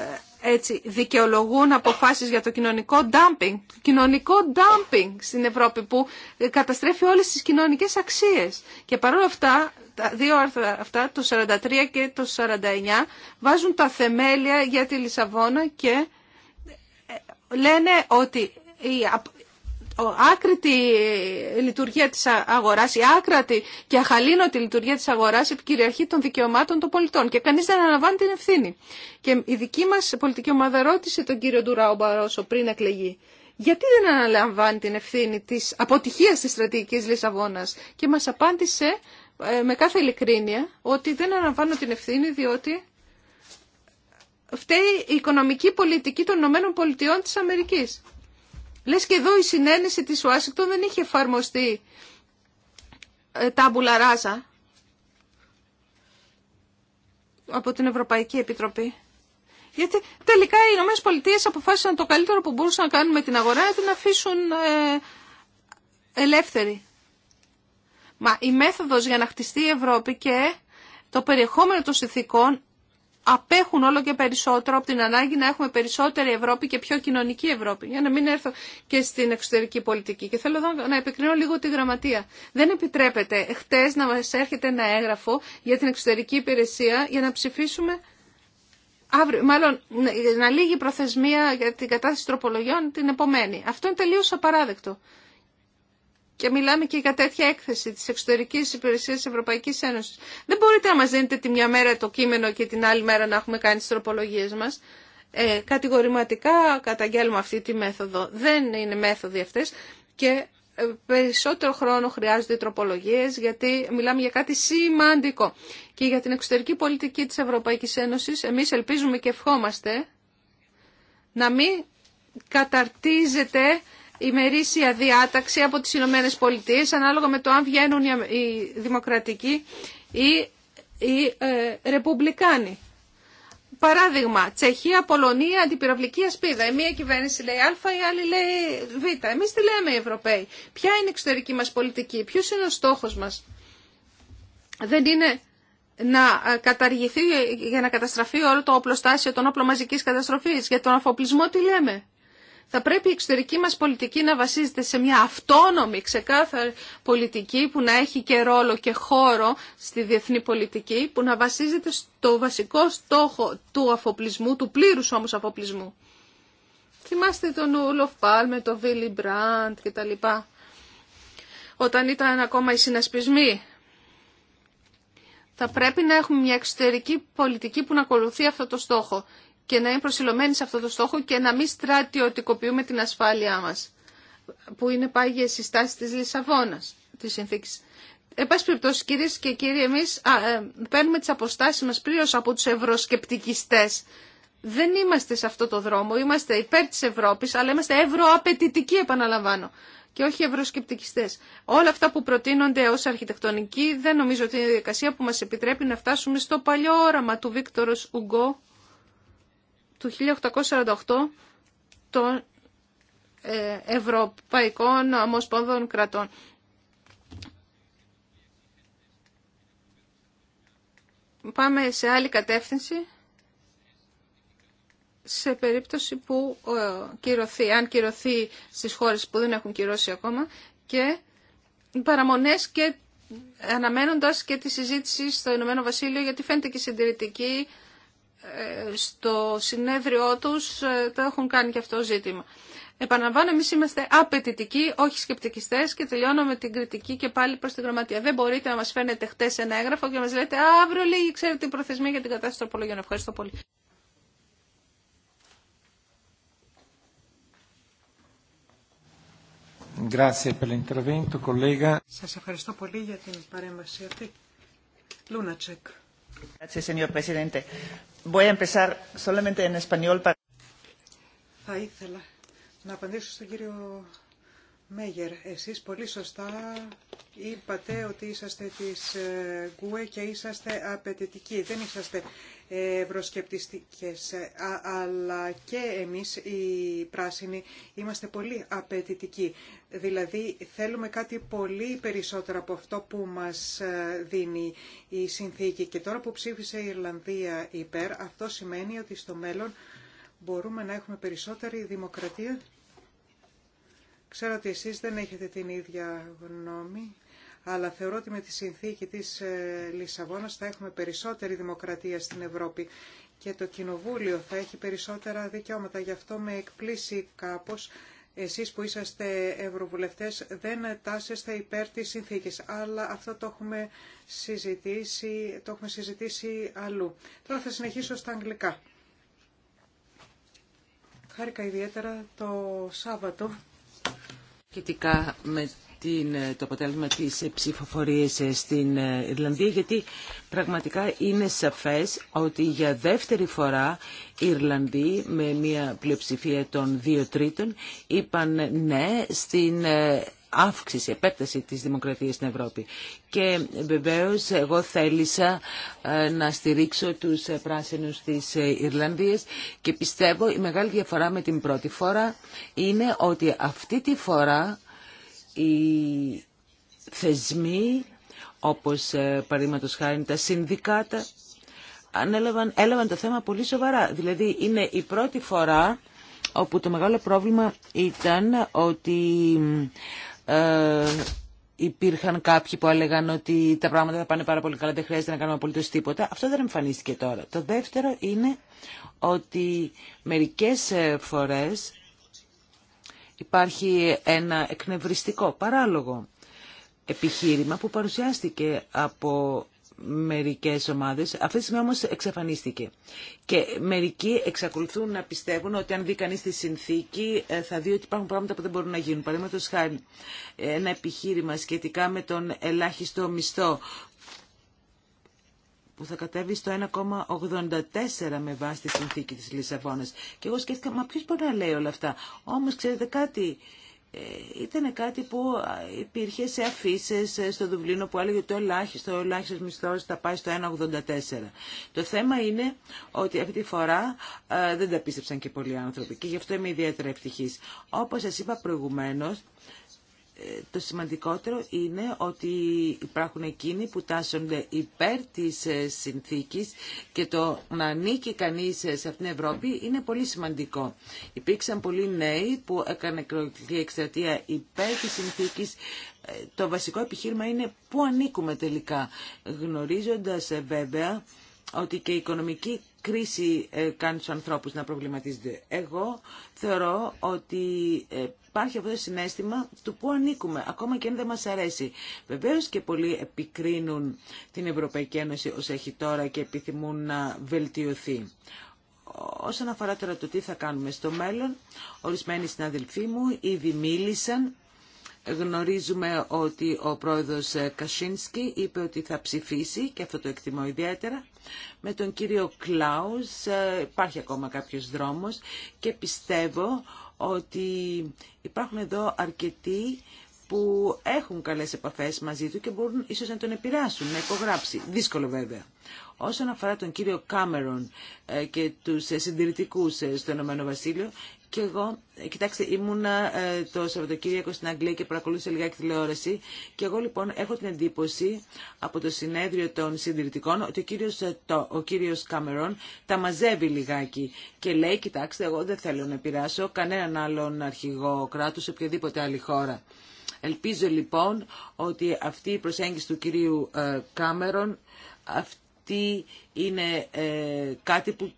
έτσι, δικαιολογούν αποφάσεις για το κοινωνικό dumping, κοινωνικό dumping στην Ευρώπη που καταστρέφει όλες τις κοινωνικές αξίες. Και παρόλα αυτά τα δύο άρθρα αυτά, το 43 και το 49, βάζουν τα θεμέλια για τη Λισαβόνα και ε, λένε ότι η άκρητη λειτουργία της αγοράς, η άκρατη και αχαλήνοτη λειτουργία της αγοράς επικυριαρχεί των δικαιωμάτων των πολιτών και κανείς δεν αναλαμβάνει την ευθύνη. Και η δική μας πολιτική ομάδα ρώτησε τον κύριο Ντουράου Μπαρόσο πριν εκλεγεί γιατί δεν αναλαμβάνει την ευθύνη της αποτυχίας της στρατηγικής Λισαβόνας και μας απάντησε ε, με κάθε ειλικρίνεια ότι δεν αναβάνω την ευθύνη διότι φταίει η οικονομική πολιτική των Ηνωμένων Πολιτειών της Αμερικής. Λες και εδώ η συνένεση της Ουάσιγκτον δεν είχε εφαρμοστεί ε, τα από την Ευρωπαϊκή Επιτροπή. Γιατί τελικά οι Ηνωμένες Πολιτείες αποφάσισαν το καλύτερο που μπορούσαν να κάνουν με την αγορά να την αφήσουν ε, ελεύθερη. Μα η μέθοδος για να χτιστεί η Ευρώπη και το περιεχόμενο των συνθήκων απέχουν όλο και περισσότερο από την ανάγκη να έχουμε περισσότερη Ευρώπη και πιο κοινωνική Ευρώπη. Για να μην έρθω και στην εξωτερική πολιτική. Και θέλω εδώ να επικρίνω λίγο τη γραμματεία. Δεν επιτρέπεται χτε να μα έρχεται ένα έγγραφο για την εξωτερική υπηρεσία για να ψηφίσουμε αύριο. Μάλλον να λύγει η προθεσμία για την κατάσταση τροπολογιών την επομένη. Αυτό είναι τελείω απαράδεκτο. Και μιλάμε και για τέτοια έκθεση της Εξωτερικής Υπηρεσίας της Ευρωπαϊκής Ένωσης. Δεν μπορείτε να μας δίνετε τη μια μέρα το κείμενο και την άλλη μέρα να έχουμε κάνει τις τροπολογίες μας. Ε, κατηγορηματικά καταγγέλνουμε αυτή τη μέθοδο. Δεν είναι μέθοδοι αυτές και ε, περισσότερο χρόνο χρειάζονται οι τροπολογίες γιατί μιλάμε για κάτι σημαντικό. Και για την εξωτερική πολιτική της Ευρωπαϊκής Ένωσης εμείς ελπίζουμε και ευχόμαστε να μην καταρτίζεται ημερήσια διάταξη από τις Ηνωμένε Πολιτείες ανάλογα με το αν βγαίνουν οι δημοκρατικοί ή οι ε, ρεπουμπλικάνοι. Παράδειγμα, Τσεχία, Πολωνία, αντιπυραυλική ασπίδα. Η μία κυβέρνηση λέει Α, η άλλη λέει Β. Εμεί τι λέμε οι Ευρωπαίοι. Ποια είναι η εξωτερική μα πολιτική, Ποιο είναι ο στόχο μα, Δεν είναι να ε, καταργηθεί για να καταστραφεί όλο το οπλοστάσιο τον όπλο μαζική καταστροφής. Για τον αφοπλισμό τι λέμε θα πρέπει η εξωτερική μας πολιτική να βασίζεται σε μια αυτόνομη, ξεκάθαρη πολιτική που να έχει και ρόλο και χώρο στη διεθνή πολιτική, που να βασίζεται στο βασικό στόχο του αφοπλισμού, του πλήρους όμως αφοπλισμού. Θυμάστε τον Ούλοφ με τον Βίλι Μπραντ κτλ. Όταν ήταν ακόμα οι συνασπισμοί θα πρέπει να έχουμε μια εξωτερική πολιτική που να ακολουθεί αυτό το στόχο και να είναι προσιλωμένοι σε αυτό το στόχο και να μην στρατιωτικοποιούμε την ασφάλειά μας, που είναι πάγιες συστάσεις της Λισαβόνας, της συνθήκης. Εν πάση περιπτώσει, κυρίε και κύριοι, εμεί ε, παίρνουμε τι αποστάσει μα πλήρω από του ευρωσκεπτικιστέ. Δεν είμαστε σε αυτό το δρόμο. Είμαστε υπέρ τη Ευρώπη, αλλά είμαστε ευρωαπαιτητικοί, επαναλαμβάνω. Και όχι ευρωσκεπτικιστέ. Όλα αυτά που προτείνονται ω αρχιτεκτονική δεν νομίζω ότι είναι η διαδικασία που μα επιτρέπει να φτάσουμε στο παλιό όραμα του Βίκτορο Ουγγό, του 1848 των ε, Ευρωπαϊκών Ομοσπονδών Κρατών. Πάμε σε άλλη κατεύθυνση σε περίπτωση που ε, κυρωθεί, αν κυρωθεί στις χώρες που δεν έχουν κυρώσει ακόμα και παραμονές και αναμένοντας και τη συζήτηση στο Ηνωμένο Βασίλειο γιατί φαίνεται και συντηρητική ε, στο συνέδριό τους ε, το έχουν κάνει και αυτό ζήτημα. Επαναλαμβάνω, εμεί είμαστε απαιτητικοί, όχι σκεπτικιστέ και τελειώνω με την κριτική και πάλι προ την γραμματεία. Δεν μπορείτε να μα φαίνετε χτε ένα έγγραφο και να μα λέτε αύριο λίγη, ξέρετε, η προθεσμία για την κατάσταση των απολογιών. Ευχαριστώ πολύ. Σα ευχαριστώ πολύ για την παρέμβαση αυτή. Λούνατσεκ. Θα ήθελα να απαντήσω στον κύριο Μέγερ. Εσείς πολύ σωστά είπατε ότι είσαστε της ε, ΓΚΟΕ και είσαστε απαιτητικοί. Δεν είσαστε ευρωσκεπτιστικές. Ε, αλλά και εμείς οι πράσινοι είμαστε πολύ απαιτητικοί. Δηλαδή θέλουμε κάτι πολύ περισσότερο από αυτό που μας ε, δίνει η συνθήκη. Και τώρα που ψήφισε η Ιρλανδία υπέρ, αυτό σημαίνει ότι στο μέλλον μπορούμε να έχουμε περισσότερη δημοκρατία. Ξέρω ότι εσείς δεν έχετε την ίδια γνώμη αλλά θεωρώ ότι με τη συνθήκη της ε, Λισαβόνας θα έχουμε περισσότερη δημοκρατία στην Ευρώπη και το Κοινοβούλιο θα έχει περισσότερα δικαιώματα. Γι' αυτό με εκπλήσει κάπως εσείς που είσαστε ευρωβουλευτές δεν τάσεστε υπέρ της συνθήκης, αλλά αυτό το έχουμε συζητήσει, το έχουμε συζητήσει αλλού. Τώρα θα συνεχίσω στα αγγλικά. Χάρηκα ιδιαίτερα το Σάββατο το αποτέλεσμα της ψηφοφορίας στην ε, Ιρλανδία γιατί πραγματικά είναι σαφές ότι για δεύτερη φορά οι Ιρλανδοί με μια πλειοψηφία των δύο τρίτων είπαν ναι στην ε, αύξηση, επέκταση της δημοκρατίας στην Ευρώπη. Και βεβαίως εγώ θέλησα ε, να στηρίξω τους πράσινους της Ιρλανδίας και πιστεύω η μεγάλη διαφορά με την πρώτη φορά είναι ότι αυτή τη φορά οι θεσμοί, όπως ε, παραδείγματος χάρη τα συνδικάτα, έλαβαν το θέμα πολύ σοβαρά. Δηλαδή είναι η πρώτη φορά όπου το μεγάλο πρόβλημα ήταν ότι ε, υπήρχαν κάποιοι που έλεγαν ότι τα πράγματα θα πάνε πάρα πολύ καλά, δεν χρειάζεται να κάνουμε απολύτως τίποτα. Αυτό δεν εμφανίστηκε τώρα. Το δεύτερο είναι ότι μερικές ε, φορές Υπάρχει ένα εκνευριστικό, παράλογο επιχείρημα που παρουσιάστηκε από μερικές ομάδες, αυτή τη στιγμή όμως εξαφανίστηκε. Και μερικοί εξακολουθούν να πιστεύουν ότι αν δει κανείς τη συνθήκη ε, θα δει ότι υπάρχουν πράγματα που δεν μπορούν να γίνουν. Παραδείγματο χάρη ένα επιχείρημα σχετικά με τον ελάχιστο μισθό που θα κατέβει στο 1,84 με βάση τη συνθήκη της Λισαβόνας. Και εγώ σκέφτηκα, μα ποιος μπορεί να λέει όλα αυτά. Όμως, ξέρετε κάτι, ε, ήταν κάτι που υπήρχε σε αφήσει ε, στο Δουβλίνο που έλεγε ότι το ελάχιστο, ο ελάχιστος μισθός θα πάει στο 1,84. Το θέμα είναι ότι αυτή τη φορά ε, δεν τα πίστεψαν και πολλοί άνθρωποι και γι' αυτό είμαι ιδιαίτερα ευτυχής. Όπως σας είπα προηγουμένως, το σημαντικότερο είναι ότι υπάρχουν εκείνοι που τάσσονται υπέρ της ε, συνθήκης και το να ανήκει κανείς ε, σε αυτήν την Ευρώπη είναι πολύ σημαντικό. Υπήρξαν πολλοί νέοι που έκανε εκλογική εκστρατεία υπέρ της συνθήκης. Ε, το βασικό επιχείρημα είναι πού ανήκουμε τελικά, γνωρίζοντας βέβαια ότι και η οικονομική κρίση ε, κάνει στους ανθρώπους να προβληματίζονται. Εγώ θεωρώ ότι ε, υπάρχει αυτό το συνέστημα του που ανήκουμε, ακόμα και αν δεν μας αρέσει. Βεβαίως και πολλοί επικρίνουν την Ευρωπαϊκή Ένωση ως έχει τώρα και επιθυμούν να βελτιωθεί. Όσον αφορά τώρα το τι θα κάνουμε στο μέλλον, ορισμένοι συναδελφοί μου ήδη μίλησαν Γνωρίζουμε ότι ο πρόεδρος Κασίνσκι είπε ότι θα ψηφίσει και αυτό το εκτιμώ ιδιαίτερα. Με τον κύριο Κλάους ε, υπάρχει ακόμα κάποιος δρόμος και πιστεύω ότι υπάρχουν εδώ αρκετοί που έχουν καλές επαφές μαζί του και μπορούν ίσως να τον επηρεάσουν, να υπογράψει. Δύσκολο βέβαια. Όσον αφορά τον κύριο Κάμερον ε, και τους συντηρητικούς ε, στο Ηνωμένο Βασίλειο, και εγώ, ε, κοιτάξτε, ήμουνα ε, το Σαββατοκύριακο στην Αγγλία και παρακολούθησα λιγάκι τηλεόραση. Και εγώ λοιπόν έχω την εντύπωση από το συνέδριο των συντηρητικών ότι ο κύριος, ε, το, κύριος Κάμερον τα μαζεύει λιγάκι. Και λέει, κοιτάξτε, εγώ δεν θέλω να πειράσω κανέναν άλλον αρχηγό κράτους σε οποιαδήποτε άλλη χώρα. Ελπίζω λοιπόν ότι αυτή η προσέγγιση του κυρίου Κάμερον, αυτή είναι κάτι που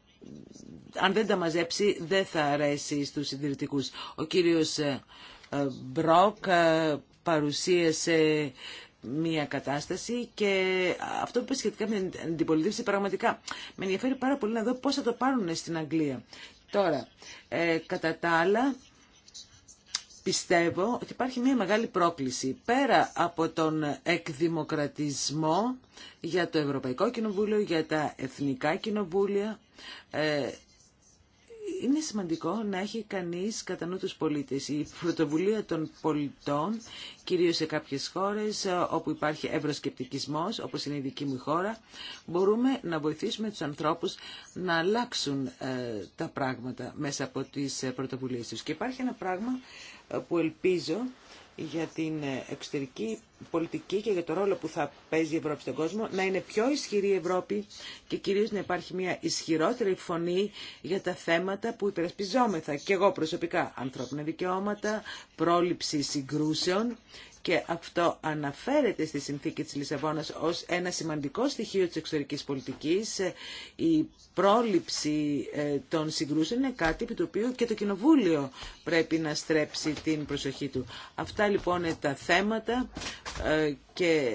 αν δεν τα μαζέψει δεν θα αρέσει στους συντηρητικούς. Ο κύριος ε, ε, Μπρόκ ε, παρουσίασε μια κατάσταση και αυτό που είπε σχετικά με την αντιπολίτευση πραγματικά με ενδιαφέρει πάρα πολύ να δω πώς θα το πάρουν στην Αγγλία. Τώρα, ε, κατά τα άλλα, πιστεύω ότι υπάρχει μια μεγάλη πρόκληση πέρα από τον εκδημοκρατισμό για το Ευρωπαϊκό Κοινοβούλιο, για τα Εθνικά Κοινοβούλια, ε, είναι σημαντικό να έχει κανείς κατά νου τους πολίτες. Η πρωτοβουλία των πολιτών, κυρίως σε κάποιες χώρες ε, όπου υπάρχει ευρωσκεπτικισμός, όπως είναι η δική μου χώρα, μπορούμε να βοηθήσουμε τους ανθρώπους να αλλάξουν ε, τα πράγματα μέσα από τις πρωτοβουλίες τους. Και υπάρχει ένα πράγμα που ελπίζω για την εξωτερική πολιτική και για το ρόλο που θα παίζει η Ευρώπη στον κόσμο, να είναι πιο ισχυρή η Ευρώπη και κυρίως να υπάρχει μια ισχυρότερη φωνή για τα θέματα που υπερασπιζόμεθα και εγώ προσωπικά, ανθρώπινα δικαιώματα, πρόληψη συγκρούσεων και αυτό αναφέρεται στη συνθήκη της Λισαβόνας ως ένα σημαντικό στοιχείο της εξωτερικής πολιτικής. Ε, η πρόληψη ε, των συγκρούσεων είναι κάτι επί το οποίο και το Κοινοβούλιο πρέπει να στρέψει την προσοχή του. Αυτά λοιπόν είναι τα θέματα ε, και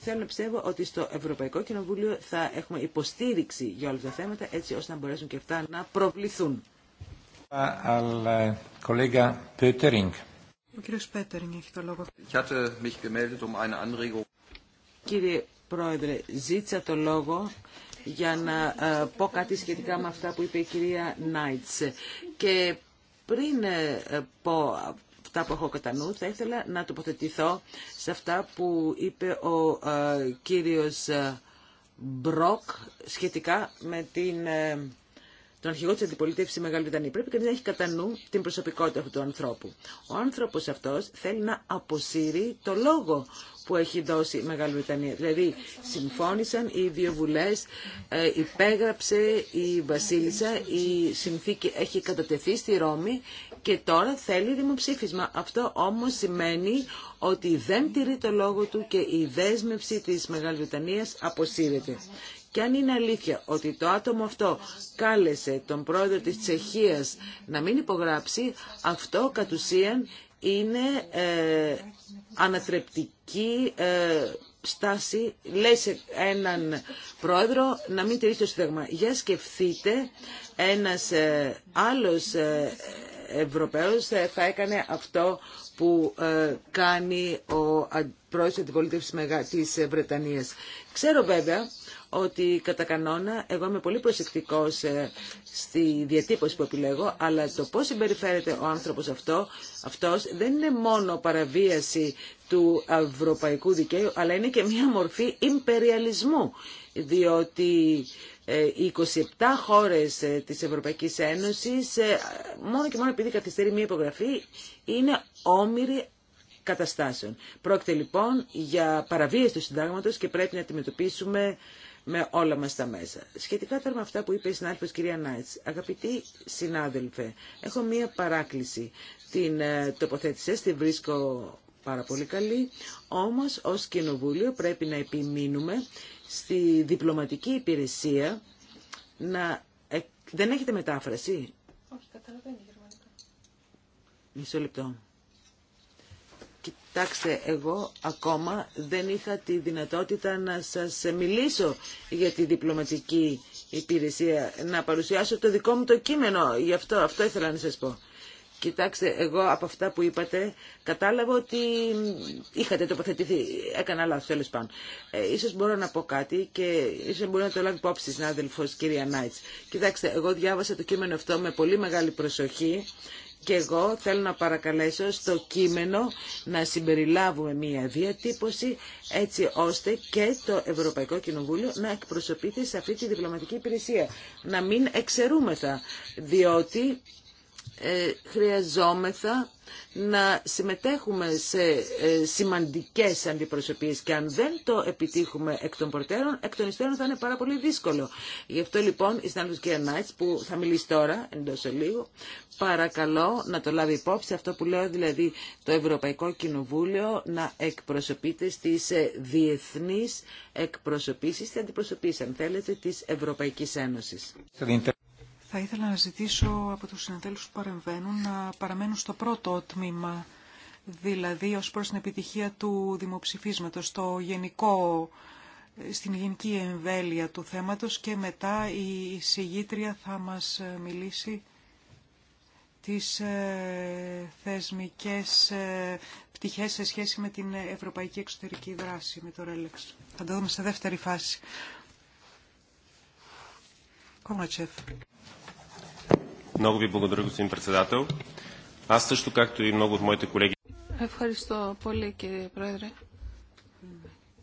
θέλω να πιστεύω ότι στο Ευρωπαϊκό Κοινοβούλιο θα έχουμε υποστήριξη για όλα τα θέματα έτσι ώστε να μπορέσουν και αυτά να προβληθούν. Al eh, collega Pöttering. Ο κύριος Πέτερνγκ έχει το λόγο. Um Κύριε Πρόεδρε, ζήτησα το λόγο για να ε, πω κάτι σχετικά με αυτά που είπε η κυρία Νάιτς. Και πριν ε, πω αυτά που έχω κατά νου, θα ήθελα να τοποθετηθώ σε αυτά που είπε ο ε, κύριος Μπροκ σχετικά με την τον αρχηγό τη αντιπολίτευση στη Μεγάλη Βρετανία. Πρέπει κανεί να έχει κατά νου την προσωπικότητα αυτού του ανθρώπου. Ο άνθρωπο αυτό θέλει να αποσύρει το λόγο που έχει δώσει η Μεγάλη Βρετανία. Δηλαδή, συμφώνησαν οι δύο βουλέ, ε, υπέγραψε η Βασίλισσα, η συνθήκη έχει κατατεθεί στη Ρώμη και τώρα θέλει δημοψήφισμα. Αυτό όμω σημαίνει ότι δεν τηρεί το λόγο του και η δέσμευση της Μεγάλης Βρετανίας αποσύρεται. Και αν είναι αλήθεια ότι το άτομο αυτό κάλεσε τον πρόεδρο της Τσεχίας να μην υπογράψει, αυτό κατ' ουσίαν είναι ε, ανατρεπτική ε, στάση. Λέει σε έναν πρόεδρο να μην τηρήσει το Σύνταγμα. Για σκεφτείτε ένας ε, άλλος ε, Ευρωπαίος θα έκανε αυτό που κάνει ο πρόεδρος της Βρετανίας. Ξέρω βέβαια ότι κατά κανόνα εγώ είμαι πολύ προσεκτικός ε, στη διατύπωση που επιλέγω, αλλά το πώς συμπεριφέρεται ο άνθρωπος αυτό, αυτός δεν είναι μόνο παραβίαση του ευρωπαϊκού δικαίου, αλλά είναι και μια μορφή υπεριαλισμού, διότι ε, οι 27 χώρες ε, της Ευρωπαϊκής Ένωσης, μόνο και μόνο επειδή καθυστερεί μια υπογραφή, είναι όμοιροι καταστάσεων. Πρόκειται λοιπόν για παραβίαση του συντάγματος και πρέπει να αντιμετωπίσουμε με όλα μας τα μέσα. Σχετικά τώρα με αυτά που είπε η συνάδελφος κυρία Νάιτς, αγαπητοί συνάδελφε, έχω μία παράκληση. Την ε, τοποθέτησες, την βρίσκω πάρα πολύ καλή, όμως ως Κοινοβούλιο πρέπει να επιμείνουμε στη διπλωματική υπηρεσία να... δεν έχετε μετάφραση. Όχι, καταλαβαίνει γερμανικά. Μισό λεπτό. Κοιτάξτε, εγώ ακόμα δεν είχα τη δυνατότητα να σας μιλήσω για τη διπλωματική υπηρεσία, να παρουσιάσω το δικό μου το κείμενο. Γι' αυτό, αυτό ήθελα να σας πω. Κοιτάξτε, εγώ από αυτά που είπατε κατάλαβα ότι είχατε τοποθετηθεί. Έκανα λάθος τέλος πάντων. Ε, ίσως μπορώ να πω κάτι και ίσως μπορεί να το λάβει υπόψη συνάδελφος κυρία Νάιτς. Κοιτάξτε, εγώ διάβασα το κείμενο αυτό με πολύ μεγάλη προσοχή και εγώ θέλω να παρακαλέσω στο κείμενο να συμπεριλάβουμε μία διατύπωση έτσι ώστε και το Ευρωπαϊκό Κοινοβούλιο να εκπροσωπείται σε αυτή τη διπλωματική υπηρεσία. Να μην εξαιρούμεθα, διότι ε, χρειαζόμεθα να συμμετέχουμε σε ε, σημαντικές αντιπροσωπείες και αν δεν το επιτύχουμε εκ των προτέρων, εκ των υστέρων θα είναι πάρα πολύ δύσκολο. Γι' αυτό λοιπόν η Στάντος κυρία που θα μιλήσει τώρα εντός λίγο, παρακαλώ να το λάβει υπόψη αυτό που λέω δηλαδή το Ευρωπαϊκό Κοινοβούλιο να εκπροσωπείται στις ε, διεθνείς εκπροσωπήσεις, στις αντιπροσωπήσεις αν θέλετε της Ευρωπαϊκής Ένωσης. Θα ήθελα να ζητήσω από τους συναδέλφους που παρεμβαίνουν να παραμένουν στο πρώτο τμήμα, δηλαδή ως προς την επιτυχία του δημοψηφίσματος, στο γενικό, στην γενική εμβέλεια του θέματος και μετά η συγγήτρια θα μας ε, μιλήσει τις ε, θεσμικές ε, πτυχές σε σχέση με την ευρωπαϊκή εξωτερική δράση, με το ρέλεξ. Θα το δούμε σε δεύτερη φάση. Κόμματσεφ. Много Ευχαριστώ πολύ, κύριε Πρόεδρε.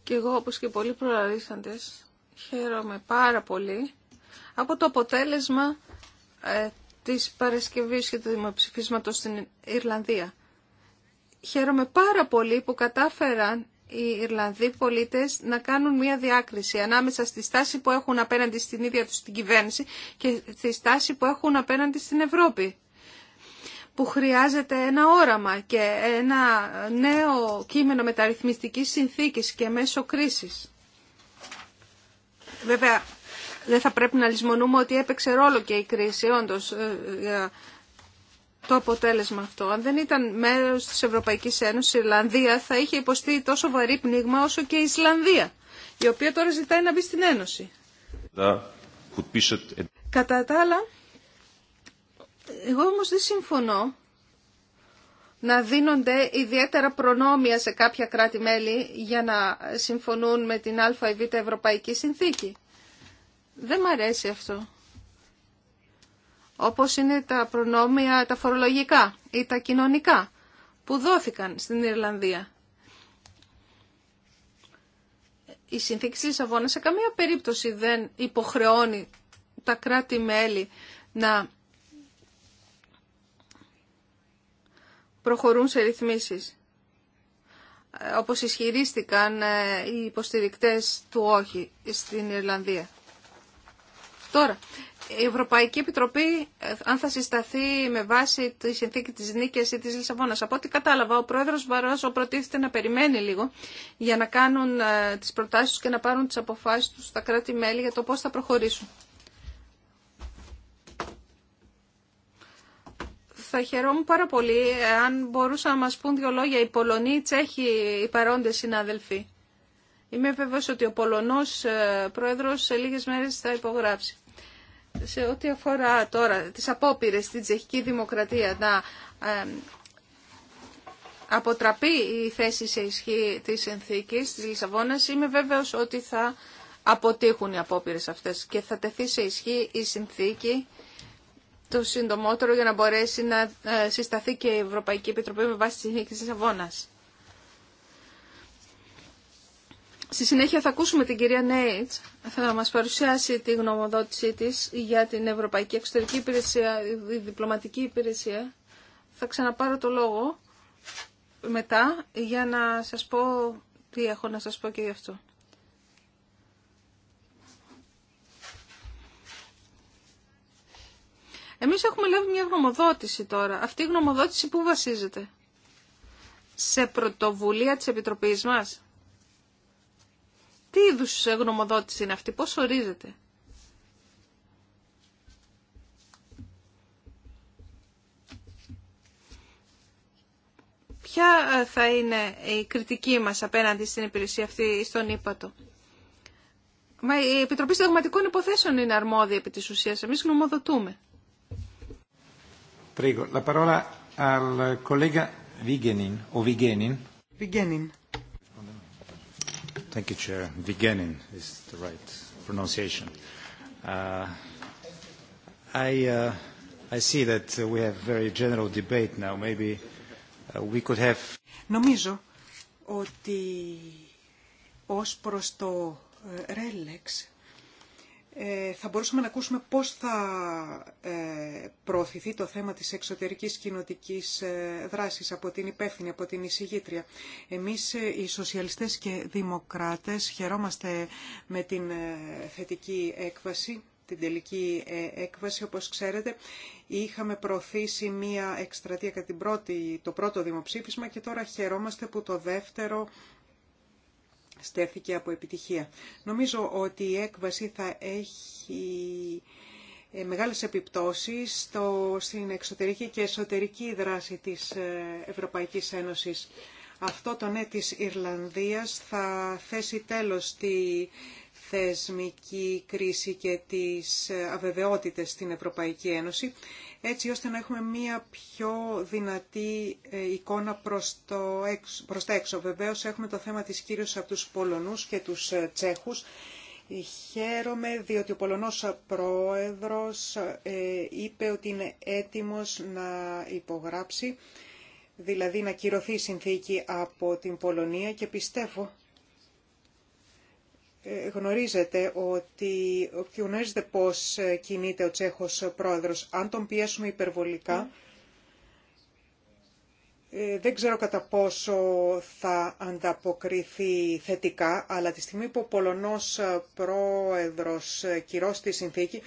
Και εγώ, όπως και πολλοί προαρίσαντες, χαίρομαι πάρα πολύ από το αποτέλεσμα ε, της Παρασκευής και του δημοψηφίσματος στην Ιρλανδία. Χαίρομαι πάρα πολύ που κατάφεραν οι Ιρλανδοί πολίτες να κάνουν μια διάκριση ανάμεσα στη στάση που έχουν απέναντι στην ίδια τους την κυβέρνηση και στη στάση που έχουν απέναντι στην Ευρώπη που χρειάζεται ένα όραμα και ένα νέο κείμενο μεταρρυθμιστικής συνθήκης και μέσω κρίσης. Βέβαια, δεν θα πρέπει να λησμονούμε ότι έπαιξε ρόλο και η κρίση, όντως, ε, ε, το αποτέλεσμα αυτό. Αν δεν ήταν μέρο της Ευρωπαϊκής Ένωσης, η Ιρλανδία θα είχε υποστεί τόσο βαρύ πνίγμα όσο και η Ισλανδία, η οποία τώρα ζητάει να μπει στην Ένωση. Κατά τα άλλα, εγώ όμω δεν συμφωνώ να δίνονται ιδιαίτερα προνόμια σε κάποια κράτη-μέλη για να συμφωνούν με την Α Ευρωπαϊκή Συνθήκη. Δεν μ' αρέσει αυτό όπως είναι τα προνόμια τα φορολογικά ή τα κοινωνικά που δόθηκαν στην Ιρλανδία. Η συνθήκη της Λισαβόνα σε καμία περίπτωση δεν υποχρεώνει τα κράτη-μέλη να προχωρούν σε ρυθμίσεις ε, όπως ισχυρίστηκαν ε, οι υποστηρικτές του όχι στην ιρλανδια η συνθηκη της λισαβονας σε καμια περιπτωση δεν υποχρεωνει τα κρατη μελη Τώρα, η Ευρωπαϊκή Επιτροπή, ε, αν θα συσταθεί με βάση τη συνθήκη της Νίκης ή της Λισαβόνας. Από ό,τι κατάλαβα, ο πρόεδρος Βαρόσο προτίθεται να περιμένει λίγο για να κάνουν ε, τις προτάσεις και να πάρουν τις αποφάσεις του στα κράτη-μέλη για το πώς θα προχωρήσουν. θα χαιρόμουν πάρα πολύ ε, αν μπορούσαν να μας πούν δύο λόγια οι Πολωνοί, οι Τσέχοι, οι παρόντες συνάδελφοι. Είμαι βέβαιος ότι ο Πολωνός πρόεδρος σε λίγες μέρες θα υπογράψει σε ό,τι αφορά τώρα τις απόπειρες στην τσεχική δημοκρατία να αποτραπεί η θέση σε ισχύ της συνθήκης της Λισαβόνας, είμαι βέβαιος ότι θα αποτύχουν οι απόπειρες αυτές και θα τεθεί σε ισχύ η συνθήκη το συντομότερο για να μπορέσει να ε, συσταθεί και η Ευρωπαϊκή Επιτροπή με βάση τη συνθήκη της Λισαβόνας. Στη συνέχεια θα ακούσουμε την κυρία Νέιτς, θα μας παρουσιάσει τη γνωμοδότησή της για την Ευρωπαϊκή Εξωτερική Υπηρεσία, η Διπλωματική Υπηρεσία. Θα ξαναπάρω το λόγο μετά για να σας πω τι έχω να σας πω και γι' αυτό. Εμείς έχουμε λάβει μια γνωμοδότηση τώρα. Αυτή η γνωμοδότηση που βασίζεται. Σε πρωτοβουλία της Επιτροπής μας τι είδους γνωμοδότηση είναι αυτή, πώς ορίζεται. Ποια ε, θα είναι η κριτική μας απέναντι στην υπηρεσία αυτή στον Ήπατο. Μα η Επιτροπή Συνταγματικών Υποθέσεων είναι αρμόδια επί της ουσίας. Εμείς γνωμοδοτούμε. Prego, la parola al collega Vigenin, o Vigenin. Vigenin. Thank you, Chair. Beginning is the right pronunciation. I I see that we have very general debate now. Maybe we could have. Νομίζω ότι ως προς το RELEX ε, θα μπορούσαμε να ακούσουμε πώς θα ε, προωθηθεί το θέμα της εξωτερικής κοινοτικής ε, δράσης από την υπεύθυνη, από την εισηγήτρια. Εμείς οι σοσιαλιστές και δημοκράτες χαιρόμαστε με την θετική έκβαση την τελική έκβαση. Όπως ξέρετε, είχαμε προωθήσει μία εκστρατεία κατά πρώτη, το πρώτο δημοψήφισμα και τώρα χαιρόμαστε που το δεύτερο στέφθηκε από επιτυχία. Νομίζω ότι η έκβαση θα έχει ε, μεγάλες επιπτώσεις στο, στην εξωτερική και εσωτερική δράση της ε, Ευρωπαϊκής Ένωσης. Αυτό το ναι της Ιρλανδίας θα θέσει τέλος στη θεσμική κρίση και τις ε, αβεβαιότητες στην Ευρωπαϊκή Ένωση έτσι ώστε να έχουμε μία πιο δυνατή ε, εικόνα προς, το, προς τα έξω. Βεβαίως έχουμε το θέμα της κύριος από τους Πολωνούς και τους ε, Τσέχους. Χαίρομαι διότι ο Πολωνός Πρόεδρος ε, είπε ότι είναι έτοιμος να υπογράψει, δηλαδή να κυρωθεί η συνθήκη από την Πολωνία και πιστεύω ε, γνωρίζετε ότι, γνωρίζετε πώς κινείται ο Τσέχος πρόεδρος. Αν τον πιέσουμε υπερβολικά, ε, δεν ξέρω κατά πόσο θα ανταποκριθεί θετικά, αλλά τη στιγμή που ο Πολωνός ε, πρόεδρος κυρώσει τη συνθήκη,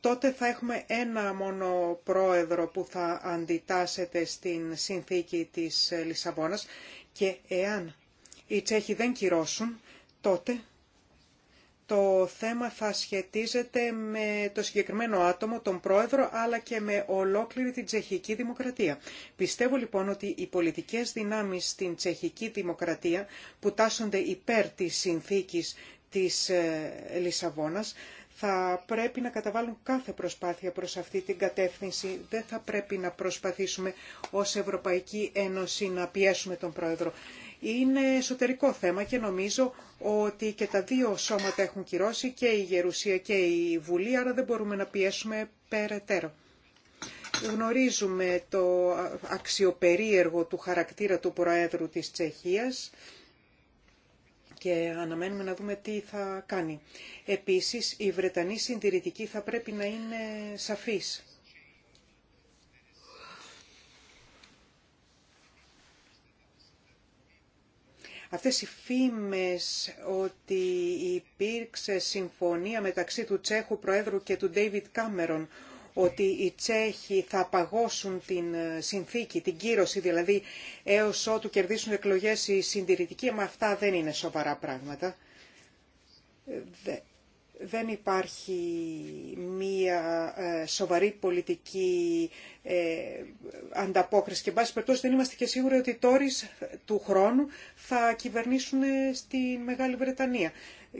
τότε θα έχουμε ένα μόνο πρόεδρο που θα αντιτάσσεται στην συνθήκη της Λισαβόνας και εάν οι Τσέχοι δεν κυρώσουν, τότε το θέμα θα σχετίζεται με το συγκεκριμένο άτομο, τον πρόεδρο, αλλά και με ολόκληρη την τσεχική δημοκρατία. Πιστεύω λοιπόν ότι οι πολιτικές δυνάμεις στην τσεχική δημοκρατία που τάσσονται υπέρ της συνθήκης της ε, Λισαβόνας θα πρέπει να καταβάλουν κάθε προσπάθεια προς αυτή την κατεύθυνση. Δεν θα πρέπει να προσπαθήσουμε ως Ευρωπαϊκή Ένωση να πιέσουμε τον Πρόεδρο είναι εσωτερικό θέμα και νομίζω ότι και τα δύο σώματα έχουν κυρώσει και η Γερουσία και η Βουλή, άρα δεν μπορούμε να πιέσουμε περαιτέρω. Γνωρίζουμε το αξιοπερίεργο του χαρακτήρα του Προέδρου της Τσεχίας και αναμένουμε να δούμε τι θα κάνει. Επίσης, η Βρετανή συντηρητική θα πρέπει να είναι σαφής. Αυτές οι φήμες ότι υπήρξε συμφωνία μεταξύ του Τσέχου Προέδρου και του Ντέιβιτ Κάμερον ότι οι Τσέχοι θα απαγώσουν την ε, συνθήκη, την κύρωση δηλαδή έως ότου κερδίσουν εκλογές οι συντηρητικοί, μα αυτά δεν είναι σοβαρά πράγματα ε, δεν υπάρχει μία ε, σοβαρή πολιτική ε, ανταπόκριση και βάση περιπτώσει δεν είμαστε και σίγουροι ότι οι του χρόνου θα κυβερνήσουν στη Μεγάλη Βρετανία.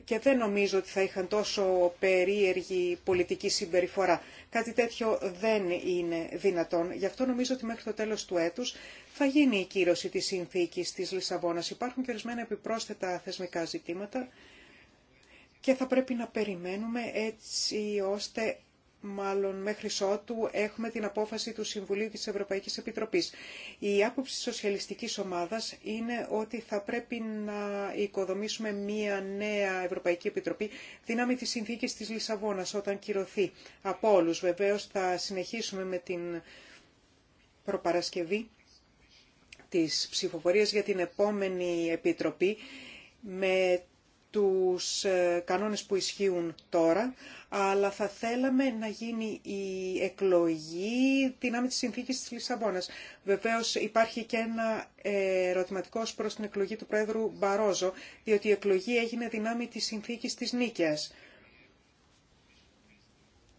Και δεν νομίζω ότι θα είχαν τόσο περίεργη πολιτική συμπεριφορά. Κάτι τέτοιο δεν είναι δυνατόν. Γι' αυτό νομίζω ότι μέχρι το τέλος του έτους θα γίνει η κύρωση της συνθήκης της Λισαβόνας. Υπάρχουν και ορισμένα επιπρόσθετα θεσμικά ζητήματα και θα πρέπει να περιμένουμε έτσι ώστε μάλλον μέχρι ότου έχουμε την απόφαση του Συμβουλίου της Ευρωπαϊκής Επιτροπής. Η άποψη της σοσιαλιστικής ομάδας είναι ότι θα πρέπει να οικοδομήσουμε μία νέα Ευρωπαϊκή Επιτροπή δύναμη της συνθήκης της Λισαβόνας όταν κυρωθεί από όλους. Βεβαίως θα συνεχίσουμε με την προπαρασκευή της ψηφοφορίας για την επόμενη Επιτροπή τους ε, κανόνες που ισχύουν τώρα, αλλά θα θέλαμε να γίνει η εκλογή δυνάμει της συνθήκης της Λισαβόνας. Βεβαίως υπάρχει και ένα ε, ερωτηματικό προς την εκλογή του Πρόεδρου Μπαρόζο, διότι η εκλογή έγινε δυνάμει της συνθήκης της Νίκαιας.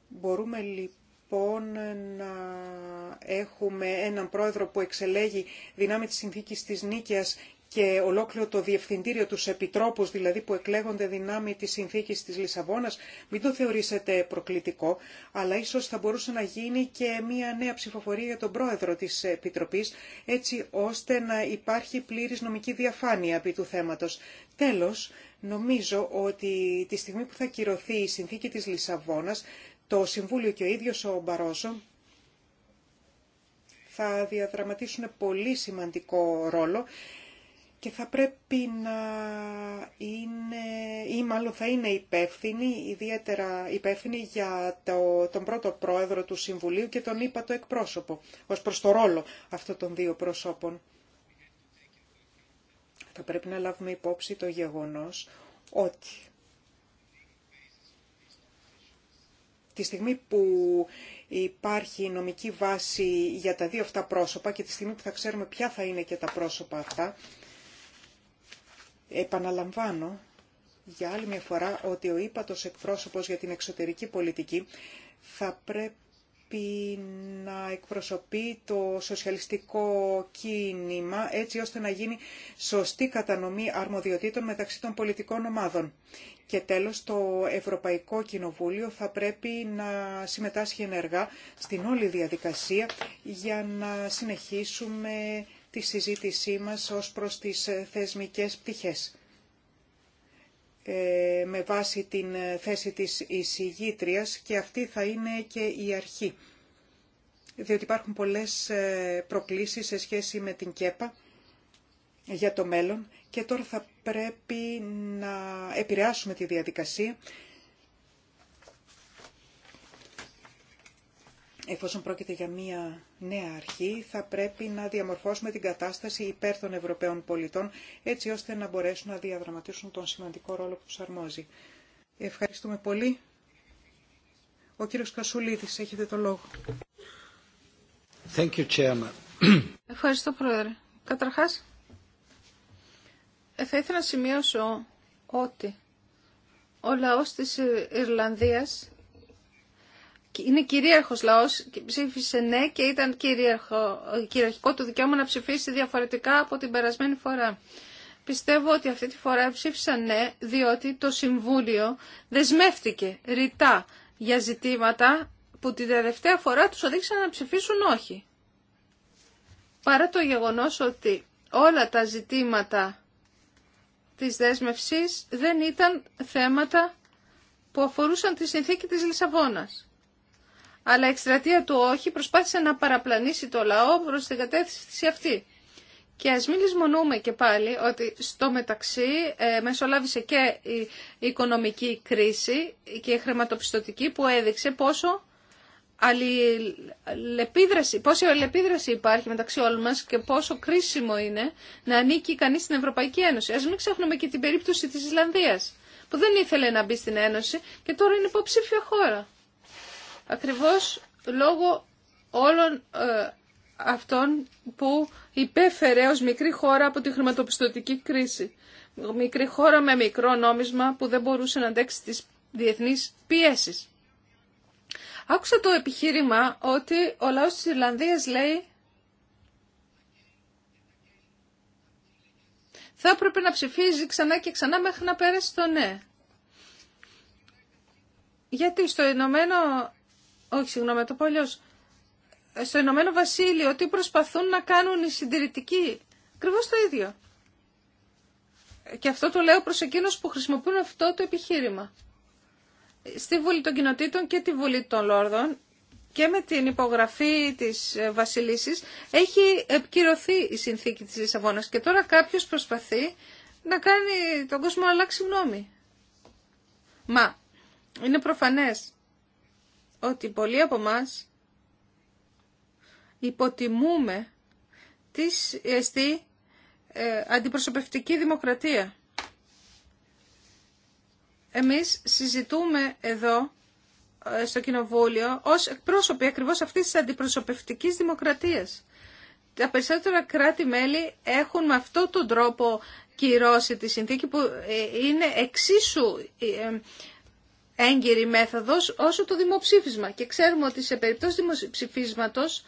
Μπορούμε λοιπόν να έχουμε έναν πρόεδρο που εξελέγει δυνάμει της συνθήκης της Νίκαιας και ολόκληρο το διευθυντήριο τους επιτρόπους δηλαδή που εκλέγονται δυνάμει της συνθήκης της Λισαβόνας μην το θεωρήσετε προκλητικό αλλά ίσως θα μπορούσε να γίνει και μια νέα ψηφοφορία για τον πρόεδρο της Επιτροπής έτσι ώστε να υπάρχει πλήρης νομική διαφάνεια επί του θέματος. Τέλος, νομίζω ότι τη στιγμή που θα κυρωθεί η συνθήκη της Λισαβόνας το Συμβούλιο και ο ίδιος ο Μπαρόζο θα διαδραματίσουν πολύ σημαντικό ρόλο και θα πρέπει να είναι ή μάλλον θα είναι υπεύθυνη, ιδιαίτερα υπεύθυνη για το, τον πρώτο πρόεδρο του Συμβουλίου και τον είπα το εκπρόσωπο, ως προς το ρόλο αυτών των δύο προσώπων. Θα πρέπει να λάβουμε υπόψη το γεγονός ότι τη στιγμή που υπάρχει νομική βάση για τα δύο αυτά πρόσωπα και τη στιγμή που θα ξέρουμε ποια θα είναι και τα πρόσωπα αυτά, Επαναλαμβάνω για άλλη μια φορά ότι ο ύπατος εκπρόσωπος για την εξωτερική πολιτική θα πρέπει να εκπροσωπεί το σοσιαλιστικό κίνημα έτσι ώστε να γίνει σωστή κατανομή αρμοδιοτήτων μεταξύ των πολιτικών ομάδων. Και τέλος, το Ευρωπαϊκό Κοινοβούλιο θα πρέπει να συμμετάσχει ενεργά στην όλη διαδικασία για να συνεχίσουμε τη συζήτησή μας ως προς τις ε, θεσμικές πτυχές. Ε, με βάση την ε, θέση της εισηγήτριας και αυτή θα είναι και η αρχή. Διότι υπάρχουν πολλές ε, προκλήσεις σε σχέση με την ΚΕΠΑ για το μέλλον και τώρα θα πρέπει να επηρεάσουμε τη διαδικασία εφόσον πρόκειται για μία νέα αρχή θα πρέπει να διαμορφώσουμε την κατάσταση υπέρ των Ευρωπαίων πολιτών έτσι ώστε να μπορέσουν να διαδραματίσουν τον σημαντικό ρόλο που τους αρμόζει. Ευχαριστούμε πολύ. Ο κύριος Κασουλίδης, έχετε το λόγο. Thank you, Chairman. Ευχαριστώ, Πρόεδρε. Καταρχάς, ε, θα ήθελα να σημειώσω ότι ο λαός της Ιρλανδίας είναι κυρίαρχος λαός, ψήφισε ναι και ήταν κυρίαρχο, κυριαρχικό το δικαίωμα να ψηφίσει διαφορετικά από την περασμένη φορά. Πιστεύω ότι αυτή τη φορά ψήφισαν ναι, διότι το Συμβούλιο δεσμεύτηκε ρητά για ζητήματα που την τελευταία φορά τους οδήγησαν να ψηφίσουν όχι. Παρά το γεγονός ότι όλα τα ζητήματα της δέσμευσης δεν ήταν θέματα που αφορούσαν τη συνθήκη της Λισαβόνας αλλά η εκστρατεία του όχι προσπάθησε να παραπλανήσει το λαό προς την κατεύθυνση αυτή. Και ας μην λησμονούμε και πάλι ότι στο μεταξύ ε, μεσολάβησε και η οικονομική κρίση και η χρηματοπιστωτική που έδειξε πόσο αλληλεπίδραση, πόση αλληλεπίδραση υπάρχει μεταξύ όλων μας και πόσο κρίσιμο είναι να ανήκει κανείς στην Ευρωπαϊκή Ένωση. Ας μην ξεχνούμε και την περίπτωση της Ισλανδίας που δεν ήθελε να μπει στην Ένωση και τώρα είναι υποψήφια χώρα ακριβώς λόγω όλων ε, αυτών που υπέφερε ως μικρή χώρα από τη χρηματοπιστωτική κρίση. Μικρή χώρα με μικρό νόμισμα που δεν μπορούσε να αντέξει τις διεθνείς πιέσεις. Άκουσα το επιχείρημα ότι ο λαός της Ιρλανδίας λέει θα έπρεπε να ψηφίζει ξανά και ξανά μέχρι να πέρασει το ναι. Γιατί στο Ηνωμένο όχι συγγνώμη, το πω ε, στο Ηνωμένο Βασίλειο, τι προσπαθούν να κάνουν οι συντηρητικοί. Ακριβώ το ίδιο. Ε, και αυτό το λέω προ εκείνου που χρησιμοποιούν αυτό το επιχείρημα. Ε, στη Βουλή των Κοινοτήτων και τη Βουλή των Λόρδων και με την υπογραφή της Βασιλίσης έχει επικυρωθεί η συνθήκη της Λισαβόνα και τώρα κάποιος προσπαθεί να κάνει τον κόσμο να αλλάξει γνώμη. Μα είναι προφανές ότι πολλοί από εμά υποτιμούμε ε, τη εστί αντιπροσωπευτική δημοκρατία. Εμείς συζητούμε εδώ ε, στο Κοινοβούλιο ως εκπρόσωποι ακριβώς αυτής της αντιπροσωπευτικής δημοκρατίας. Τα περισσότερα κράτη-μέλη έχουν με αυτόν τον τρόπο κυρώσει τη συνθήκη που ε, είναι εξίσου έγκυρη μέθοδος όσο το δημοψήφισμα. Και ξέρουμε ότι σε περίπτωση δημοψηφίσματος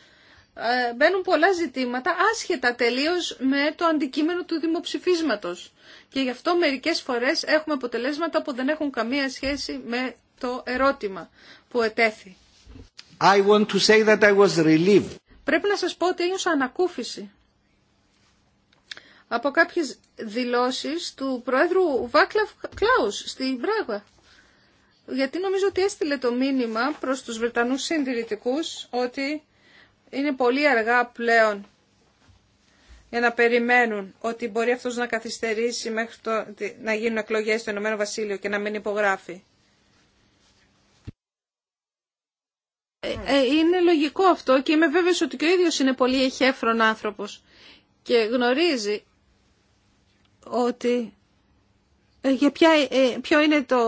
ε, μπαίνουν πολλά ζητήματα άσχετα τελείως με το αντικείμενο του δημοψηφίσματος. Και γι' αυτό μερικές φορές έχουμε αποτελέσματα που δεν έχουν καμία σχέση με το ερώτημα που ετέθη. I want to say that I was Πρέπει να σας πω ότι ένιωσα ανακούφιση από κάποιες δηλώσεις του Προέδρου Βάκλαφ Κλάους στη Πράγα γιατί νομίζω ότι έστειλε το μήνυμα προς τους Βρετανούς συντηρητικούς ότι είναι πολύ αργά πλέον για να περιμένουν ότι μπορεί αυτός να καθυστερήσει μέχρι το, να γίνουν εκλογές στο Ηνωμένο Βασίλειο και να μην υπογράφει. Ε, ε, είναι λογικό αυτό και είμαι βέβαιος ότι και ο ίδιος είναι πολύ εχέφρον άνθρωπος και γνωρίζει ότι ε, ποιο είναι το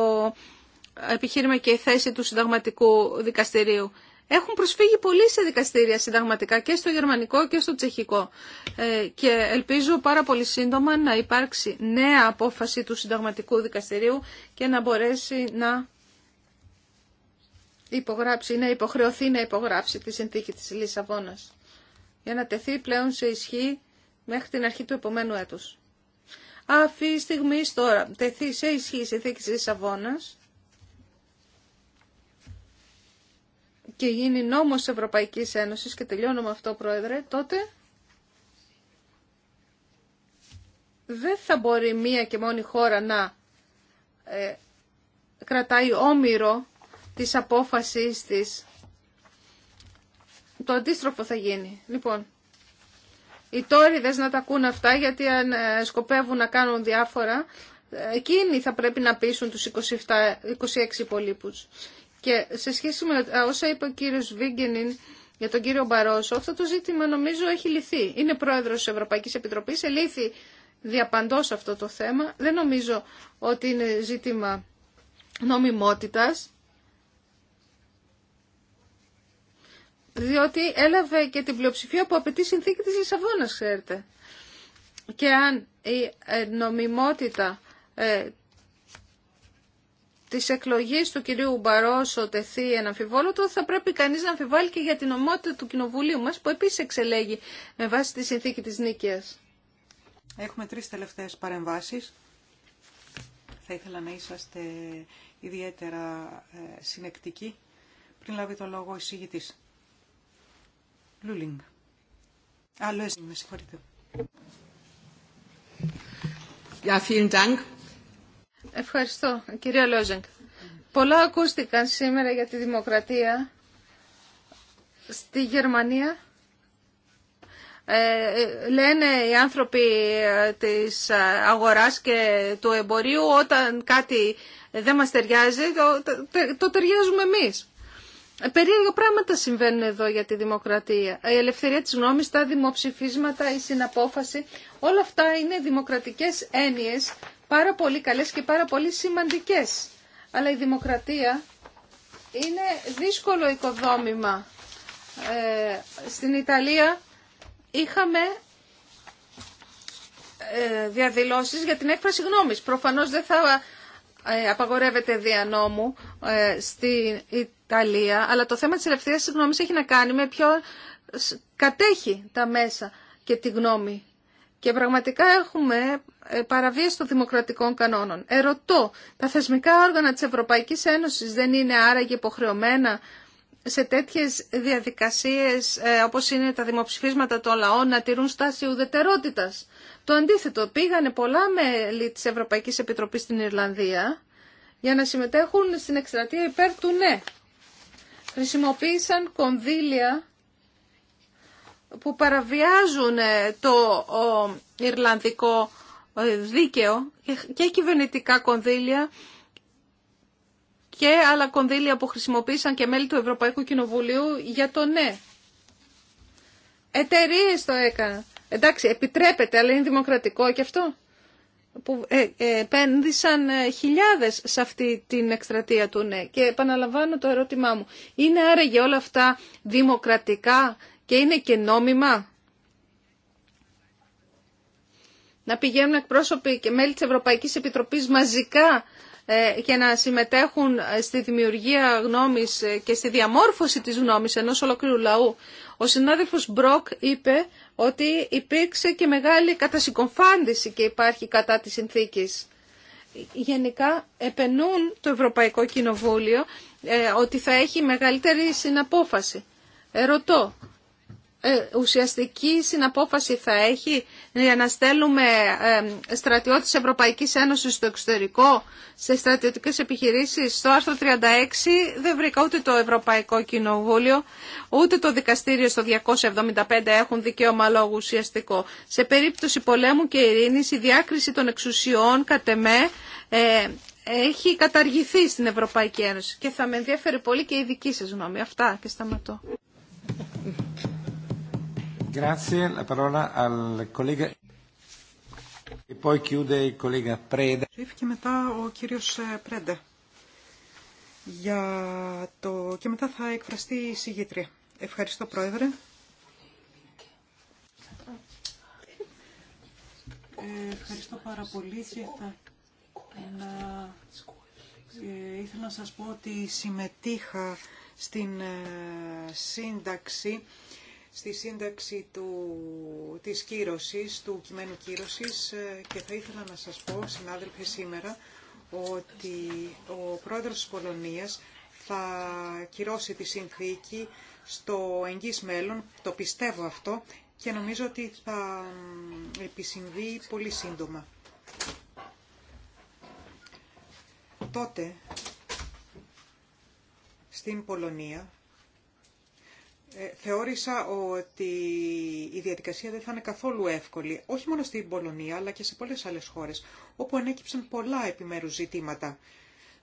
επιχείρημα και η θέση του συνταγματικού δικαστηρίου. Έχουν προσφύγει πολλοί σε δικαστήρια συνταγματικά και στο γερμανικό και στο τσεχικό ε, και ελπίζω πάρα πολύ σύντομα να υπάρξει νέα απόφαση του συνταγματικού δικαστηρίου και να μπορέσει να υπογράψει να υποχρεωθεί να υπογράψει τη συνθήκη της Λισαβόνα. για να τεθεί πλέον σε ισχύ μέχρι την αρχή του επομένου έτους. Αυτή στιγμή τώρα τεθεί σε ισχύ η συνθήκη της Λισαβόνα. και γίνει νόμος Ευρωπαϊκής Ένωσης και τελειώνω με αυτό πρόεδρε, τότε δεν θα μπορεί μία και μόνη χώρα να ε, κρατάει όμοιρο της απόφασης της. Το αντίστροφο θα γίνει. Λοιπόν, οι τόριδες να τα ακούν αυτά γιατί αν ε, σκοπεύουν να κάνουν διάφορα, ε, εκείνοι θα πρέπει να πείσουν τους 27, 26 υπολείπους. Και σε σχέση με όσα είπε ο κύριος Βίγκενιν για τον κύριο Μπαρόσο, αυτό το ζήτημα νομίζω έχει λυθεί. Είναι πρόεδρος της Ευρωπαϊκής Επιτροπής, ελήφθη διαπαντός αυτό το θέμα. Δεν νομίζω ότι είναι ζήτημα νομιμότητας. διότι έλαβε και την πλειοψηφία που απαιτεί συνθήκη της Λισαβόνας, ξέρετε. Και αν η ε, νομιμότητα ε, τη εκλογής του κυρίου Μπαρόσο τεθεί ένα του, θα πρέπει κανείς να αμφιβάλλει και για την ομότητα του Κοινοβουλίου μας, που επίσης εξελέγει με βάση τη συνθήκη της νίκαια. Έχουμε τρεις τελευταίες παρεμβάσει. Θα ήθελα να είσαστε ιδιαίτερα ε, συνεκτικοί πριν λάβει το λόγο ο εισηγητή. Λούλινγκ. Α, Λουέζινγκ, με συγχωρείτε. Ja, Dank. Ευχαριστώ, κυρία Λόζενκ. Πολλά ακούστηκαν σήμερα για τη δημοκρατία στη Γερμανία. Ε, λένε οι άνθρωποι ε, της ε, αγοράς και του εμπορίου όταν κάτι δεν μας ταιριάζει, το, ταιριάζουμε εμείς. Ε, περίεργα πράγματα συμβαίνουν εδώ για τη δημοκρατία. Η ελευθερία της γνώμης, τα δημοψηφίσματα, η συναπόφαση, όλα αυτά είναι δημοκρατικές έννοιες πάρα πολύ καλές και πάρα πολύ σημαντικές. Αλλά η δημοκρατία είναι δύσκολο οικοδόμημα. Ε, στην Ιταλία είχαμε ε, διαδηλώσεις για την έκφραση γνώμης. Προφανώς δεν θα ε, απαγορεύεται δια νόμου ε, στην Ιταλία, αλλά το θέμα της ελευθερίας της γνώμης έχει να κάνει με ποιο κατέχει τα μέσα και τη γνώμη. Και πραγματικά έχουμε ε, παραβίαση των δημοκρατικών κανόνων. Ερωτώ, τα θεσμικά όργανα της Ευρωπαϊκής Ένωσης δεν είναι άραγε υποχρεωμένα σε τέτοιες διαδικασίες ε, όπως είναι τα δημοψηφίσματα των λαών να τηρούν στάση ουδετερότητας. Το αντίθετο, πήγανε πολλά μέλη της Ευρωπαϊκής Επιτροπής στην Ιρλανδία για να συμμετέχουν στην εκστρατεία υπέρ του ναι. Χρησιμοποίησαν κονδύλια που παραβιάζουν ε, το Ιρλανδικό δίκαιο και κυβερνητικά κονδύλια και άλλα κονδύλια που χρησιμοποίησαν και μέλη του Ευρωπαϊκού Κοινοβουλίου για το ναι. Εταιρείε το έκαναν. Εντάξει, επιτρέπεται, αλλά είναι δημοκρατικό και αυτό. Που ε, ε, επένδυσαν ε, χιλιάδες σε αυτή την εκστρατεία του ναι. Και επαναλαμβάνω το ερώτημά μου. Είναι άραγε όλα αυτά δημοκρατικά και είναι και νόμιμα. να πηγαίνουν εκπρόσωποι και μέλη της Ευρωπαϊκής Επιτροπής μαζικά ε, και να συμμετέχουν ε, στη δημιουργία γνώμης ε, και στη διαμόρφωση της γνώμης ενός ολόκληρου λαού. Ο συνάδελφος Μπροκ είπε ότι υπήρξε και μεγάλη κατασυκοφάντηση και υπάρχει κατά της συνθήκης. Γενικά επενούν το Ευρωπαϊκό Κοινοβούλιο ότι θα έχει μεγαλύτερη συναπόφαση. Ερωτώ, ε, ουσιαστική συναπόφαση θα έχει για να στέλνουμε στρατιώτες Ευρωπαϊκής Ένωσης στο εξωτερικό σε στρατιωτικές επιχειρήσεις. Στο άρθρο 36 δεν βρήκα ούτε το Ευρωπαϊκό Κοινοβούλιο ούτε το δικαστήριο στο 275 έχουν δικαίωμα λόγου ουσιαστικό. Σε περίπτωση πολέμου και ειρήνης η διάκριση των εξουσιών κατ' εμέ ε, έχει καταργηθεί στην Ευρωπαϊκή Ένωση και θα με ενδιαφέρει πολύ και η δική σας γνώμη. Αυτά και σταματώ. Και μετά ο κύριος ε, Πρέντα. Για το... Και μετά θα εκφραστεί η συγγήτρια. Ευχαριστώ Πρόεδρε. Ε, ευχαριστώ πάρα πολύ και θα... Να... Ε, ήθελα να σας πω ότι συμμετείχα στην ε, σύνταξη στη σύνταξη του, της κύρωσης, του κειμένου κύρωσης ε, και θα ήθελα να σας πω, συνάδελφοι, σήμερα ότι ο πρόεδρος της Πολωνίας θα κυρώσει τη συνθήκη στο εγγύς μέλλον, το πιστεύω αυτό και νομίζω ότι θα επισυμβεί πολύ σύντομα. Τότε στην Πολωνία ε, θεώρησα ότι η διαδικασία δεν θα είναι καθόλου εύκολη, όχι μόνο στην Πολωνία, αλλά και σε πολλές άλλες χώρες, όπου ανέκυψαν πολλά επιμέρους ζητήματα.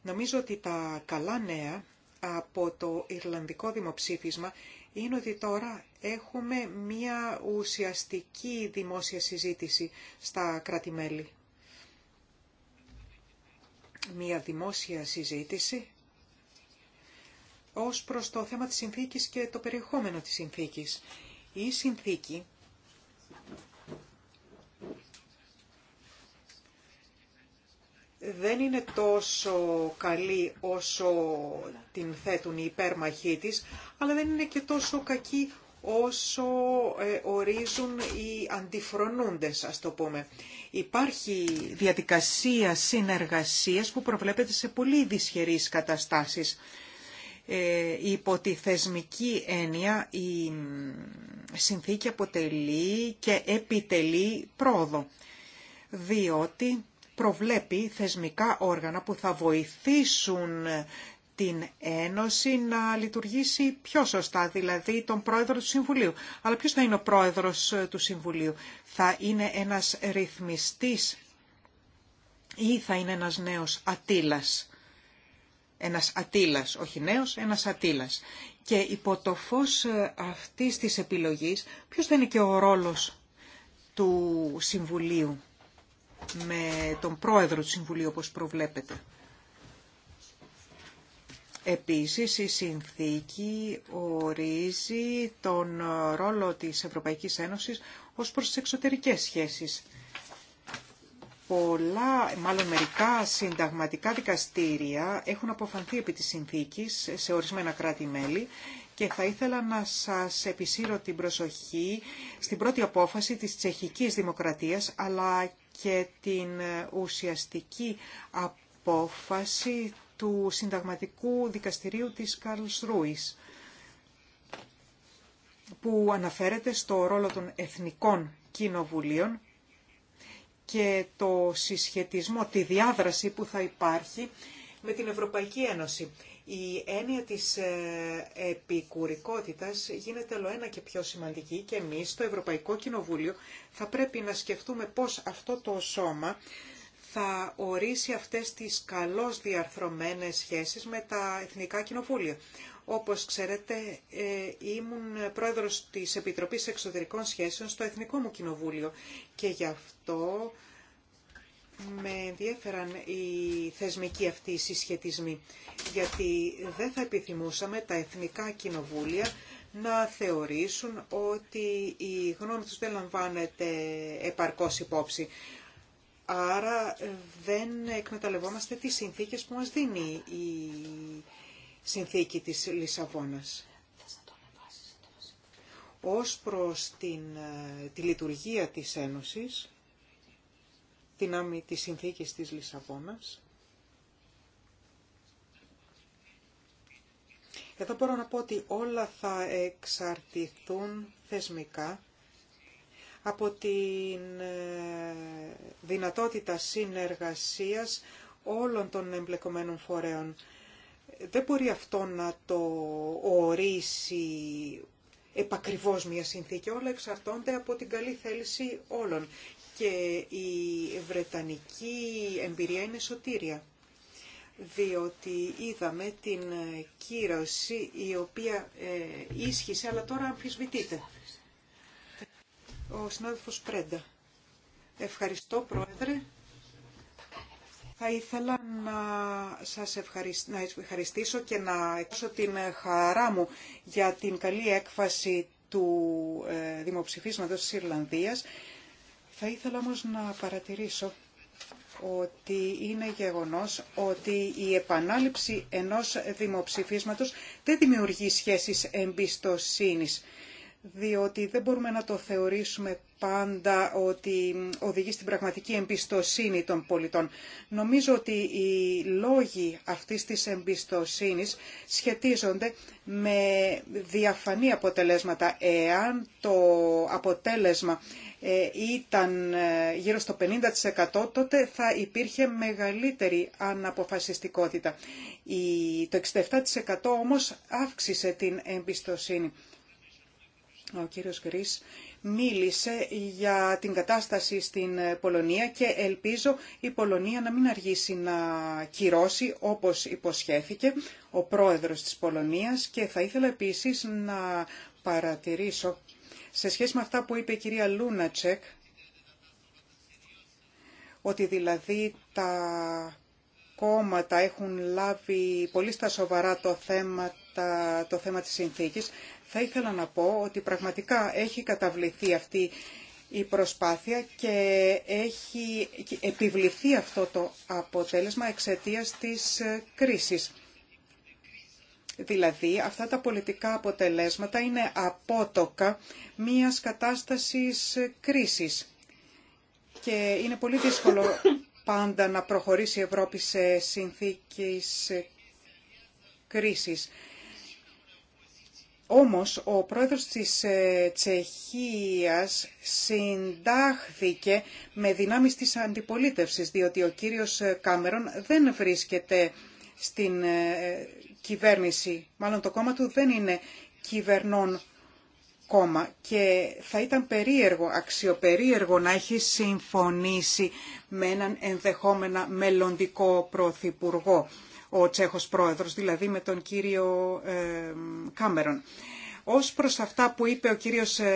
Νομίζω ότι τα καλά νέα από το Ιρλανδικό δημοψήφισμα είναι ότι τώρα έχουμε μία ουσιαστική δημόσια συζήτηση στα κρατη Μία δημόσια συζήτηση ως προς το θέμα της συνθήκης και το περιεχόμενο της συνθήκης. Η συνθήκη δεν είναι τόσο καλή όσο την θέτουν οι υπέρμαχοί της, αλλά δεν είναι και τόσο κακή όσο ε, ορίζουν οι αντιφρονούντες, ας το πούμε. Υπάρχει διαδικασία συνεργασίας που προβλέπεται σε πολύ δυσχερείς καταστάσεις ε, υπό τη θεσμική έννοια η συνθήκη αποτελεί και επιτελεί πρόοδο, διότι προβλέπει θεσμικά όργανα που θα βοηθήσουν την Ένωση να λειτουργήσει πιο σωστά, δηλαδή τον πρόεδρο του Συμβουλίου. Αλλά ποιος θα είναι ο πρόεδρος ε, του Συμβουλίου. Θα είναι ένας ρυθμιστής ή θα είναι ένας νέος ατύλας ένας ατήλας, όχι νέος, ένας ατήλας. Και υπό το φως ε, αυτής της επιλογής, ποιος θα είναι και ο ρόλος του Συμβουλίου, με τον πρόεδρο του Συμβουλίου όπως προβλέπετε. Επίσης, η συνθήκη ορίζει τον ρόλο της Ευρωπαϊκής Ένωσης ως προς τις εξωτερικές σχέσεις πολλά, μάλλον μερικά συνταγματικά δικαστήρια έχουν αποφανθεί επί της συνθήκης σε ορισμένα κράτη-μέλη και θα ήθελα να σας επισύρω την προσοχή στην πρώτη απόφαση της τσεχικής δημοκρατίας αλλά και την ουσιαστική απόφαση του συνταγματικού δικαστηρίου της Κάρλς που αναφέρεται στο ρόλο των εθνικών κοινοβουλίων και το συσχετισμό, τη διάδραση που θα υπάρχει με την Ευρωπαϊκή Ένωση. Η έννοια της ε, επικουρικότητας γίνεται όλο ένα και πιο σημαντική και εμείς το Ευρωπαϊκό Κοινοβούλιο θα πρέπει να σκεφτούμε πώς αυτό το σώμα θα ορίσει αυτές τις καλώς διαρθρωμένες σχέσεις με τα Εθνικά Κοινοβούλια. Όπως ξέρετε, ε, ήμουν πρόεδρος της Επιτροπής Εξωτερικών Σχέσεων στο Εθνικό μου Κοινοβούλιο και γι' αυτό με ενδιέφεραν οι θεσμικοί αυτοί οι συσχετισμοί, γιατί δεν θα επιθυμούσαμε τα εθνικά κοινοβούλια να θεωρήσουν ότι η γνώμη τους δεν λαμβάνεται επαρκώς υπόψη. Άρα δεν εκμεταλλευόμαστε τις συνθήκες που μας δίνει η συνθήκη της Λισαβόνας. Ως προς την, ε, τη λειτουργία της Ένωσης, δυνάμει της συνθήκης της Λισαβόνας, Εδώ μπορώ να πω ότι όλα θα εξαρτηθούν θεσμικά από τη ε, δυνατότητα συνεργασίας όλων των εμπλεκομένων φορέων δεν μπορεί αυτό να το ορίσει επακριβώς μια συνθήκη. Όλα εξαρτώνται από την καλή θέληση όλων. Και η βρετανική εμπειρία είναι σωτήρια. Διότι είδαμε την κύρωση η οποία ε, ίσχυσε, αλλά τώρα αμφισβητείται. Ο συνάδελφος Πρέντα. Ευχαριστώ, Πρόεδρε. Θα ήθελα να σας ευχαριστήσω και να εκφράσω την χαρά μου για την καλή έκφαση του ε, δημοψηφίσματος της Ιρλανδίας. Θα ήθελα όμως να παρατηρήσω ότι είναι γεγονός ότι η επανάληψη ενός δημοψηφίσματος δεν δημιουργεί σχέσεις εμπιστοσύνης, διότι δεν μπορούμε να το θεωρήσουμε πάντα ότι οδηγεί στην πραγματική εμπιστοσύνη των πολιτών. Νομίζω ότι οι λόγοι αυτής της εμπιστοσύνης σχετίζονται με διαφανή αποτελέσματα. Εάν το αποτέλεσμα ε, ήταν ε, γύρω στο 50% τότε θα υπήρχε μεγαλύτερη αναποφασιστικότητα. Το 67% όμως αύξησε την εμπιστοσύνη. Ο κύριος Γκρίς μίλησε για την κατάσταση στην Πολωνία και ελπίζω η Πολωνία να μην αργήσει να κυρώσει όπως υποσχέθηκε ο πρόεδρος της Πολωνίας και θα ήθελα επίσης να παρατηρήσω σε σχέση με αυτά που είπε η κυρία Λούνατσεκ ότι δηλαδή τα κόμματα έχουν λάβει πολύ στα σοβαρά το θέμα, το θέμα της συνθήκης. Θα ήθελα να πω ότι πραγματικά έχει καταβληθεί αυτή η προσπάθεια και έχει επιβληθεί αυτό το αποτέλεσμα εξαιτίας της ε, κρίσης. Δηλαδή, αυτά τα πολιτικά αποτελέσματα είναι απότοκα μιας κατάστασης ε, κρίσης και είναι πολύ δύσκολο πάντα να προχωρήσει η Ευρώπη σε συνθήκες ε, κρίσης. Όμως ο πρόεδρος της ε, Τσεχίας συντάχθηκε με δυνάμεις της αντιπολίτευσης, διότι ο κύριος ε, Κάμερον δεν βρίσκεται στην ε, κυβέρνηση. Μάλλον το κόμμα του δεν είναι κυβερνών κόμμα και θα ήταν περίεργο, αξιοπερίεργο να έχει συμφωνήσει με έναν ενδεχόμενα μελλοντικό πρωθυπουργό ο Τσέχος πρόεδρος, δηλαδή με τον κύριο ε, Κάμερον. Ως προς αυτά που είπε ο κύριος ε,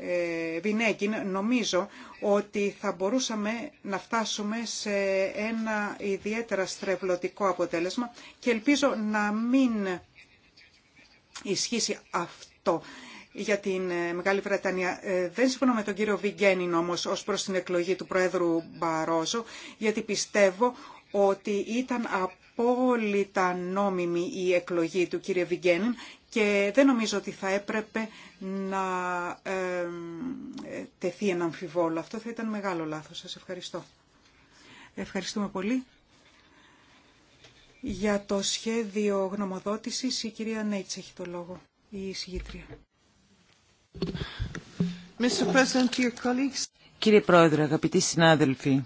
ε, Βινέγκιν, νομίζω ότι θα μπορούσαμε να φτάσουμε σε ένα ιδιαίτερα στρεβλωτικό αποτέλεσμα και ελπίζω να μην ισχύσει αυτό για την Μεγάλη Βρετανία. Δεν συμφωνώ με τον κύριο Βιγγένιν όμως ως προς την εκλογή του Πρόεδρου Μπαρόζου, γιατί πιστεύω ότι ήταν απόλυτα νόμιμη η εκλογή του κύριε Βιγγένιν και δεν νομίζω ότι θα έπρεπε να τεθεί ένα αμφιβόλο. Αυτό θα ήταν μεγάλο λάθος. Σας ευχαριστώ. Ευχαριστούμε πολύ. Για το σχέδιο γνωμοδότησης η κυρία Νέιτς έχει το λόγο, η συγγήτρια. Κύριε Πρόεδρε, αγαπητοί συνάδελφοι,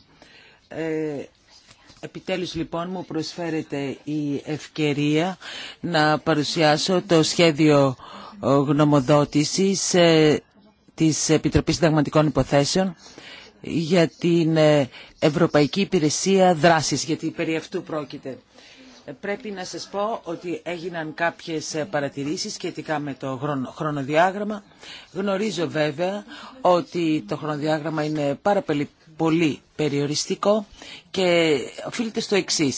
ε, Επιτέλους λοιπόν μου προσφέρεται η ευκαιρία να παρουσιάσω το σχέδιο γνωμοδότησης της Επιτροπής Συνταγματικών Υποθέσεων για την ε, Ευρωπαϊκή Υπηρεσία Δράσης, γιατί περί αυτού πρόκειται. Πρέπει να σας πω ότι έγιναν κάποιες ε, παρατηρήσεις σχετικά με το χρονοδιάγραμμα. Γνωρίζω βέβαια ότι το χρονοδιάγραμμα είναι πάρα πολύ πολύ περιοριστικό και οφείλεται στο εξή.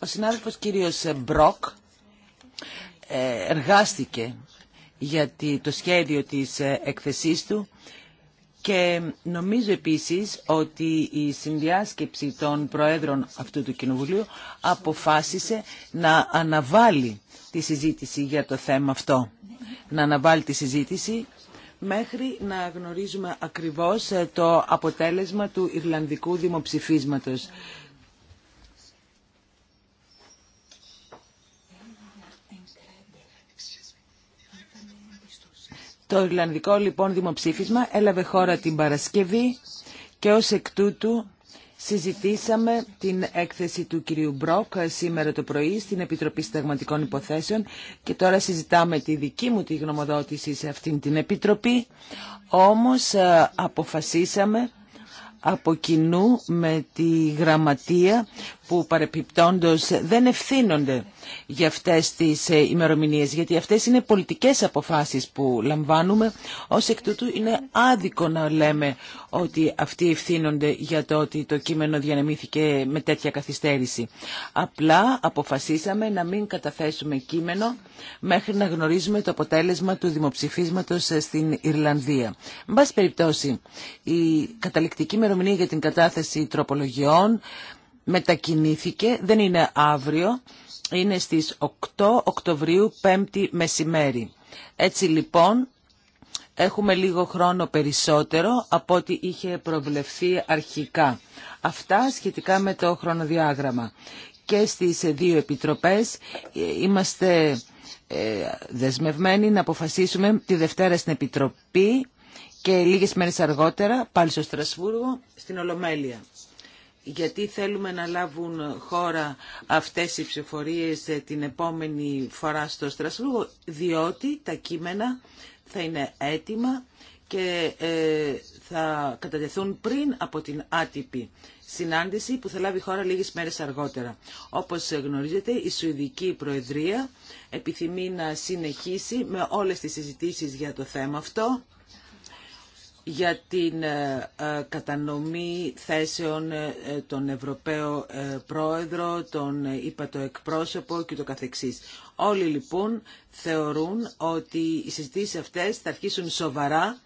Ο συνάδελφος κύριος Μπροκ ε, εργάστηκε για το σχέδιο της ε, εκθεσής του και νομίζω επίσης ότι η συνδιάσκεψη των Προέδρων αυτού του Κοινοβουλίου αποφάσισε να αναβάλει τη συζήτηση για το θέμα αυτό. Να αναβάλει τη συζήτηση μέχρι να γνωρίζουμε ακριβώς ε, το αποτέλεσμα του Ιρλανδικού δημοψηφίσματος. Το Ιρλανδικό λοιπόν δημοψήφισμα έλαβε χώρα την Παρασκευή και ως εκ τούτου Συζητήσαμε την έκθεση του κυρίου Μπρόκ σήμερα το πρωί στην Επιτροπή Συνταγματικών Υποθέσεων και τώρα συζητάμε τη δική μου τη γνωμοδότηση σε αυτήν την Επιτροπή. Όμως ε, αποφασίσαμε από κοινού με τη γραμματεία που παρεπιπτόντως δεν ευθύνονται για αυτές τις ε, ημερομηνίες, γιατί αυτές είναι πολιτικές αποφάσεις που λαμβάνουμε. Ως εκ τούτου είναι άδικο να λέμε ότι αυτοί ευθύνονται για το ότι το κείμενο διανεμήθηκε με τέτοια καθυστέρηση. Απλά αποφασίσαμε να μην καταθέσουμε κείμενο μέχρι να γνωρίζουμε το αποτέλεσμα του δημοψηφίσματος ε, στην Ιρλανδία. Με πάση περιπτώσει, η καταληκτική ημερομηνία για την κατάθεση τροπολογιών μετακινήθηκε, δεν είναι αύριο, είναι στις 8 Οκτωβρίου 5η μεσημέρι. Έτσι λοιπόν έχουμε λίγο χρόνο περισσότερο από ό,τι είχε προβλεφθεί αρχικά. Αυτά σχετικά με το χρονοδιάγραμμα. Και στις δύο επιτροπές ε, είμαστε ε, δεσμευμένοι να αποφασίσουμε τη Δευτέρα στην Επιτροπή και λίγες μέρες αργότερα πάλι στο Στρασβούργο στην Ολομέλεια γιατί θέλουμε να λάβουν χώρα αυτές οι ψηφορίες ε, την επόμενη φορά στο Στρασβούργο, διότι τα κείμενα θα είναι έτοιμα και ε, θα κατατεθούν πριν από την άτυπη συνάντηση που θα λάβει χώρα λίγες μέρες αργότερα. Όπως γνωρίζετε, η Σουηδική Προεδρία επιθυμεί να συνεχίσει με όλες τις συζητήσεις για το θέμα αυτό για την ε, ε, κατανομή θέσεων ε, τον Ευρωπαίο Πρόεδρο, τον είπα το εκπρόσωπο και το καθεξής. Όλοι λοιπόν θεωρούν ότι οι συζητήσεις αυτές θα αρχίσουν σοβαρά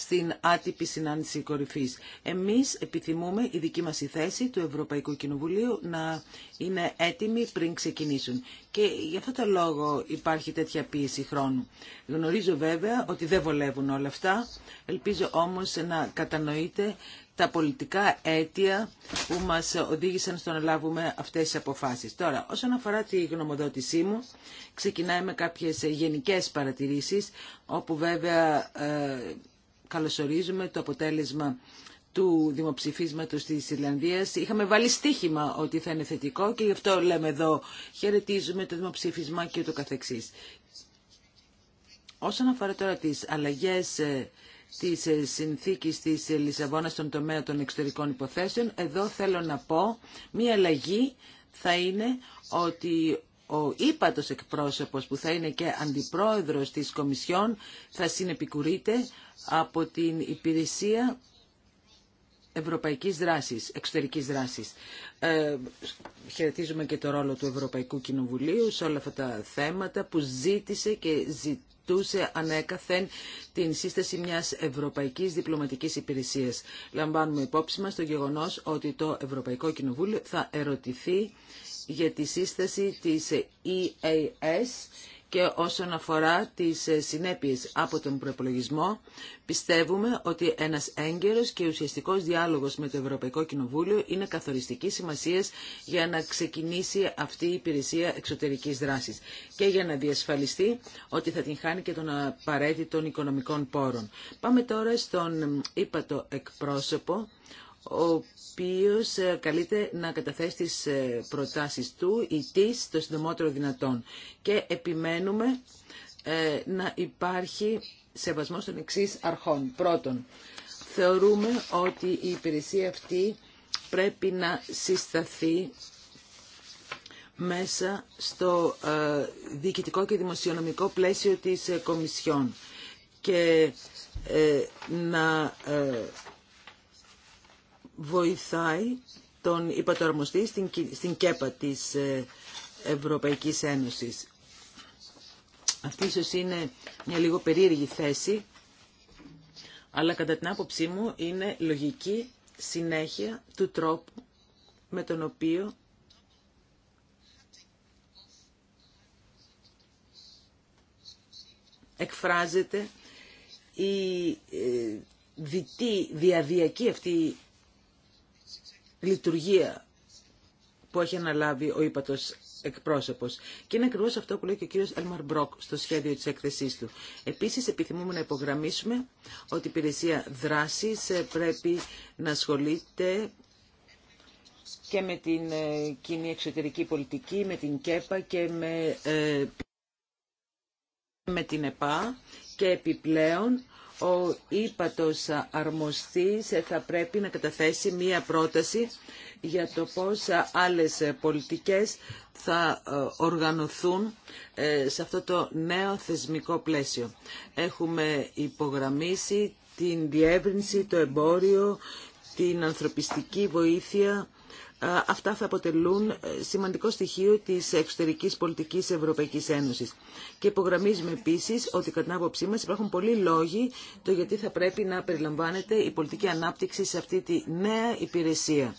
στην άτυπη συνάντηση κορυφή. Εμεί επιθυμούμε η δική μα η θέση του Ευρωπαϊκού Κοινοβουλίου να είναι έτοιμη πριν ξεκινήσουν. Και γι' αυτό το λόγο υπάρχει τέτοια πίεση χρόνου. Γνωρίζω βέβαια ότι δεν βολεύουν όλα αυτά. Ελπίζω όμω να κατανοείτε τα πολιτικά αίτια που μας οδήγησαν στο να λάβουμε αυτές τις αποφάσεις. Τώρα, όσον αφορά τη γνωμοδότησή μου, ξεκινάει με κάποιες γενικές παρατηρήσει, όπου βέβαια ε, καλωσορίζουμε το αποτέλεσμα του δημοψηφίσματος της Ιρλανδίας. Είχαμε βάλει στίχημα ότι θα είναι θετικό και γι' αυτό λέμε εδώ χαιρετίζουμε το δημοψήφισμα και το καθεξής. Όσον αφορά τώρα τις αλλαγές ε, της ε, συνθήκης της Λισαβόνας στον τομέα των εξωτερικών υποθέσεων, εδώ θέλω να πω μία αλλαγή θα είναι ότι ο ύπατος εκπρόσωπος που θα είναι και αντιπρόεδρος της Κομισιόν θα συνεπικουρείται από την Υπηρεσία Ευρωπαϊκής Δράσης, Εξωτερικής Δράσης. Ε, χαιρετίζουμε και το ρόλο του Ευρωπαϊκού Κοινοβουλίου σε όλα αυτά τα θέματα που ζήτησε και ζητούσε ανέκαθεν την σύσταση μιας Ευρωπαϊκής Διπλωματικής Υπηρεσίας. Λαμβάνουμε υπόψη μας το γεγονός ότι το Ευρωπαϊκό Κοινοβούλιο θα ερωτηθεί για τη σύσταση της EAS και όσον αφορά τις συνέπειες από τον προπολογισμό, πιστεύουμε ότι ένας έγκαιρος και ουσιαστικός διάλογος με το Ευρωπαϊκό Κοινοβούλιο είναι καθοριστική σημασίας για να ξεκινήσει αυτή η υπηρεσία εξωτερικής δράσης και για να διασφαλιστεί ότι θα την χάνει και των απαραίτητων οικονομικών πόρων. Πάμε τώρα στον ύπατο εκπρόσωπο, ο οποίο ε, καλείται να καταθέσει τις ε, προτάσεις του ή τη το συντομότερο δυνατόν. Και επιμένουμε ε, να υπάρχει σεβασμός των εξή αρχών. Πρώτον, θεωρούμε ότι η υπηρεσία αυτή πρέπει να συσταθεί μέσα στο διοικητικό και δημοσιονομικό πλαίσιο της Κομισιόν και να βοηθάει τον υπατορμοστή στην, ΚΕΠΑ της ε, Ευρωπαϊκής Ένωσης. Αυτή ίσως είναι μια λίγο περίεργη θέση, αλλά κατά την άποψή μου είναι λογική συνέχεια του τρόπου με τον οποίο εκφράζεται η ε, δυτή διαδιακή αυτή λειτουργία που έχει αναλάβει ο ύπατος εκπρόσωπος. Και είναι ακριβώ αυτό που λέει και ο κύριο Έλμαρ Μπρόκ στο σχέδιο της έκθεσής του. Επίσης επιθυμούμε να υπογραμμίσουμε ότι η υπηρεσία δράσης ε, πρέπει να ασχολείται και με την ε, κοινή εξωτερική πολιτική, με την ΚΕΠΑ και με, ε, με την ΕΠΑ και επιπλέον ο ύπατος αρμοστής θα πρέπει να καταθέσει μία πρόταση για το πώς άλλες πολιτικές θα ε, οργανωθούν ε, σε αυτό το νέο θεσμικό πλαίσιο. Έχουμε υπογραμμίσει την διεύρυνση, το εμπόριο, την ανθρωπιστική βοήθεια αυτά θα αποτελούν ε, σημαντικό στοιχείο της εξωτερικής πολιτικής Ευρωπαϊκής Ένωσης. Και υπογραμμίζουμε επίσης ότι κατά την άποψή μας υπάρχουν πολλοί λόγοι το γιατί θα πρέπει να περιλαμβάνεται η πολιτική ανάπτυξη σε αυτή τη νέα υπηρεσία.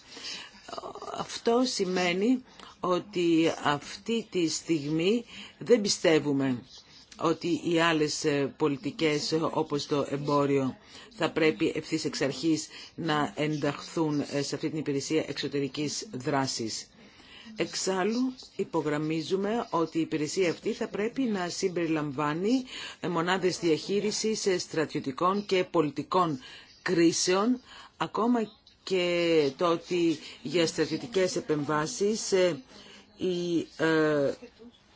Αυτό σημαίνει ότι αυτή τη στιγμή δεν πιστεύουμε ότι οι άλλες ε, πολιτικές ε, όπως το εμπόριο θα πρέπει ευθύς εξ αρχής να ενταχθούν ε, σε αυτή την υπηρεσία εξωτερικής δράσης. Εξάλλου υπογραμμίζουμε ότι η υπηρεσία αυτή θα πρέπει να συμπεριλαμβάνει μονάδες διαχείρισης στρατιωτικών και πολιτικών κρίσεων, ακόμα και το ότι για στρατιωτικές επεμβάσεις η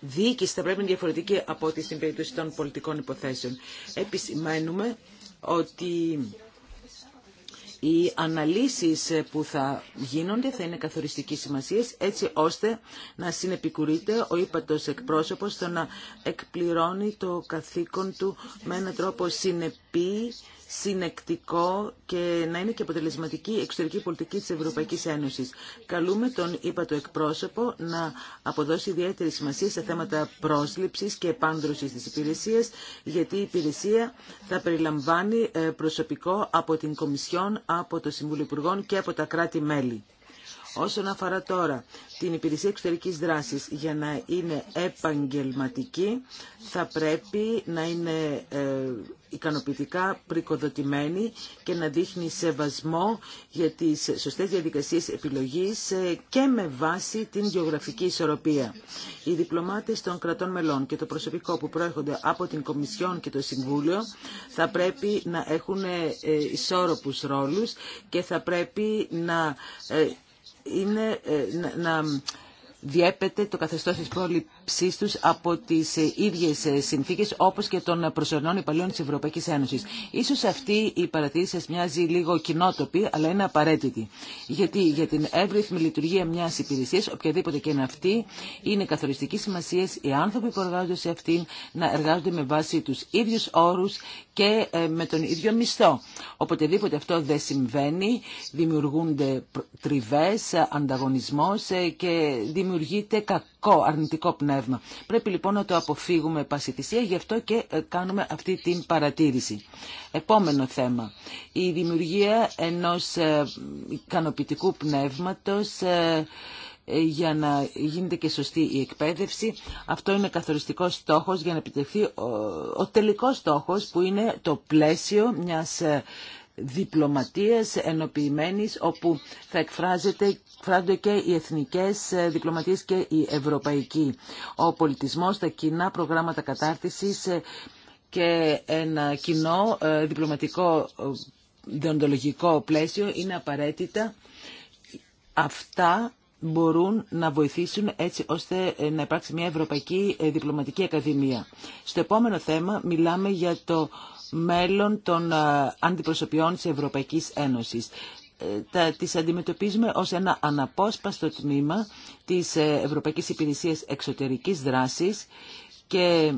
διοίκηση θα πρέπει να είναι διαφορετική από ό,τι στην περίπτωση των πολιτικών υποθέσεων. Επισημαίνουμε ότι οι αναλύσεις που θα γίνονται θα είναι καθοριστικής σημασίας έτσι ώστε να συνεπικουρείται ο ύπατος εκπρόσωπος στο να εκπληρώνει το καθήκον του με έναν τρόπο συνεπή συνεκτικό και να είναι και αποτελεσματική εξωτερική πολιτική της Ευρωπαϊκής Ένωσης. Καλούμε τον είπα το εκπρόσωπο να αποδώσει ιδιαίτερη σημασία σε θέματα πρόσληψης και επάντρωσης της υπηρεσίας, γιατί η υπηρεσία θα περιλαμβάνει ε, προσωπικό από την Κομισιόν, από το Συμβούλιο και από τα κράτη-μέλη. Όσον αφορά τώρα την υπηρεσία εξωτερικής δράσης για να είναι επαγγελματική, θα πρέπει να είναι ε, ικανοποιητικά πρικοδοτημένη και να δείχνει σεβασμό για τις σωστές διαδικασίες επιλογής ε, και με βάση την γεωγραφική ισορροπία. Οι διπλωμάτες των κρατών μελών και το προσωπικό που προέρχονται από την Κομισιόν και το Συμβούλιο θα πρέπει να έχουν ε, ε, ισόρροπους ρόλους και θα πρέπει να, είναι, να διέπεται το καθεστώς της πόλης από τι ε, ίδιε συνθήκε όπω και των προσωρινών υπαλλήλων τη Ευρωπαϊκή Ένωση. σω αυτή η παρατήρηση σα μοιάζει λίγο κοινότοπη, αλλά είναι απαραίτητη. Γιατί για την εύρυθμη λειτουργία μια υπηρεσία, οποιαδήποτε και είναι αυτή, είναι καθοριστική σημασία οι άνθρωποι που εργάζονται σε αυτήν να εργάζονται με βάση του ίδιου όρου και ε, με τον ίδιο μισθό. Οποτεδήποτε αυτό δεν συμβαίνει, δημιουργούνται τριβέ ανταγωνισμό ε, και δημιουργείται κακό κο αρνητικό πνεύμα. Πρέπει λοιπόν να το αποφύγουμε θυσία, γι' αυτό και ε, κάνουμε αυτή την παρατήρηση. Επόμενο θέμα. Η δημιουργία ενός ε, ικανοποιητικού πνεύματος ε, για να γίνεται και σωστή η εκπαίδευση. Αυτό είναι καθοριστικός στόχος για να επιτευχθεί ο, ο τελικός στόχος που είναι το πλαίσιο μιας διπλωματίες ενοποιημένης όπου θα εκφράζεται εκφράζονται και οι εθνικές ε, διπλωματίες και οι ευρωπαϊκοί. Ο πολιτισμός, τα κοινά προγράμματα κατάρτισης ε, και ένα κοινό ε, διπλωματικό διοντολογικό πλαίσιο είναι απαραίτητα. Αυτά μπορούν να βοηθήσουν έτσι ώστε να υπάρξει μια Ευρωπαϊκή Διπλωματική Ακαδημία. Στο επόμενο θέμα μιλάμε για το μέλλον των ε, αντιπροσωπιών της Ευρωπαϊκής Ένωσης. Ε, τα, τις αντιμετωπίζουμε ως ένα αναπόσπαστο τμήμα της ε, Ευρωπαϊκής Υπηρεσίας Εξωτερικής Δράσης και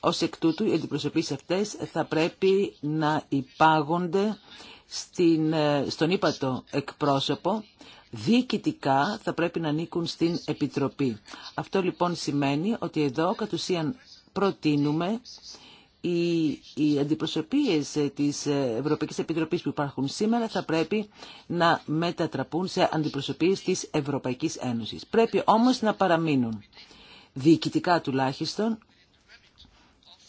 ως εκ τούτου οι αντιπροσωπείς αυτές θα πρέπει να υπάγονται στην, στον ύπατο εκπρόσωπο διοικητικά θα πρέπει να ανήκουν στην Επιτροπή. Αυτό λοιπόν σημαίνει ότι εδώ κατ' ουσίαν προτείνουμε οι, οι αντιπροσωπείες της Ευρωπαϊκής Επιτροπής που υπάρχουν σήμερα θα πρέπει να μετατραπούν σε αντιπροσωπείες της Ευρωπαϊκής Ένωσης. Πρέπει όμως να παραμείνουν διοικητικά τουλάχιστον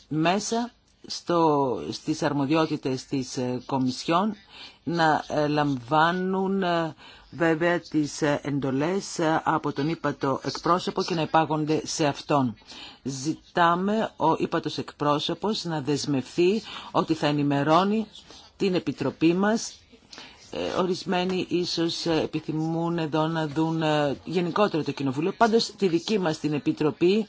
μέσα στο, στις αρμοδιότητες της ε, Κομισιόν να ε, λαμβάνουν ε, βέβαια τις εντολές από τον ύπατο εκπρόσωπο και να υπάγονται σε αυτόν. Ζητάμε ο ύπατος εκπρόσωπος να δεσμευθεί ότι θα ενημερώνει την Επιτροπή μας Ορισμένοι ίσως επιθυμούν εδώ να δουν γενικότερα το Κοινοβούλιο. Πάντως τη δική μας την Επιτροπή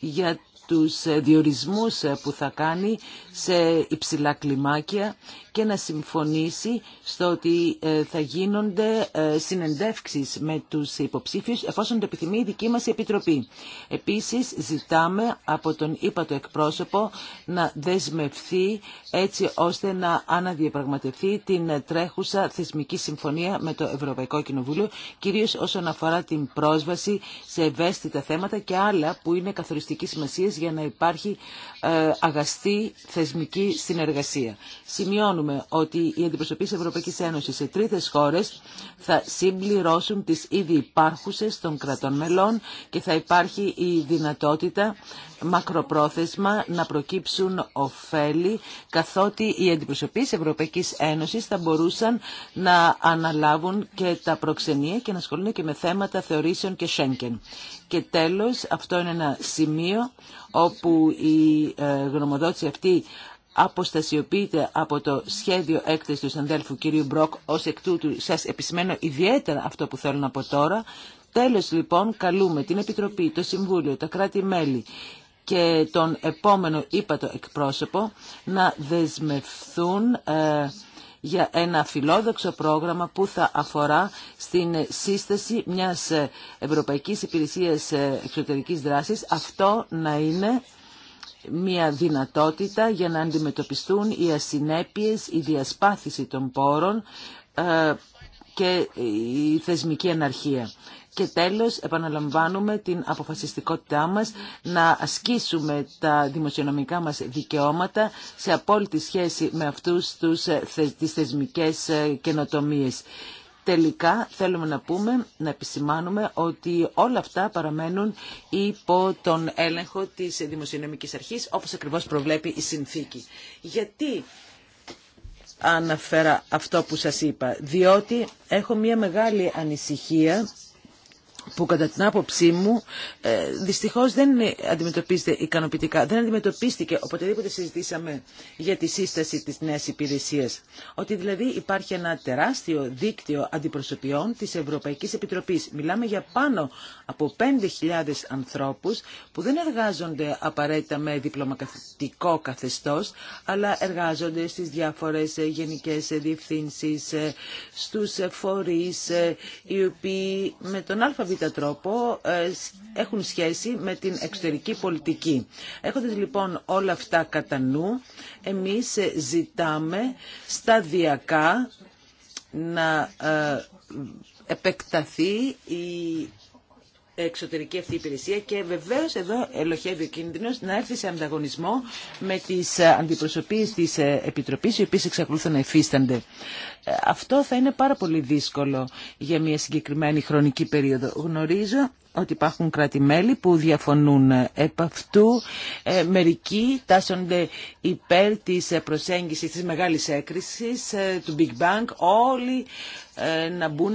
για τους ε, διορισμούς ε, που θα κάνει σε υψηλά κλιμάκια και να συμφωνήσει στο ότι ε, θα γίνονται συνεντεύξεις με τους υποψήφιους εφόσον το επιθυμεί η δική μας Επιτροπή. Επίσης ζητάμε από τον ύπατο εκπρόσωπο να δεσμευθεί έτσι ώστε να αναδιαπραγματευτεί την τρέχουσα θεσμική συμφωνία με το Ευρωπαϊκό Κοινοβούλιο κυρίως όσον αφορά την πρόσβαση σε ευαίσθητα θέματα και άλλα που είναι καθοριστική σημασία για να υπάρχει ε, αγαστή θεσμική συνεργασία. Σημειώνουμε ότι οι αντιπροσωπείς Ευρωπαϊκής Ένωσης σε τρίτες χώρες θα συμπληρώσουν τις ήδη υπάρχουσες των κρατών μελών και θα υπάρχει η δυνατότητα μακροπρόθεσμα να προκύψουν ωφέλη καθότι οι αντιπροσωπείς Ευρωπαϊκής Ένωσης θα μπορούσαν να αναλάβουν και τα προξενία και να ασχολούνται και με θέματα θεωρήσεων και Σέγγεν. Και τέλος, αυτό είναι ένα σημείο όπου η ε, γνωμοδότηση αυτή αποστασιοποιείται από το σχέδιο έκθεση του συνδέλφου κυρίου Μπροκ, ως εκ τούτου σας επισημαίνω ιδιαίτερα αυτό που θέλω να πω τώρα. Τέλος λοιπόν καλούμε την Επιτροπή, το Συμβούλιο, τα κράτη-μέλη και τον επόμενο ύπατο εκπρόσωπο να δεσμευθούν ε, για ένα φιλόδοξο πρόγραμμα που θα αφορά στην σύσταση μιας Ευρωπαϊκής Υπηρεσίας Εξωτερικής Δράσης. Αυτό να είναι μια δυνατότητα για να αντιμετωπιστούν οι ασυνέπειες, η διασπάθηση των πόρων ε, και η θεσμική εναρχία. Και τέλος επαναλαμβάνουμε την αποφασιστικότητά μας να ασκήσουμε τα δημοσιονομικά μας δικαιώματα σε απόλυτη σχέση με αυτούς τους, ε, τις θεσμικές ε, καινοτομίες. Τελικά θέλουμε να πούμε, να επισημάνουμε ότι όλα αυτά παραμένουν υπό τον έλεγχο της Δημοσιονομικής Αρχής, όπως ακριβώς προβλέπει η συνθήκη. Γιατί αναφέρα αυτό που σας είπα, διότι έχω μια μεγάλη ανησυχία που κατά την άποψή μου ε, δυστυχώς δεν αντιμετωπίζεται ικανοποιητικά. Δεν αντιμετωπίστηκε οποτεδήποτε συζητήσαμε για τη σύσταση της νέας υπηρεσίας. Ότι δηλαδή υπάρχει ένα τεράστιο δίκτυο αντιπροσωπιών της Ευρωπαϊκής Επιτροπής. Μιλάμε για πάνω από 5.000 ανθρώπους που δεν εργάζονται απαραίτητα με διπλωματικό καθεστώς, αλλά εργάζονται στις διάφορες γενικές διευθύνσεις, ε, στους ε, φορείς, οι οποίοι με τον ΑΒ τα τρόπο ε, έχουν σχέση με την εξωτερική πολιτική. Έχοντας λοιπόν όλα αυτά κατά νου, εμείς ε, ζητάμε σταδιακά να ε, επεκταθεί η εξωτερική αυτή υπηρεσία και βεβαίως εδώ ελοχεύει ο κίνδυνος να έρθει σε ανταγωνισμό με τις ε, αντιπροσωπείες της ε, Επιτροπής οι οποίες εξακολουθούν να υφίστανται. Ε, αυτό θα είναι πάρα πολύ δύσκολο για μια συγκεκριμένη χρονική περίοδο. Γνωρίζω ότι υπάρχουν κράτη-μέλη που διαφωνούν επ' αυτού. Ε, μερικοί τάσσονται υπέρ της προσέγγισης της μεγάλης έκρησης ε, του Big Bang. Όλοι ε, να μπουν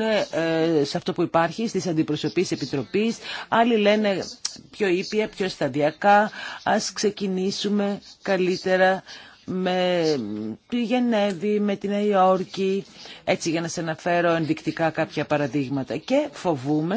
σε αυτό που υπάρχει, στις αντιπροσωπείς επιτροπής. Άλλοι λένε πιο ήπια, πιο σταδιακά. Ας ξεκινήσουμε καλύτερα με τη Γενέβη, με την Νέα Υόρκη, έτσι για να σε αναφέρω ενδεικτικά κάποια παραδείγματα. Και φοβούμε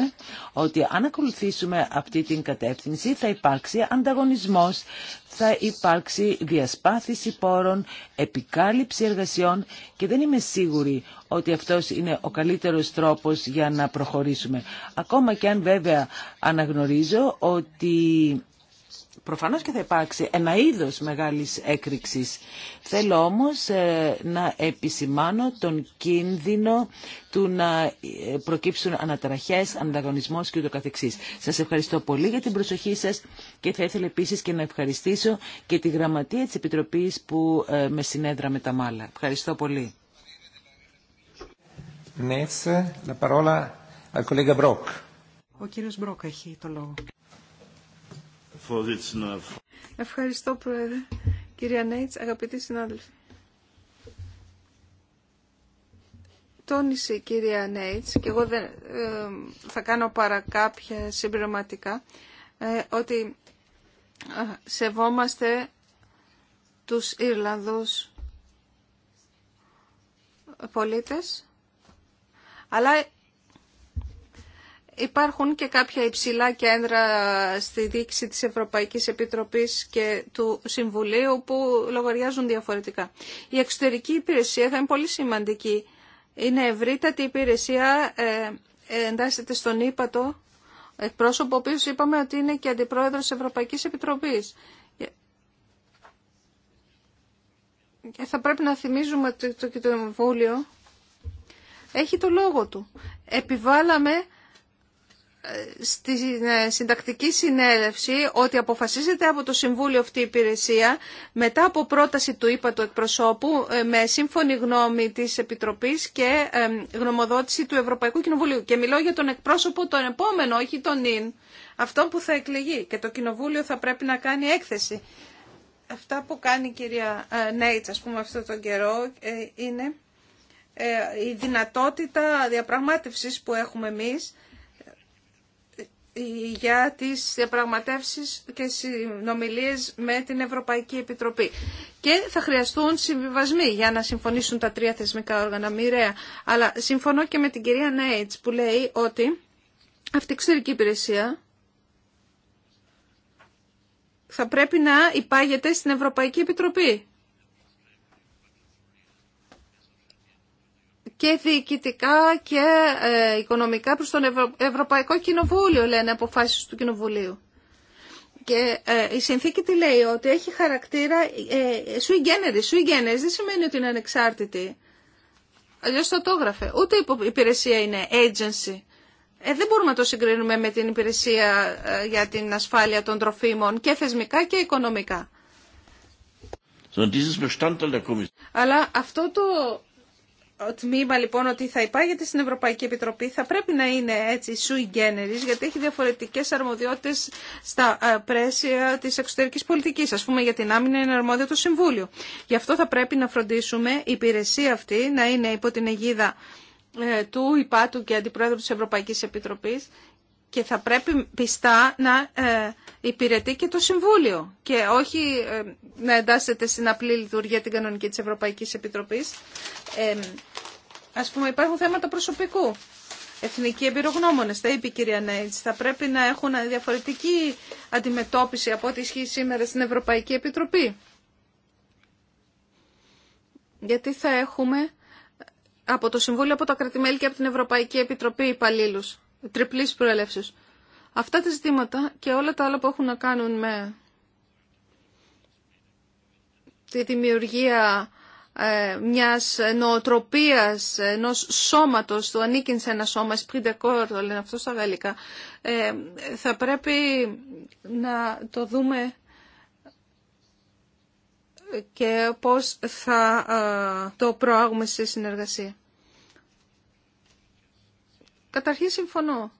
ότι αν ακολουθήσουμε αυτή την κατεύθυνση θα υπάρξει ανταγωνισμός, θα υπάρξει διασπάθηση πόρων, επικάλυψη εργασιών και δεν είμαι σίγουρη ότι αυτός είναι ο καλύτερος τρόπος για να προχωρήσουμε. Ακόμα και αν βέβαια αναγνωρίζω ότι προφανώς και θα υπάρξει ένα είδος μεγάλης έκρηξης. Θέλω όμως ε, να επισημάνω τον κίνδυνο του να ε, προκύψουν αναταραχές, ανταγωνισμός και ούτω καθεξής. Σας ευχαριστώ πολύ για την προσοχή σας και θα ήθελα επίσης και να ευχαριστήσω και τη γραμματεία της Επιτροπής που ε, με συνέδρα με τα μάλα. Ευχαριστώ πολύ. Ο κύριος Μπρόκ έχει το λόγο. Ευχαριστώ, Πρόεδρε. Κυρία Νέιτς, αγαπητοί συνάδελφοι. Τόνισε η κυρία Νέιτς, και εγώ δεν, θα κάνω παρά κάποια συμπληρωματικά, ε, ότι σεβόμαστε τους Ιρλανδούς πολίτες, αλλά Υπάρχουν και κάποια υψηλά κέντρα στη δίκηση της Ευρωπαϊκής Επιτροπής και του Συμβουλίου που λογαριάζουν διαφορετικά. Η εξωτερική υπηρεσία θα είναι πολύ σημαντική. Είναι ευρύτατη υπηρεσία, ε, εντάσσεται στον Ήπατο, εκπρόσωπο ο οποίος είπαμε ότι είναι και αντιπρόεδρος της Ευρωπαϊκής Επιτροπής. Και θα πρέπει να θυμίζουμε ότι το Κοινοβούλιο έχει το λόγο του. Επιβάλαμε στη ε, συντακτική συνέλευση ότι αποφασίζεται από το Συμβούλιο αυτή η υπηρεσία μετά από πρόταση του ΥΠΑ του εκπροσώπου ε, με σύμφωνη γνώμη της Επιτροπής και ε, γνωμοδότηση του Ευρωπαϊκού Κοινοβουλίου. Και μιλώ για τον εκπρόσωπο τον επόμενο, όχι τον ΙΝ, αυτόν που θα εκλεγεί και το Κοινοβούλιο θα πρέπει να κάνει έκθεση. Αυτά που κάνει η κυρία Νέιτς, ας πούμε, αυτόν τον καιρό είναι η δυνατότητα διαπραγμάτευσης που έχουμε εμείς για τις διαπραγματεύσεις και συνομιλίες με την Ευρωπαϊκή Επιτροπή. Και θα χρειαστούν συμβιβασμοί για να συμφωνήσουν τα τρία θεσμικά όργανα μοιραία. Αλλά συμφωνώ και με την κυρία Νέιτς που λέει ότι αυτή η εξωτερική υπηρεσία θα πρέπει να υπάγεται στην Ευρωπαϊκή Επιτροπή. και διοικητικά και ε, οικονομικά προς τον Ευρωπαϊκό Κοινοβούλιο, λένε αποφάσεις του Κοινοβουλίου. Και ε, η συνθήκη τι λέει, ότι έχει χαρακτήρα ε, sui generis. δεν σημαίνει ότι είναι ανεξάρτητη. Αλλιώ θα το έγραφε. Ούτε η υπηρεσία είναι agency. Ε, δεν μπορούμε να το συγκρίνουμε με την υπηρεσία για την ασφάλεια των τροφίμων και θεσμικά και οικονομικά. Αλλά αυτό το τμήμα λοιπόν ότι θα υπάγεται στην Ευρωπαϊκή Επιτροπή θα πρέπει να είναι έτσι sui generis γιατί έχει διαφορετικές αρμοδιότητες στα ε, πρέσια της εξωτερικής πολιτικής. Ας πούμε για την άμυνα είναι αρμόδιο το Συμβούλιο. Γι' αυτό θα πρέπει να φροντίσουμε η υπηρεσία αυτή να είναι υπό την αιγίδα ε, του υπάτου και αντιπρόεδρου της Ευρωπαϊκής Επιτροπής και θα πρέπει πιστά να ε, υπηρετεί και το Συμβούλιο και όχι ε, να εντάσσεται στην απλή λειτουργία την κανονική της Ευρωπαϊκής Επιτροπής. Ε, ας πούμε υπάρχουν θέματα προσωπικού. Εθνικοί εμπειρογνώμονες, τα είπε η κυρία Νέιτς, θα πρέπει να έχουν διαφορετική αντιμετώπιση από ό,τι ισχύει σήμερα στην Ευρωπαϊκή Επιτροπή. Γιατί θα έχουμε από το Συμβούλιο, από τα κρατημέλη και από την Ευρωπαϊκή Επιτροπή υπαλλήλου τριπλής προελεύσεως. Αυτά τα ζητήματα και όλα τα άλλα που έχουν να κάνουν με τη δημιουργία ε, μιας νοοτροπίας, ενός σώματος, του ανήκει σε ένα σώμα, esprit de το λένε αυτό στα γαλλικά, ε, θα πρέπει να το δούμε και πώς θα ε, το προάγουμε σε συνεργασία. Καταρχήν συμφωνώ.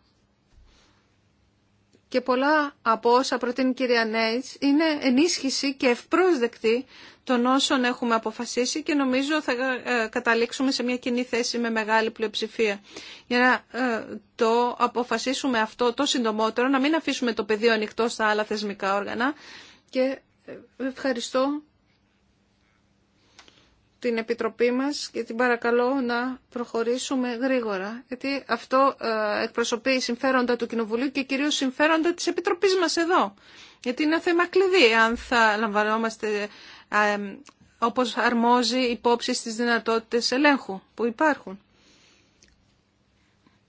Και πολλά από όσα προτείνει η κυρία Νέιτς είναι ενίσχυση και ευπρόσδεκτη των όσων έχουμε αποφασίσει και νομίζω θα ε, καταλήξουμε σε μια κοινή θέση με μεγάλη πλειοψηφία. Για να ε, το αποφασίσουμε αυτό το συντομότερο, να μην αφήσουμε το πεδίο ανοιχτό στα άλλα θεσμικά όργανα και ε, ευχαριστώ την Επιτροπή μας και την παρακαλώ να προχωρήσουμε γρήγορα. Γιατί αυτό ε, εκπροσωπεί συμφέροντα του Κοινοβουλίου και κυρίως συμφέροντα της Επιτροπής μας εδώ. Γιατί είναι θέμα κλειδί αν θα λαμβανόμαστε ε, όπως αρμόζει υπόψη στις δυνατότητες ελέγχου που υπάρχουν.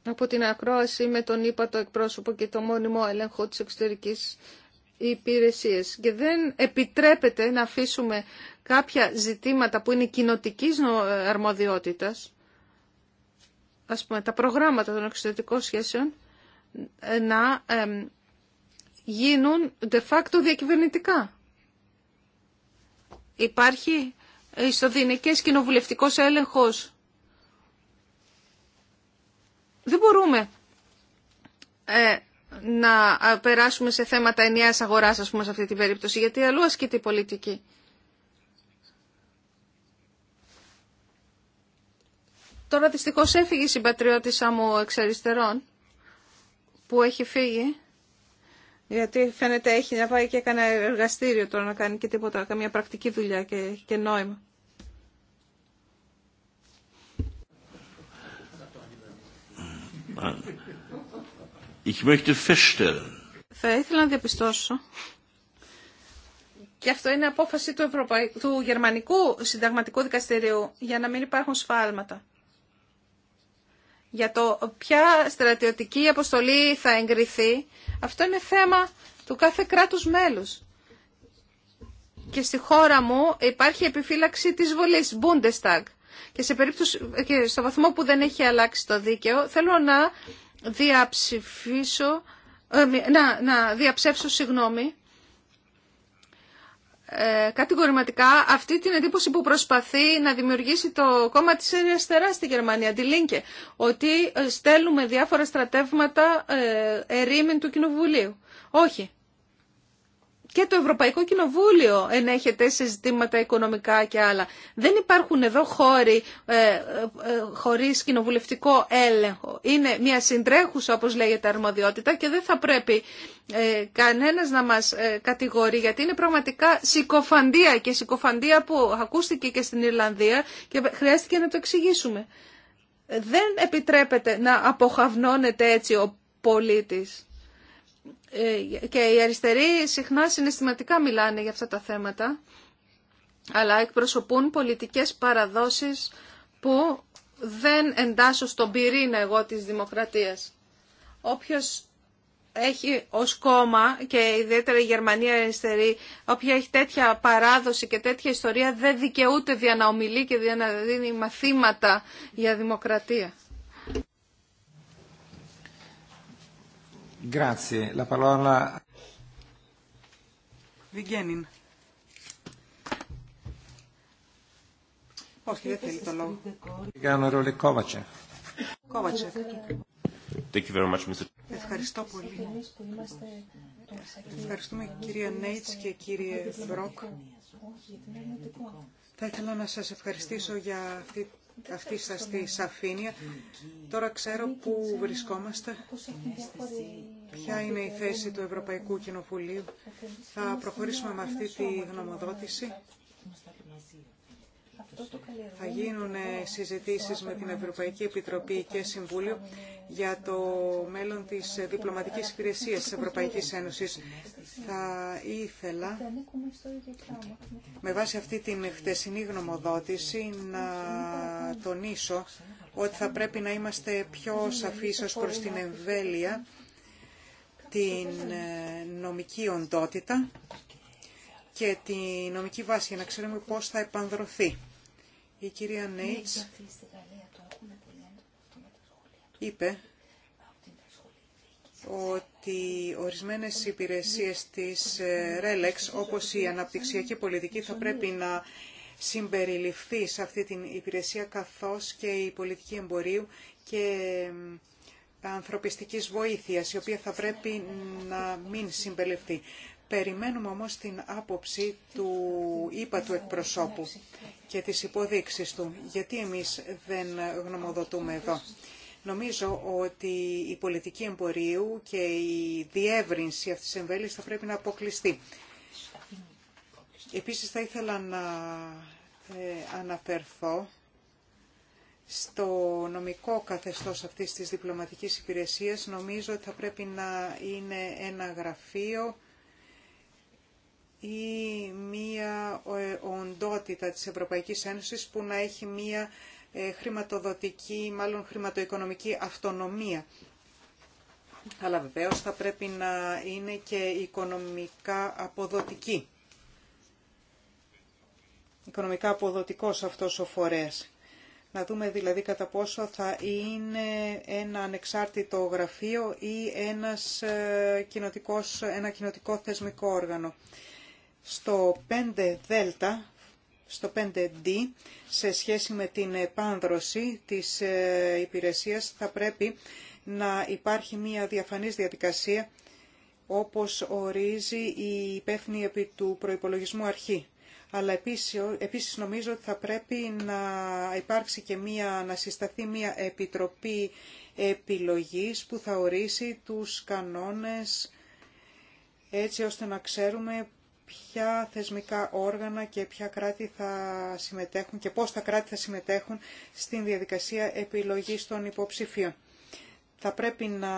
Από την ακρόαση με τον ύπατο εκπρόσωπο και το μόνιμο ελέγχο της εξωτερικής υπηρεσίες. Και δεν επιτρέπεται να αφήσουμε κάποια ζητήματα που είναι κοινοτική αρμοδιότητα, ας πούμε, τα προγράμματα των εξωτερικών σχέσεων, ε, να γίνουν de facto διακυβερνητικά. Υπάρχει ιστοδυνικές κοινοβουλευτικός έλεγχος. Δεν μπορούμε ε, να περάσουμε σε θέματα ενιαίας αγοράς, ας πούμε, σε αυτή την περίπτωση, γιατί αλλού ασκείται η πολιτική. Τώρα δυστυχώ έφυγε η συμπατριώτησά μου εξ αριστερών που έχει φύγει. Γιατί φαίνεται έχει να πάει και έκανε εργαστήριο τώρα να κάνει και τίποτα, καμία πρακτική δουλειά και, και νόημα. Ich möchte feststellen. Θα ήθελα να διαπιστώσω. Και αυτό είναι απόφαση του, Ευρωπαϊ... του Γερμανικού Συνταγματικού Δικαστηρίου για να μην υπάρχουν σφάλματα για το ποια στρατιωτική αποστολή θα εγκριθεί, αυτό είναι θέμα του κάθε κράτους μέλους. Και στη χώρα μου υπάρχει επιφύλαξη της βολής, Bundestag. Και, σε περίπτωση, και στο βαθμό που δεν έχει αλλάξει το δίκαιο, θέλω να διαψηφίσω, ε, να, να διαψεύσω συγγνώμη, ε, κατηγορηματικά αυτή την εντύπωση που προσπαθεί να δημιουργήσει το κόμμα της αριστερά στη Γερμανία, τη Λίνκε, ότι ε, στέλνουμε διάφορα στρατεύματα ε, ερήμην του Κοινοβουλίου. Όχι. Και το Ευρωπαϊκό Κοινοβούλιο ενέχεται σε ζητήματα οικονομικά και άλλα. Δεν υπάρχουν εδώ χώροι ε, ε, ε, χωρίς κοινοβουλευτικό έλεγχο. Είναι μια συντρέχουσα, όπως λέγεται, αρμοδιότητα και δεν θα πρέπει ε, κανένας να μας ε, κατηγορεί, γιατί είναι πραγματικά συκοφαντία και συκοφαντία που ακούστηκε και στην Ιρλανδία και χρειάστηκε να το εξηγήσουμε. Δεν επιτρέπεται να αποχαυνώνεται έτσι ο πολίτης. Ε, και οι αριστεροί συχνά συναισθηματικά μιλάνε για αυτά τα θέματα, αλλά εκπροσωπούν πολιτικές παραδόσεις που δεν εντάσσω στον πυρήνα εγώ της δημοκρατίας. Όποιος έχει ως κόμμα και ιδιαίτερα η Γερμανία αριστερή, όποια έχει τέτοια παράδοση και τέτοια ιστορία δεν δικαιούται δια να ομιλεί και δια να δίνει μαθήματα για δημοκρατία. Ευχαριστώ πολύ. Ευχαριστούμε κυρία Νέιτς και κύριε Μπρόκ. Θα ήθελα να σας ευχαριστήσω για αυτή αυτή σα τη σαφήνεια. Τώρα ξέρω πού βρισκόμαστε, ποια είναι η θέση του Ευρωπαϊκού Κοινοβουλίου. Θα προχωρήσουμε με αυτή τη γνωμοδότηση θα γίνουν ε, συζητήσεις με την Ευρωπαϊκή Επιτροπή και Συμβούλιο για το μέλλον της ε, διπλωματικής υπηρεσίας της Ευρωπαϊκής Ένωσης. Θα ήθελα, με βάση αυτή την χτεσινή γνωμοδότηση, να τονίσω ότι θα πρέπει να είμαστε πιο σαφείς ως προς την εμβέλεια, την ε, νομική οντότητα και τη νομική βάση για να ξέρουμε πώς θα επανδρωθεί. Η κυρία ναι, Νέιτς είπε ότι ορισμένες υπηρεσίες της ΡΕΛΕΞ, όπως η αναπτυξιακή πολιτική, θα πρέπει να συμπεριληφθεί σε αυτή την υπηρεσία, καθώς και η πολιτική εμπορίου και ανθρωπιστικής βοήθειας, η οποία θα πρέπει να μην συμπεριληφθεί. Περιμένουμε όμως την άποψη του ύπα του εκπροσώπου και τις υποδείξεις του, γιατί εμείς δεν γνωμοδοτούμε εδώ. Νομίζω ότι η πολιτική εμπορίου και η διεύρυνση αυτής της εμβέλειας θα πρέπει να αποκλειστεί. Επίσης θα ήθελα να ε, αναφερθώ στο νομικό καθεστώς αυτής της διπλωματικής υπηρεσίας. Νομίζω ότι θα πρέπει να είναι ένα γραφείο ή μία ε, οντότητα της Ευρωπαϊκής Ένωσης που να έχει μία ε, χρηματοδοτική, μάλλον χρηματοοικονομική αυτονομία. Αλλά βεβαίως θα πρέπει να είναι και οικονομικά αποδοτική. Οικονομικά αποδοτικός αυτός ο φορέας. Να δούμε δηλαδή κατά πόσο θα είναι ένα ανεξάρτητο γραφείο ή ένας ε, κοινοτικός, ένα κοινοτικό θεσμικό όργανο στο 5 δ στο 5D, σε σχέση με την επάνδρωση της ε, υπηρεσίας, θα πρέπει να υπάρχει μια διαφανής διαδικασία, όπως ορίζει η υπεύθυνη επί του προϋπολογισμού αρχή. Αλλά επίσης, επίσης νομίζω ότι θα πρέπει να υπάρξει και μια, να συσταθεί μια επιτροπή επιλογής που θα ορίσει τους κανόνες έτσι ώστε να ξέρουμε ποια θεσμικά όργανα και ποια κράτη θα συμμετέχουν και πώς τα κράτη θα συμμετέχουν στην διαδικασία επιλογής των υποψηφίων. Θα πρέπει να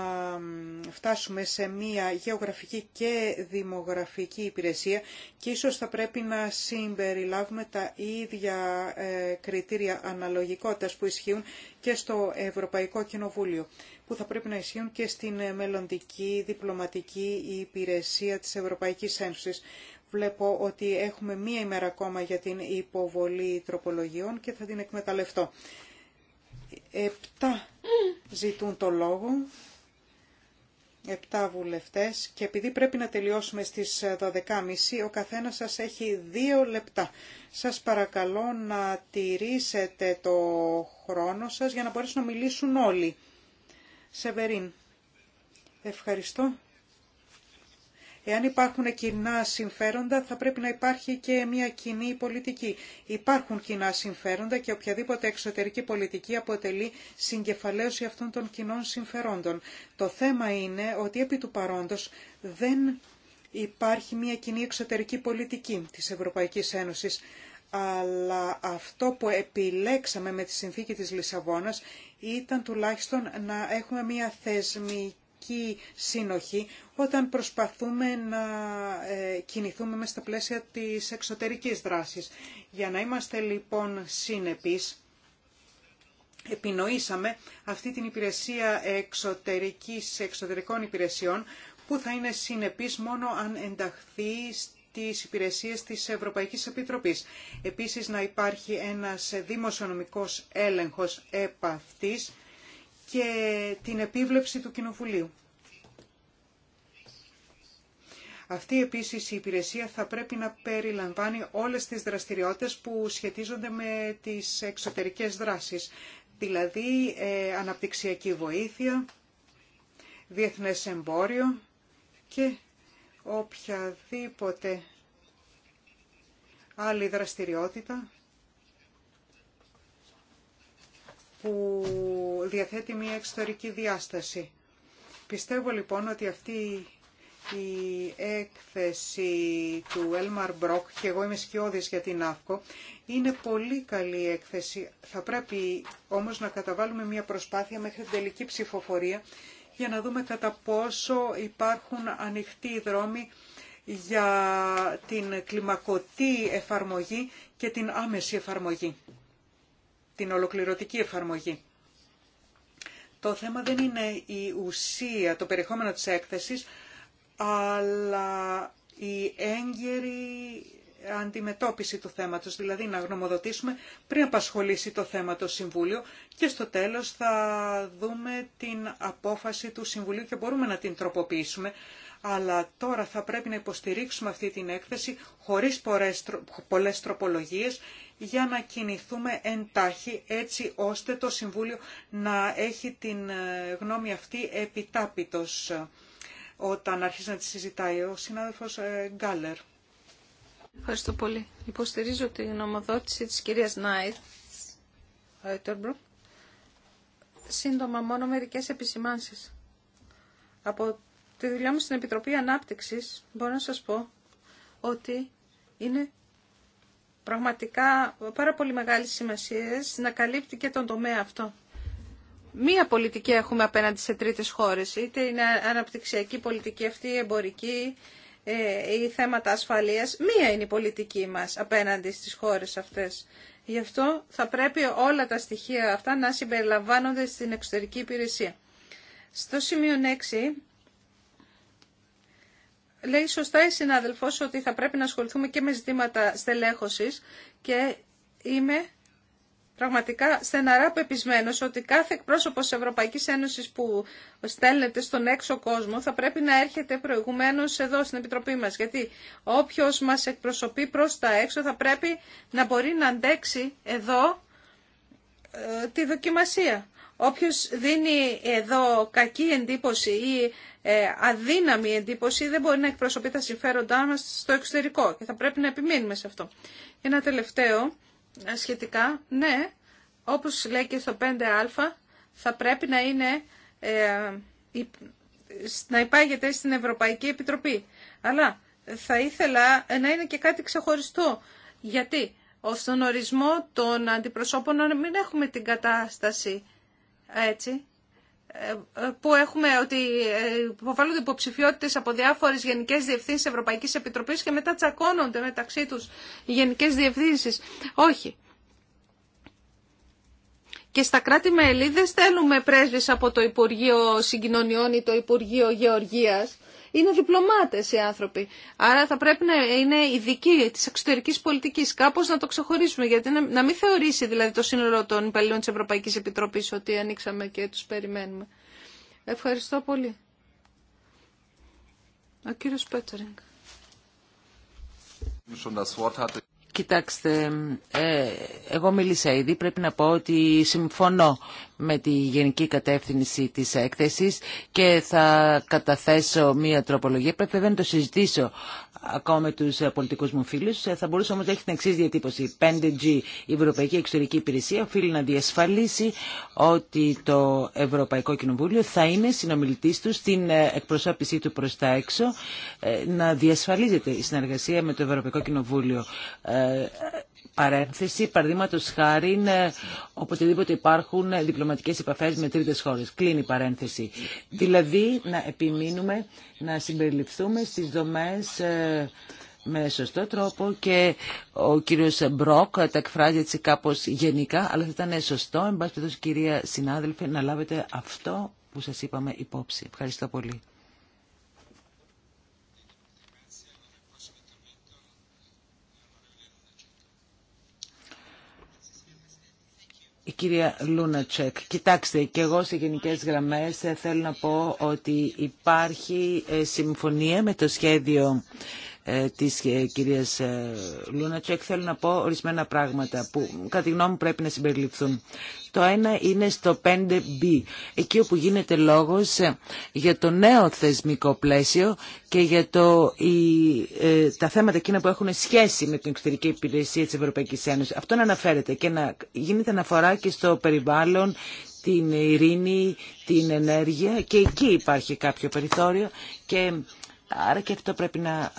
φτάσουμε σε μία γεωγραφική και δημογραφική υπηρεσία και ίσως θα πρέπει να συμπεριλάβουμε τα ίδια ε, κριτήρια αναλογικότητας που ισχύουν και στο Ευρωπαϊκό Κοινοβούλιο, που θα πρέπει να ισχύουν και στην μελλοντική διπλωματική υπηρεσία της Ευρωπαϊκής Ένωσης. Βλέπω ότι έχουμε μία ημέρα ακόμα για την υποβολή τροπολογιών και θα την εκμεταλλευτώ. Επτά ζητούν το λόγο, επτά βουλευτές και επειδή πρέπει να τελειώσουμε στις 12.30 ε, ο καθένας σας έχει δύο λεπτά. Σας παρακαλώ να τηρήσετε το χρόνο σας για να μπορέσουν να μιλήσουν όλοι. Σεβερίν. Ευχαριστώ. Εάν υπάρχουν κοινά συμφέροντα θα πρέπει να υπάρχει και μια κοινή πολιτική. Υπάρχουν κοινά συμφέροντα και οποιαδήποτε εξωτερική πολιτική αποτελεί συγκεφαλαίωση αυτών των κοινών συμφερόντων. Το θέμα είναι ότι επί του παρόντος δεν υπάρχει μια κοινή εξωτερική πολιτική της Ευρωπαϊκής Ένωσης αλλά αυτό που επιλέξαμε με τη συνθήκη της Λισαβόνας ήταν τουλάχιστον να έχουμε μια θεσμική Υπάρχει συνοχή όταν προσπαθούμε να ε, κινηθούμε μέσα στα πλαίσια της εξωτερικής δράσης. Για να είμαστε λοιπόν συνεπείς, επινοήσαμε αυτή την υπηρεσία εξωτερικής, εξωτερικών υπηρεσιών που θα είναι συνεπής μόνο αν ενταχθεί τις υπηρεσίες της Ευρωπαϊκής Επιτροπής. Επίσης να υπάρχει ένας δημοσιονομικός έλεγχος επ' και την επίβλεψη του Κοινοβουλίου. Αυτή επίσης η υπηρεσία θα πρέπει να περιλαμβάνει όλες τις δραστηριότητες που σχετίζονται με τις εξωτερικές δράσεις, δηλαδή ε, αναπτυξιακή βοήθεια, διεθνές εμπόριο και οποιαδήποτε άλλη δραστηριότητα που διαθέτει μια εξωτερική διάσταση. Πιστεύω λοιπόν ότι αυτή η έκθεση του Έλμαρ Μπρόκ, και εγώ είμαι σκιώδης για την ΑΦΚΟ, είναι πολύ καλή έκθεση. Θα πρέπει όμως να καταβάλουμε μια προσπάθεια μέχρι την τελική ψηφοφορία για να δούμε κατά πόσο υπάρχουν ανοιχτοί δρόμοι για την κλιμακωτή εφαρμογή και την άμεση εφαρμογή την ολοκληρωτική εφαρμογή. Το θέμα δεν είναι η ουσία, το περιεχόμενο της έκθεσης, αλλά η έγκαιρη αντιμετώπιση του θέματος, δηλαδή να γνωμοδοτήσουμε πριν απασχολήσει το θέμα το Συμβούλιο και στο τέλος θα δούμε την απόφαση του Συμβουλίου και μπορούμε να την τροποποιήσουμε. Αλλά τώρα θα πρέπει να υποστηρίξουμε αυτή την έκθεση χωρίς πολλές τροπολογίες για να κινηθούμε εντάχει έτσι ώστε το Συμβούλιο να έχει την ε, γνώμη αυτή επιτάπητος ε, όταν αρχίζει να τη συζητάει ο συνάδελφος ε, Γκάλερ. Ευχαριστώ πολύ. Υποστηρίζω τη γνωμοδότηση της κυρίας Νάιτ Σύντομα μόνο μερικές επισημάνσεις. Από τη δουλειά μου στην Επιτροπή Ανάπτυξης μπορώ να σας πω ότι είναι πραγματικά πάρα πολύ μεγάλη σημασία να καλύπτει και τον τομέα αυτό. Μία πολιτική έχουμε απέναντι σε τρίτες χώρες, είτε είναι αναπτυξιακή πολιτική αυτή, εμπορική ε, ή θέματα ασφαλείας. Μία είναι η πολιτική μας απέναντι στις χώρες αυτές. Γι' αυτό θα πρέπει όλα τα στοιχεία αυτά να συμπεριλαμβάνονται στην εξωτερική υπηρεσία. Στο σημείο 6 λέει σωστά η συνάδελφος ότι θα πρέπει να ασχοληθούμε και με ζητήματα στελέχωσης και είμαι πραγματικά στεναρά πεπισμένο ότι κάθε εκπρόσωπο της Ευρωπαϊκής Ένωσης που στέλνεται στον έξω κόσμο θα πρέπει να έρχεται προηγουμένω εδώ στην Επιτροπή μας. Γιατί όποιος μας εκπροσωπεί προς τα έξω θα πρέπει να μπορεί να αντέξει εδώ ε, τη δοκιμασία. Όποιος δίνει εδώ κακή εντύπωση ή ε, αδύναμη εντύπωση δεν μπορεί να εκπροσωπεί τα συμφέροντά μας στο εξωτερικό και θα πρέπει να επιμείνουμε σε αυτό. Ένα τελευταίο ε, σχετικά, ναι, όπως λέει και στο 5α, θα πρέπει να είναι ε, να υπάγεται στην Ευρωπαϊκή Επιτροπή. Αλλά θα ήθελα να είναι και κάτι ξεχωριστό. Γιατί στον ορισμό των αντιπροσώπων να μην έχουμε την κατάσταση έτσι, ε, ε, που έχουμε ότι ε, υποβάλλονται υποψηφιότητες από διάφορες γενικές διευθύνσεις Ευρωπαϊκής Επιτροπής και μετά τσακώνονται μεταξύ τους οι γενικές διευθύνσεις. Όχι. Και στα κράτη-μέλη δεν στέλνουμε πρέσβεις από το Υπουργείο Συγκοινωνιών ή το Υπουργείο Γεωργίας είναι διπλωμάτες οι άνθρωποι. Άρα θα πρέπει να είναι ειδικοί της εξωτερική πολιτικής. Κάπως να το ξεχωρίσουμε, γιατί να μην θεωρήσει δηλαδή το σύνολο των υπαλλήλων τη Ευρωπαϊκής Επιτροπής ότι ανοίξαμε και του περιμένουμε. Ευχαριστώ πολύ. Ο κύριο Πέτσερινγκ. Κοιτάξτε, ε, εγώ μίλησα ήδη, πρέπει να πω ότι συμφωνώ με τη γενική κατεύθυνση της έκθεσης και θα καταθέσω μία τροπολογία. Πρέπει να το συζητήσω ακόμα του ε, πολιτικού μου φίλου. Ε, θα μπορούσε όμω να έχει την εξή διατύπωση. 5G, η Ευρωπαϊκή Εξωτερική Υπηρεσία οφείλει να διασφαλίσει ότι το Ευρωπαϊκό Κοινοβούλιο θα είναι συνομιλητή του στην ε, εκπροσώπησή του προ τα έξω, να διασφαλίζεται η συνεργασία με το Ευρωπαϊκό Κοινοβούλιο παρένθεση, παραδείγματο χάρη οποτεδήποτε υπάρχουν διπλωματικέ επαφέ με τρίτε χώρε. Κλείνει η παρένθεση. Δηλαδή να επιμείνουμε να συμπεριληφθούμε στι δομέ ε, με σωστό τρόπο και ο κύριος Μπρόκ τα εκφράζει έτσι κάπως γενικά, αλλά θα ήταν σωστό, εν πάση κυρία συνάδελφε, να λάβετε αυτό που σας είπαμε υπόψη. Ευχαριστώ πολύ. Η κυρία Λούνατσεκ, κοιτάξτε, και εγώ σε γενικές γραμμές θέλω να πω ότι υπάρχει ε, συμφωνία με το σχέδιο ε, της ε, κυρίας ε, Λούνατσεκ θέλω να πω ορισμένα πράγματα που κατά τη γνώμη μου πρέπει να συμπεριληφθούν. Το ένα είναι στο 5B, εκεί όπου γίνεται λόγος για το νέο θεσμικό πλαίσιο και για το, τα θέματα εκείνα που έχουν σχέση με την εξωτερική υπηρεσία της Ευρωπαϊκής Ένωσης. Αυτό να αναφέρεται και να γίνεται αναφορά και στο περιβάλλον, την ειρήνη, την ενέργεια και εκεί υπάρχει κάποιο περιθώριο και Άρα και αυτό πρέπει να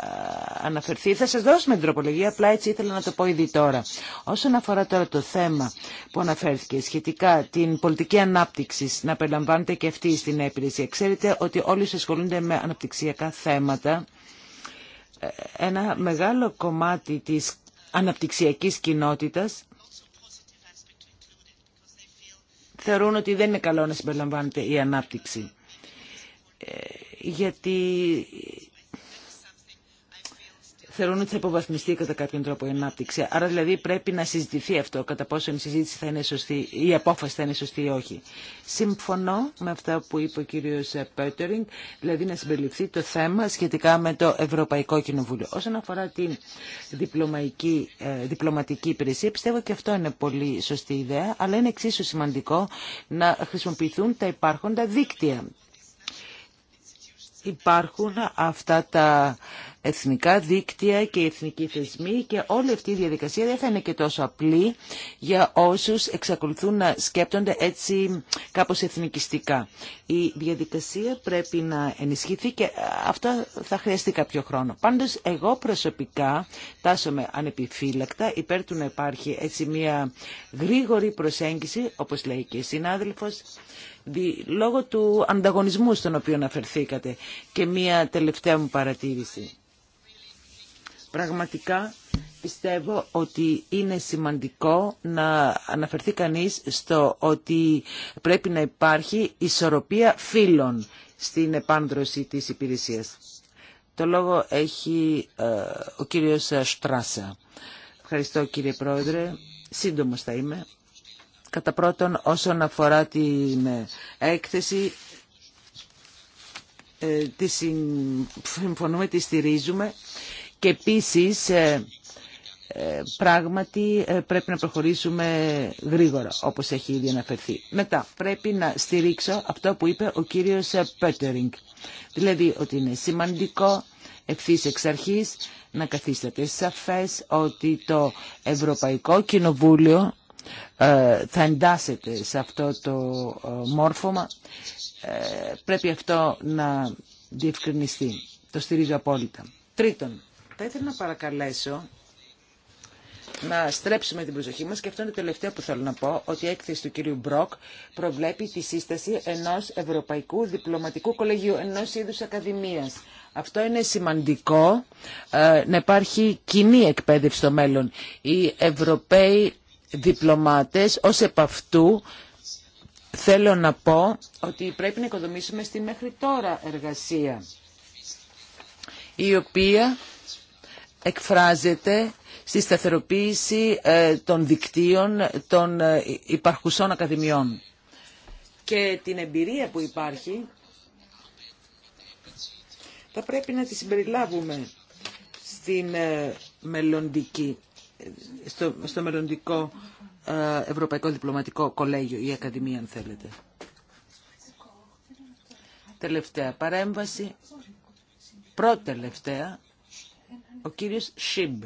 αναφερθεί. Θα σας δώσουμε την τροπολογία, απλά έτσι ήθελα να το πω ήδη τώρα. Όσον αφορά τώρα το θέμα που αναφέρθηκε σχετικά την πολιτική ανάπτυξη, να περιλαμβάνεται και αυτή στην έπειρηση. Ξέρετε ότι όλοι ασχολούνται με αναπτυξιακά θέματα. Ε, ένα μεγάλο κομμάτι της αναπτυξιακής κοινότητας θεωρούν ότι δεν είναι καλό να συμπεριλαμβάνεται η ανάπτυξη ε, γιατί θεωρούν ότι θα υποβαθμιστεί κατά κάποιον τρόπο η ανάπτυξη. Άρα δηλαδή πρέπει να συζητηθεί αυτό, κατά πόσο η συζήτηση θα είναι σωστή, η απόφαση θα είναι σωστή ή όχι. Συμφωνώ με αυτά που είπε ο κύριο Πέτερινγκ, δηλαδή να συμπεριληφθεί το θέμα σχετικά με το Ευρωπαϊκό Κοινοβούλιο. Όσον αφορά την ε, διπλωματική υπηρεσία, πιστεύω και αυτό είναι πολύ σωστή ιδέα, αλλά είναι εξίσου σημαντικό να χρησιμοποιηθούν τα υπάρχοντα δίκτυα υπάρχουν αυτά τα εθνικά δίκτυα και οι εθνικοί θεσμοί και όλη αυτή η διαδικασία δεν θα είναι και τόσο απλή για όσους εξακολουθούν να σκέπτονται έτσι κάπως εθνικιστικά. Η διαδικασία πρέπει να ενισχυθεί και αυτό θα χρειαστεί κάποιο χρόνο. Πάντως εγώ προσωπικά τάσομαι ανεπιφύλακτα υπέρ του να υπάρχει έτσι μια γρήγορη προσέγγιση όπως λέει και η συνάδελφος λόγω του ανταγωνισμού στον οποίο αναφερθήκατε και μια τελευταία μου παρατήρηση. Πραγματικά πιστεύω ότι είναι σημαντικό να αναφερθεί κανείς στο ότι πρέπει να υπάρχει ισορροπία φύλων στην επάνδρωση της υπηρεσίας. Το λόγο έχει ε, ο κύριος Στράσα. Ευχαριστώ κύριε Πρόεδρε. Σύντομος θα είμαι. Κατά πρώτον όσον αφορά την ε, έκθεση ε, τη συμφωνούμε, τη στηρίζουμε και επίσης ε, ε, πράγματι ε, πρέπει να προχωρήσουμε γρήγορα, όπως έχει ήδη αναφερθεί. Μετά, πρέπει να στηρίξω αυτό που είπε ο κύριος Πέτερινγκ. Δηλαδή ότι είναι σημαντικό ευθύς εξ αρχής να καθίσταται σαφές ότι το Ευρωπαϊκό Κοινοβούλιο θα εντάσσεται σε αυτό το μόρφωμα. Πρέπει αυτό να διευκρινιστεί. Το στηρίζω απόλυτα. Τρίτον, θα ήθελα να παρακαλέσω να στρέψουμε την προσοχή μας και αυτό είναι το τελευταίο που θέλω να πω ότι η έκθεση του κύριου Μπροκ προβλέπει τη σύσταση ενός Ευρωπαϊκού Διπλωματικού Κολεγίου, ενός είδους ακαδημίας. Αυτό είναι σημαντικό ε, να υπάρχει κοινή εκπαίδευση στο μέλλον. Οι Ευρωπαίοι διπλωμάτες ως επ' αυτού θέλω να πω ότι πρέπει να οικοδομήσουμε στη μέχρι τώρα εργασία η οποία εκφράζεται στη σταθεροποίηση ε, των δικτύων των ε, υπαρχουσών ακαδημιών. Και την εμπειρία που υπάρχει θα πρέπει να τη συμπεριλάβουμε στην ε, στο, στο μελλοντικό Ευρωπαϊκό Διπλωματικό Κολέγιο ή Ακαδημία, αν θέλετε. Τελευταία παρέμβαση, πρώτη τελευταία, ο κύριος Σιμπ.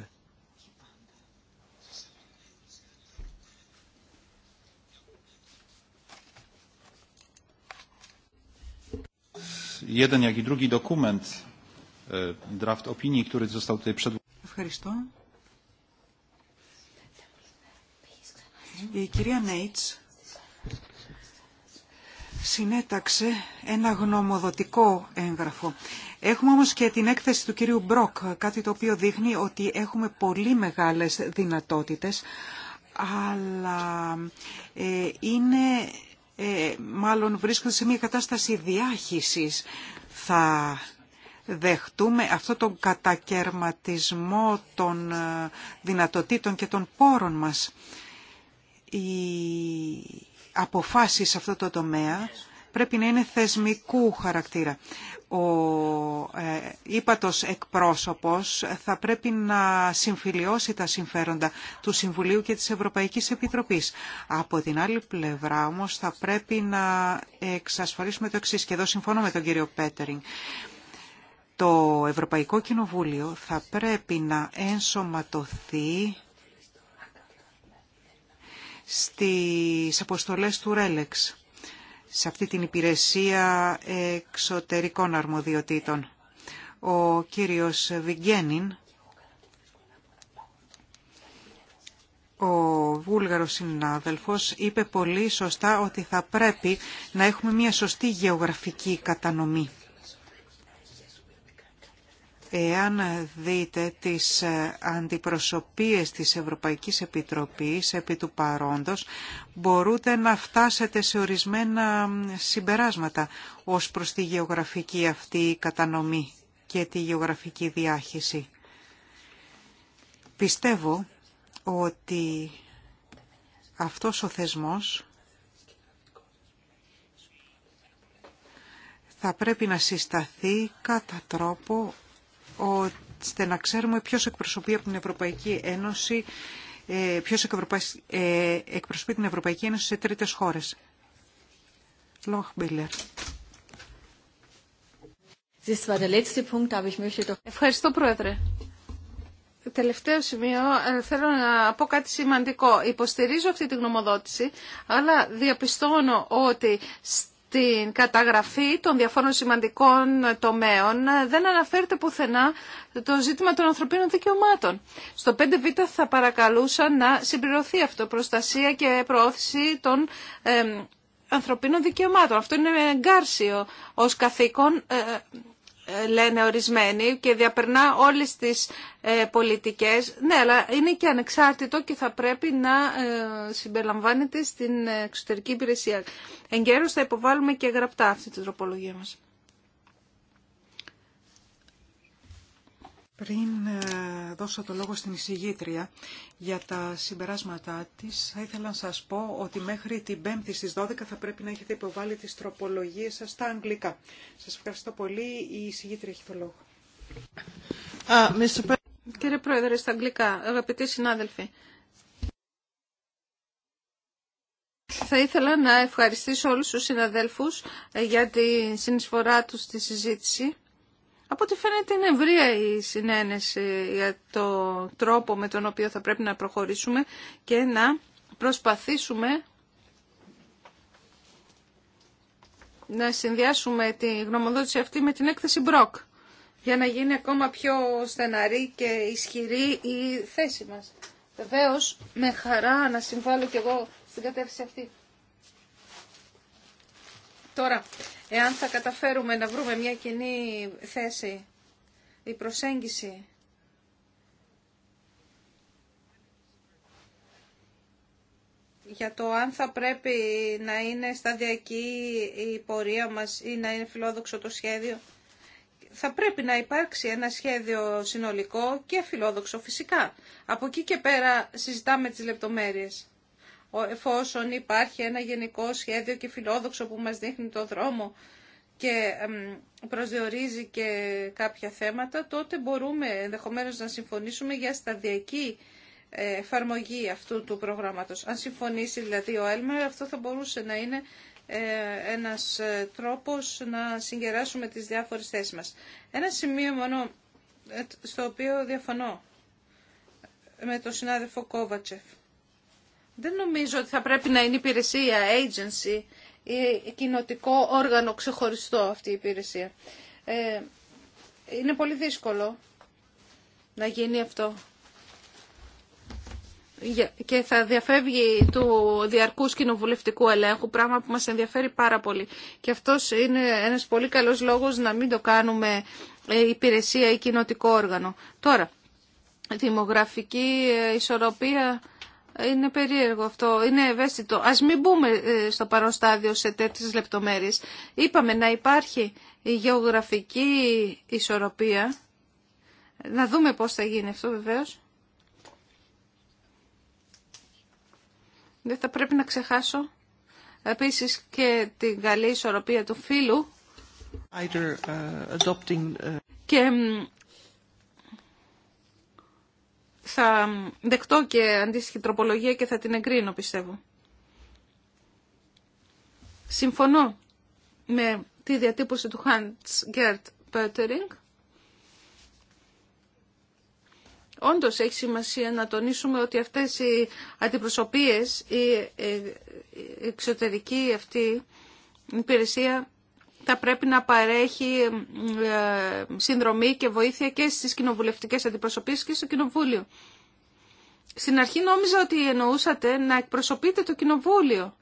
Ευχαριστώ. Η κυρία Νέιτς συνέταξε ένα γνωμοδοτικό έγγραφο. Έχουμε όμως και την έκθεση του κυρίου Μπροκ, κάτι το οποίο δείχνει ότι έχουμε πολύ μεγάλες δυνατότητες, αλλά ε, είναι, ε, μάλλον βρίσκονται σε μια κατάσταση διάχυσης. Θα δεχτούμε αυτό τον κατακαιρματισμό των ε, δυνατοτήτων και των πόρων μας αποφάσεις σε αυτό το τομέα πρέπει να είναι θεσμικού χαρακτήρα. Ο ε, ύπατος εκπρόσωπος θα πρέπει να συμφιλιώσει τα συμφέροντα του Συμβουλίου και της Ευρωπαϊκής Επιτροπής. Από την άλλη πλευρά όμως θα πρέπει να εξασφαλίσουμε το εξής και εδώ συμφωνώ με τον κύριο Πέτερινγκ. Το Ευρωπαϊκό Κοινοβούλιο θα πρέπει να ενσωματωθεί στις αποστολές του Ρέλεξ, σε αυτή την υπηρεσία εξωτερικών αρμοδιοτήτων. Ο κύριος Βιγγένιν, ο βούλγαρος συνάδελφος, είπε πολύ σωστά ότι θα πρέπει να έχουμε μια σωστή γεωγραφική κατανομή Εάν δείτε τις ε, αντιπροσωπείες της Ευρωπαϊκής Επιτροπής επί του παρόντος, μπορούτε να φτάσετε σε ορισμένα συμπεράσματα ως προς τη γεωγραφική αυτή κατανομή και τη γεωγραφική διάχυση. Πιστεύω ότι αυτός ο θεσμός θα πρέπει να συσταθεί κατά τρόπο ώστε να ξέρουμε ποιος εκπροσωπεί από την Ευρωπαϊκή Ένωση, ε, ποιος ε, εκπροσωπεί την Ευρωπαϊκή Ένωση σε τρίτες χώρες. Ευχαριστώ, Πρόεδρε. Τελευταίο σημείο, ε, θέλω να πω κάτι σημαντικό. Υποστηρίζω αυτή τη γνωμοδότηση, αλλά διαπιστώνω ότι την καταγραφή των διαφόρων σημαντικών τομέων δεν αναφέρεται πουθενά το ζήτημα των ανθρωπίνων δικαιωμάτων. Στο 5β θα παρακαλούσα να συμπληρωθεί αυτό, προστασία και προώθηση των ανθρωπίνων δικαιωμάτων. Αυτό είναι εγκάρσιο ως καθήκον ε, ε, λένε ορισμένοι και διαπερνά όλες τις ε, πολιτικές. Ναι, αλλά είναι και ανεξάρτητο και θα πρέπει να ε, συμπεριλαμβάνεται στην εξωτερική υπηρεσία. Εγκαίρως θα υποβάλουμε και γραπτά αυτή την τροπολογία μας. Πριν ε, δώσω το λόγο στην εισηγήτρια για τα συμπεράσματά της, θα ήθελα να σας πω ότι μέχρι την Πέμπτη η στις 12 θα πρέπει να έχετε υποβάλει τις τροπολογίες σας στα αγγλικά. Σας ευχαριστώ πολύ. Η εισηγήτρια έχει το λόγο. Κύριε Πρόεδρε, στα αγγλικά, αγαπητοί συνάδελφοι, θα ήθελα να ευχαριστήσω όλους τους συναδέλφους ε, για τη συνεισφορά τους στη συζήτηση. Από ό,τι φαίνεται είναι ευρία η συνένεση για το τρόπο με τον οποίο θα πρέπει να προχωρήσουμε και να προσπαθήσουμε να συνδυάσουμε τη γνωμοδότηση αυτή με την έκθεση Μπροκ για να γίνει ακόμα πιο στεναρή και ισχυρή η θέση μας. Βεβαίω, με χαρά να συμβάλλω κι εγώ στην κατεύθυνση αυτή. Τώρα, εάν θα καταφέρουμε να βρούμε μια κοινή θέση, η προσέγγιση για το αν θα πρέπει να είναι σταδιακή η πορεία μας ή να είναι φιλόδοξο το σχέδιο. Θα πρέπει να υπάρξει ένα σχέδιο συνολικό και φιλόδοξο φυσικά. Από εκεί και πέρα συζητάμε τις λεπτομέρειες εφόσον υπάρχει ένα γενικό σχέδιο και φιλόδοξο που μας δείχνει το δρόμο και προσδιορίζει και κάποια θέματα, τότε μπορούμε ενδεχομένως να συμφωνήσουμε για σταδιακή ε, εφαρμογή αυτού του προγράμματος. Αν συμφωνήσει δηλαδή ο Έλμερ, αυτό θα μπορούσε να είναι ε, ένας ε, τρόπος να συγκεράσουμε τις διάφορες θέσεις μας. Ένα σημείο μόνο στο οποίο διαφωνώ με τον συνάδελφο Κόβατσεφ. Δεν νομίζω ότι θα πρέπει να είναι υπηρεσία, agency ή κοινοτικό όργανο ξεχωριστό αυτή η υπηρεσία. Ε, είναι πολύ δύσκολο να γίνει αυτό και θα διαφεύγει του διαρκού κοινοβουλευτικού ελέγχου, πράγμα που μας ενδιαφέρει πάρα πολύ. Και αυτός είναι ένας πολύ καλός λόγος να μην το κάνουμε ε, υπηρεσία ή κοινοτικό όργανο. Τώρα, δημογραφική ε, ισορροπία είναι περίεργο αυτό, είναι ευαίσθητο. Ας μην μπούμε ε, στο παρόν στάδιο σε τέτοιες λεπτομέρειες. Είπαμε να υπάρχει η γεωγραφική ισορροπία. Να δούμε πώς θα γίνει αυτό βεβαίως. Δεν θα πρέπει να ξεχάσω επίσης και την καλή ισορροπία του φίλου uh, uh, και θα δεκτώ και αντίστοιχη τροπολογία και θα την εγκρίνω πιστεύω. Συμφωνώ με τη διατύπωση του Hans Gerd Pöttering. Όντως έχει σημασία να τονίσουμε ότι αυτές οι αντιπροσωπείες, η ε, εξωτερική αυτή υπηρεσία θα πρέπει να παρέχει ε, συνδρομή και βοήθεια και στις κοινοβουλευτικές αντιπροσωπήσεις και στο κοινοβούλιο. Στην αρχή νόμιζα ότι εννοούσατε να εκπροσωπείτε το κοινοβούλιο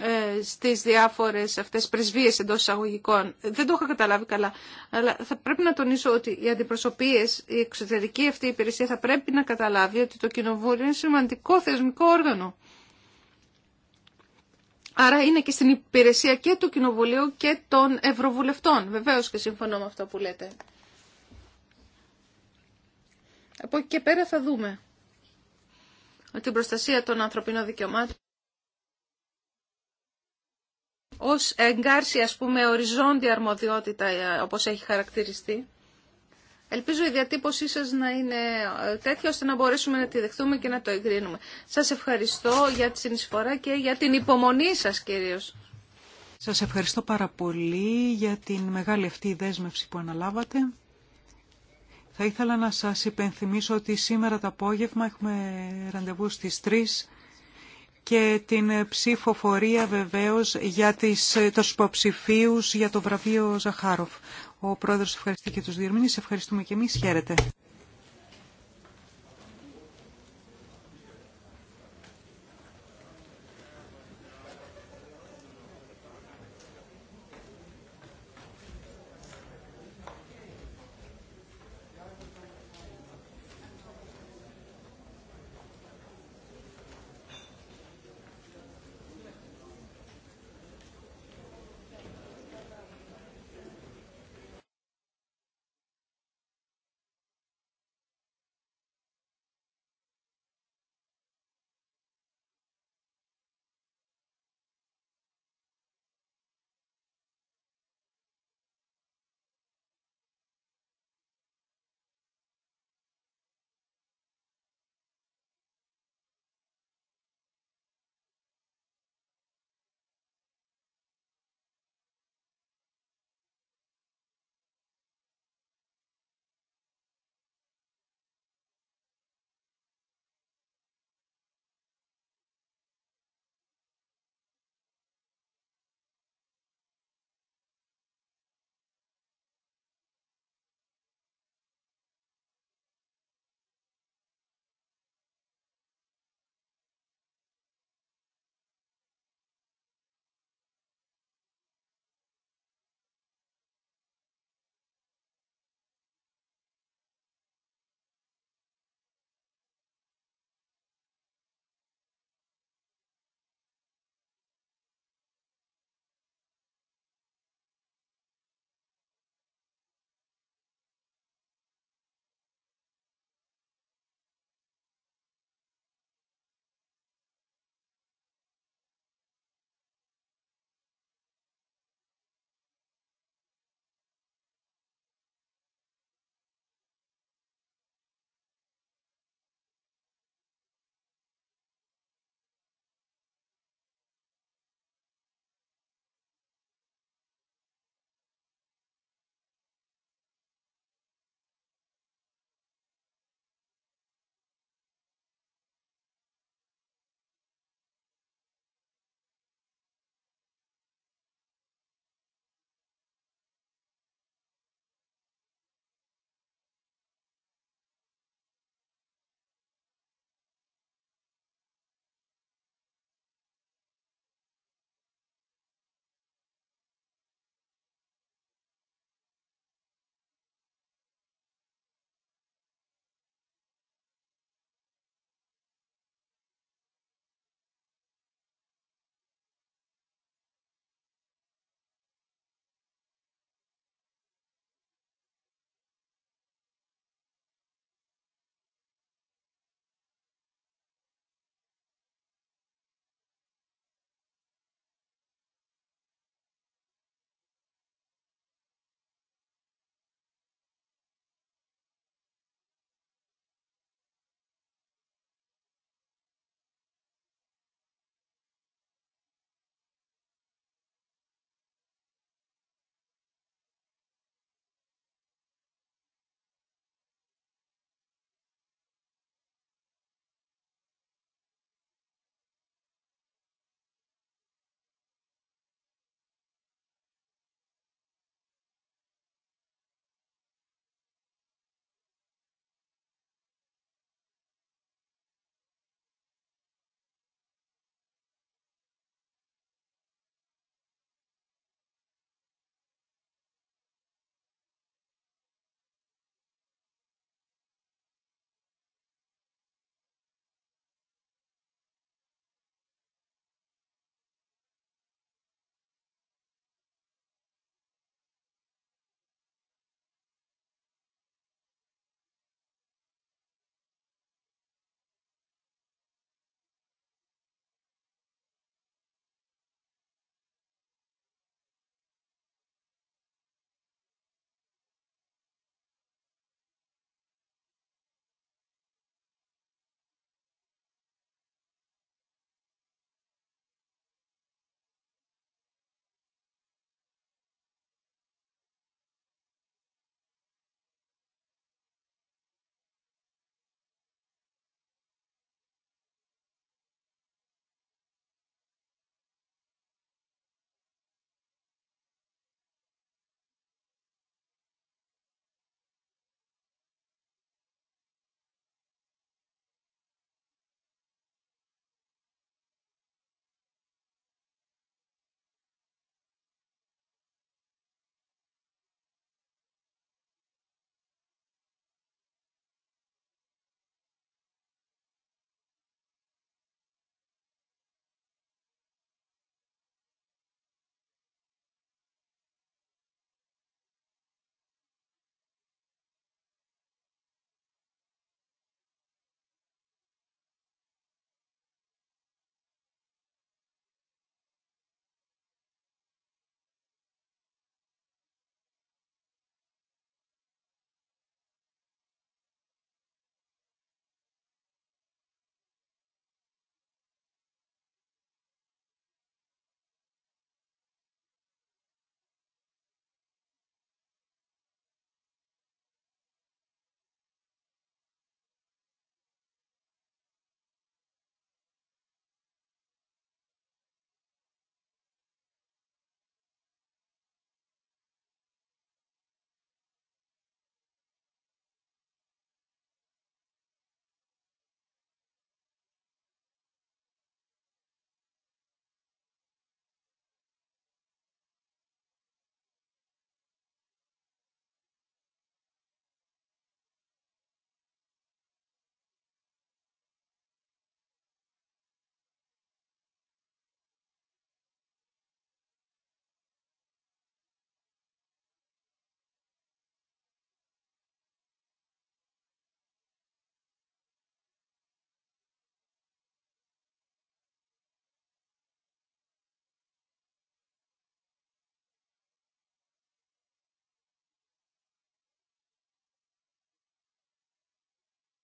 ε, στις διάφορες αυτές πρεσβείες εντός εισαγωγικών. Δεν το είχα καταλάβει καλά, αλλά θα πρέπει να τονίσω ότι οι αντιπροσωπείες, η εξωτερική αυτή υπηρεσία θα πρέπει να καταλάβει ότι το κοινοβούλιο είναι σημαντικό θεσμικό όργανο. Άρα είναι και στην υπηρεσία και του Κοινοβουλίου και των Ευρωβουλευτών. βεβαίω και συμφωνώ με αυτό που λέτε. Από εκεί και πέρα θα δούμε ότι την προστασία των ανθρωπίνων δικαιωμάτων ως εγκάρση ας πούμε οριζόντια αρμοδιότητα ε, όπως έχει χαρακτηριστεί Ελπίζω η διατύπωσή σας να είναι ε, τέτοια ώστε να μπορέσουμε να τη δεχτούμε και να το εγκρίνουμε. Σας ευχαριστώ για τη συνεισφορά και για την υπομονή σας κυρίως. Σας ευχαριστώ πάρα πολύ για την μεγάλη αυτή δέσμευση που αναλάβατε. Θα ήθελα να σας υπενθυμίσω ότι σήμερα το απόγευμα έχουμε ραντεβού στις 3 και την ψηφοφορία βεβαίως για τις, ε, τους υποψηφίους για το βραβείο Ζαχάροφ. Ο πρόεδρος ευχαριστεί και τους διερμηνείς. Ευχαριστούμε και εμείς. Χαίρετε.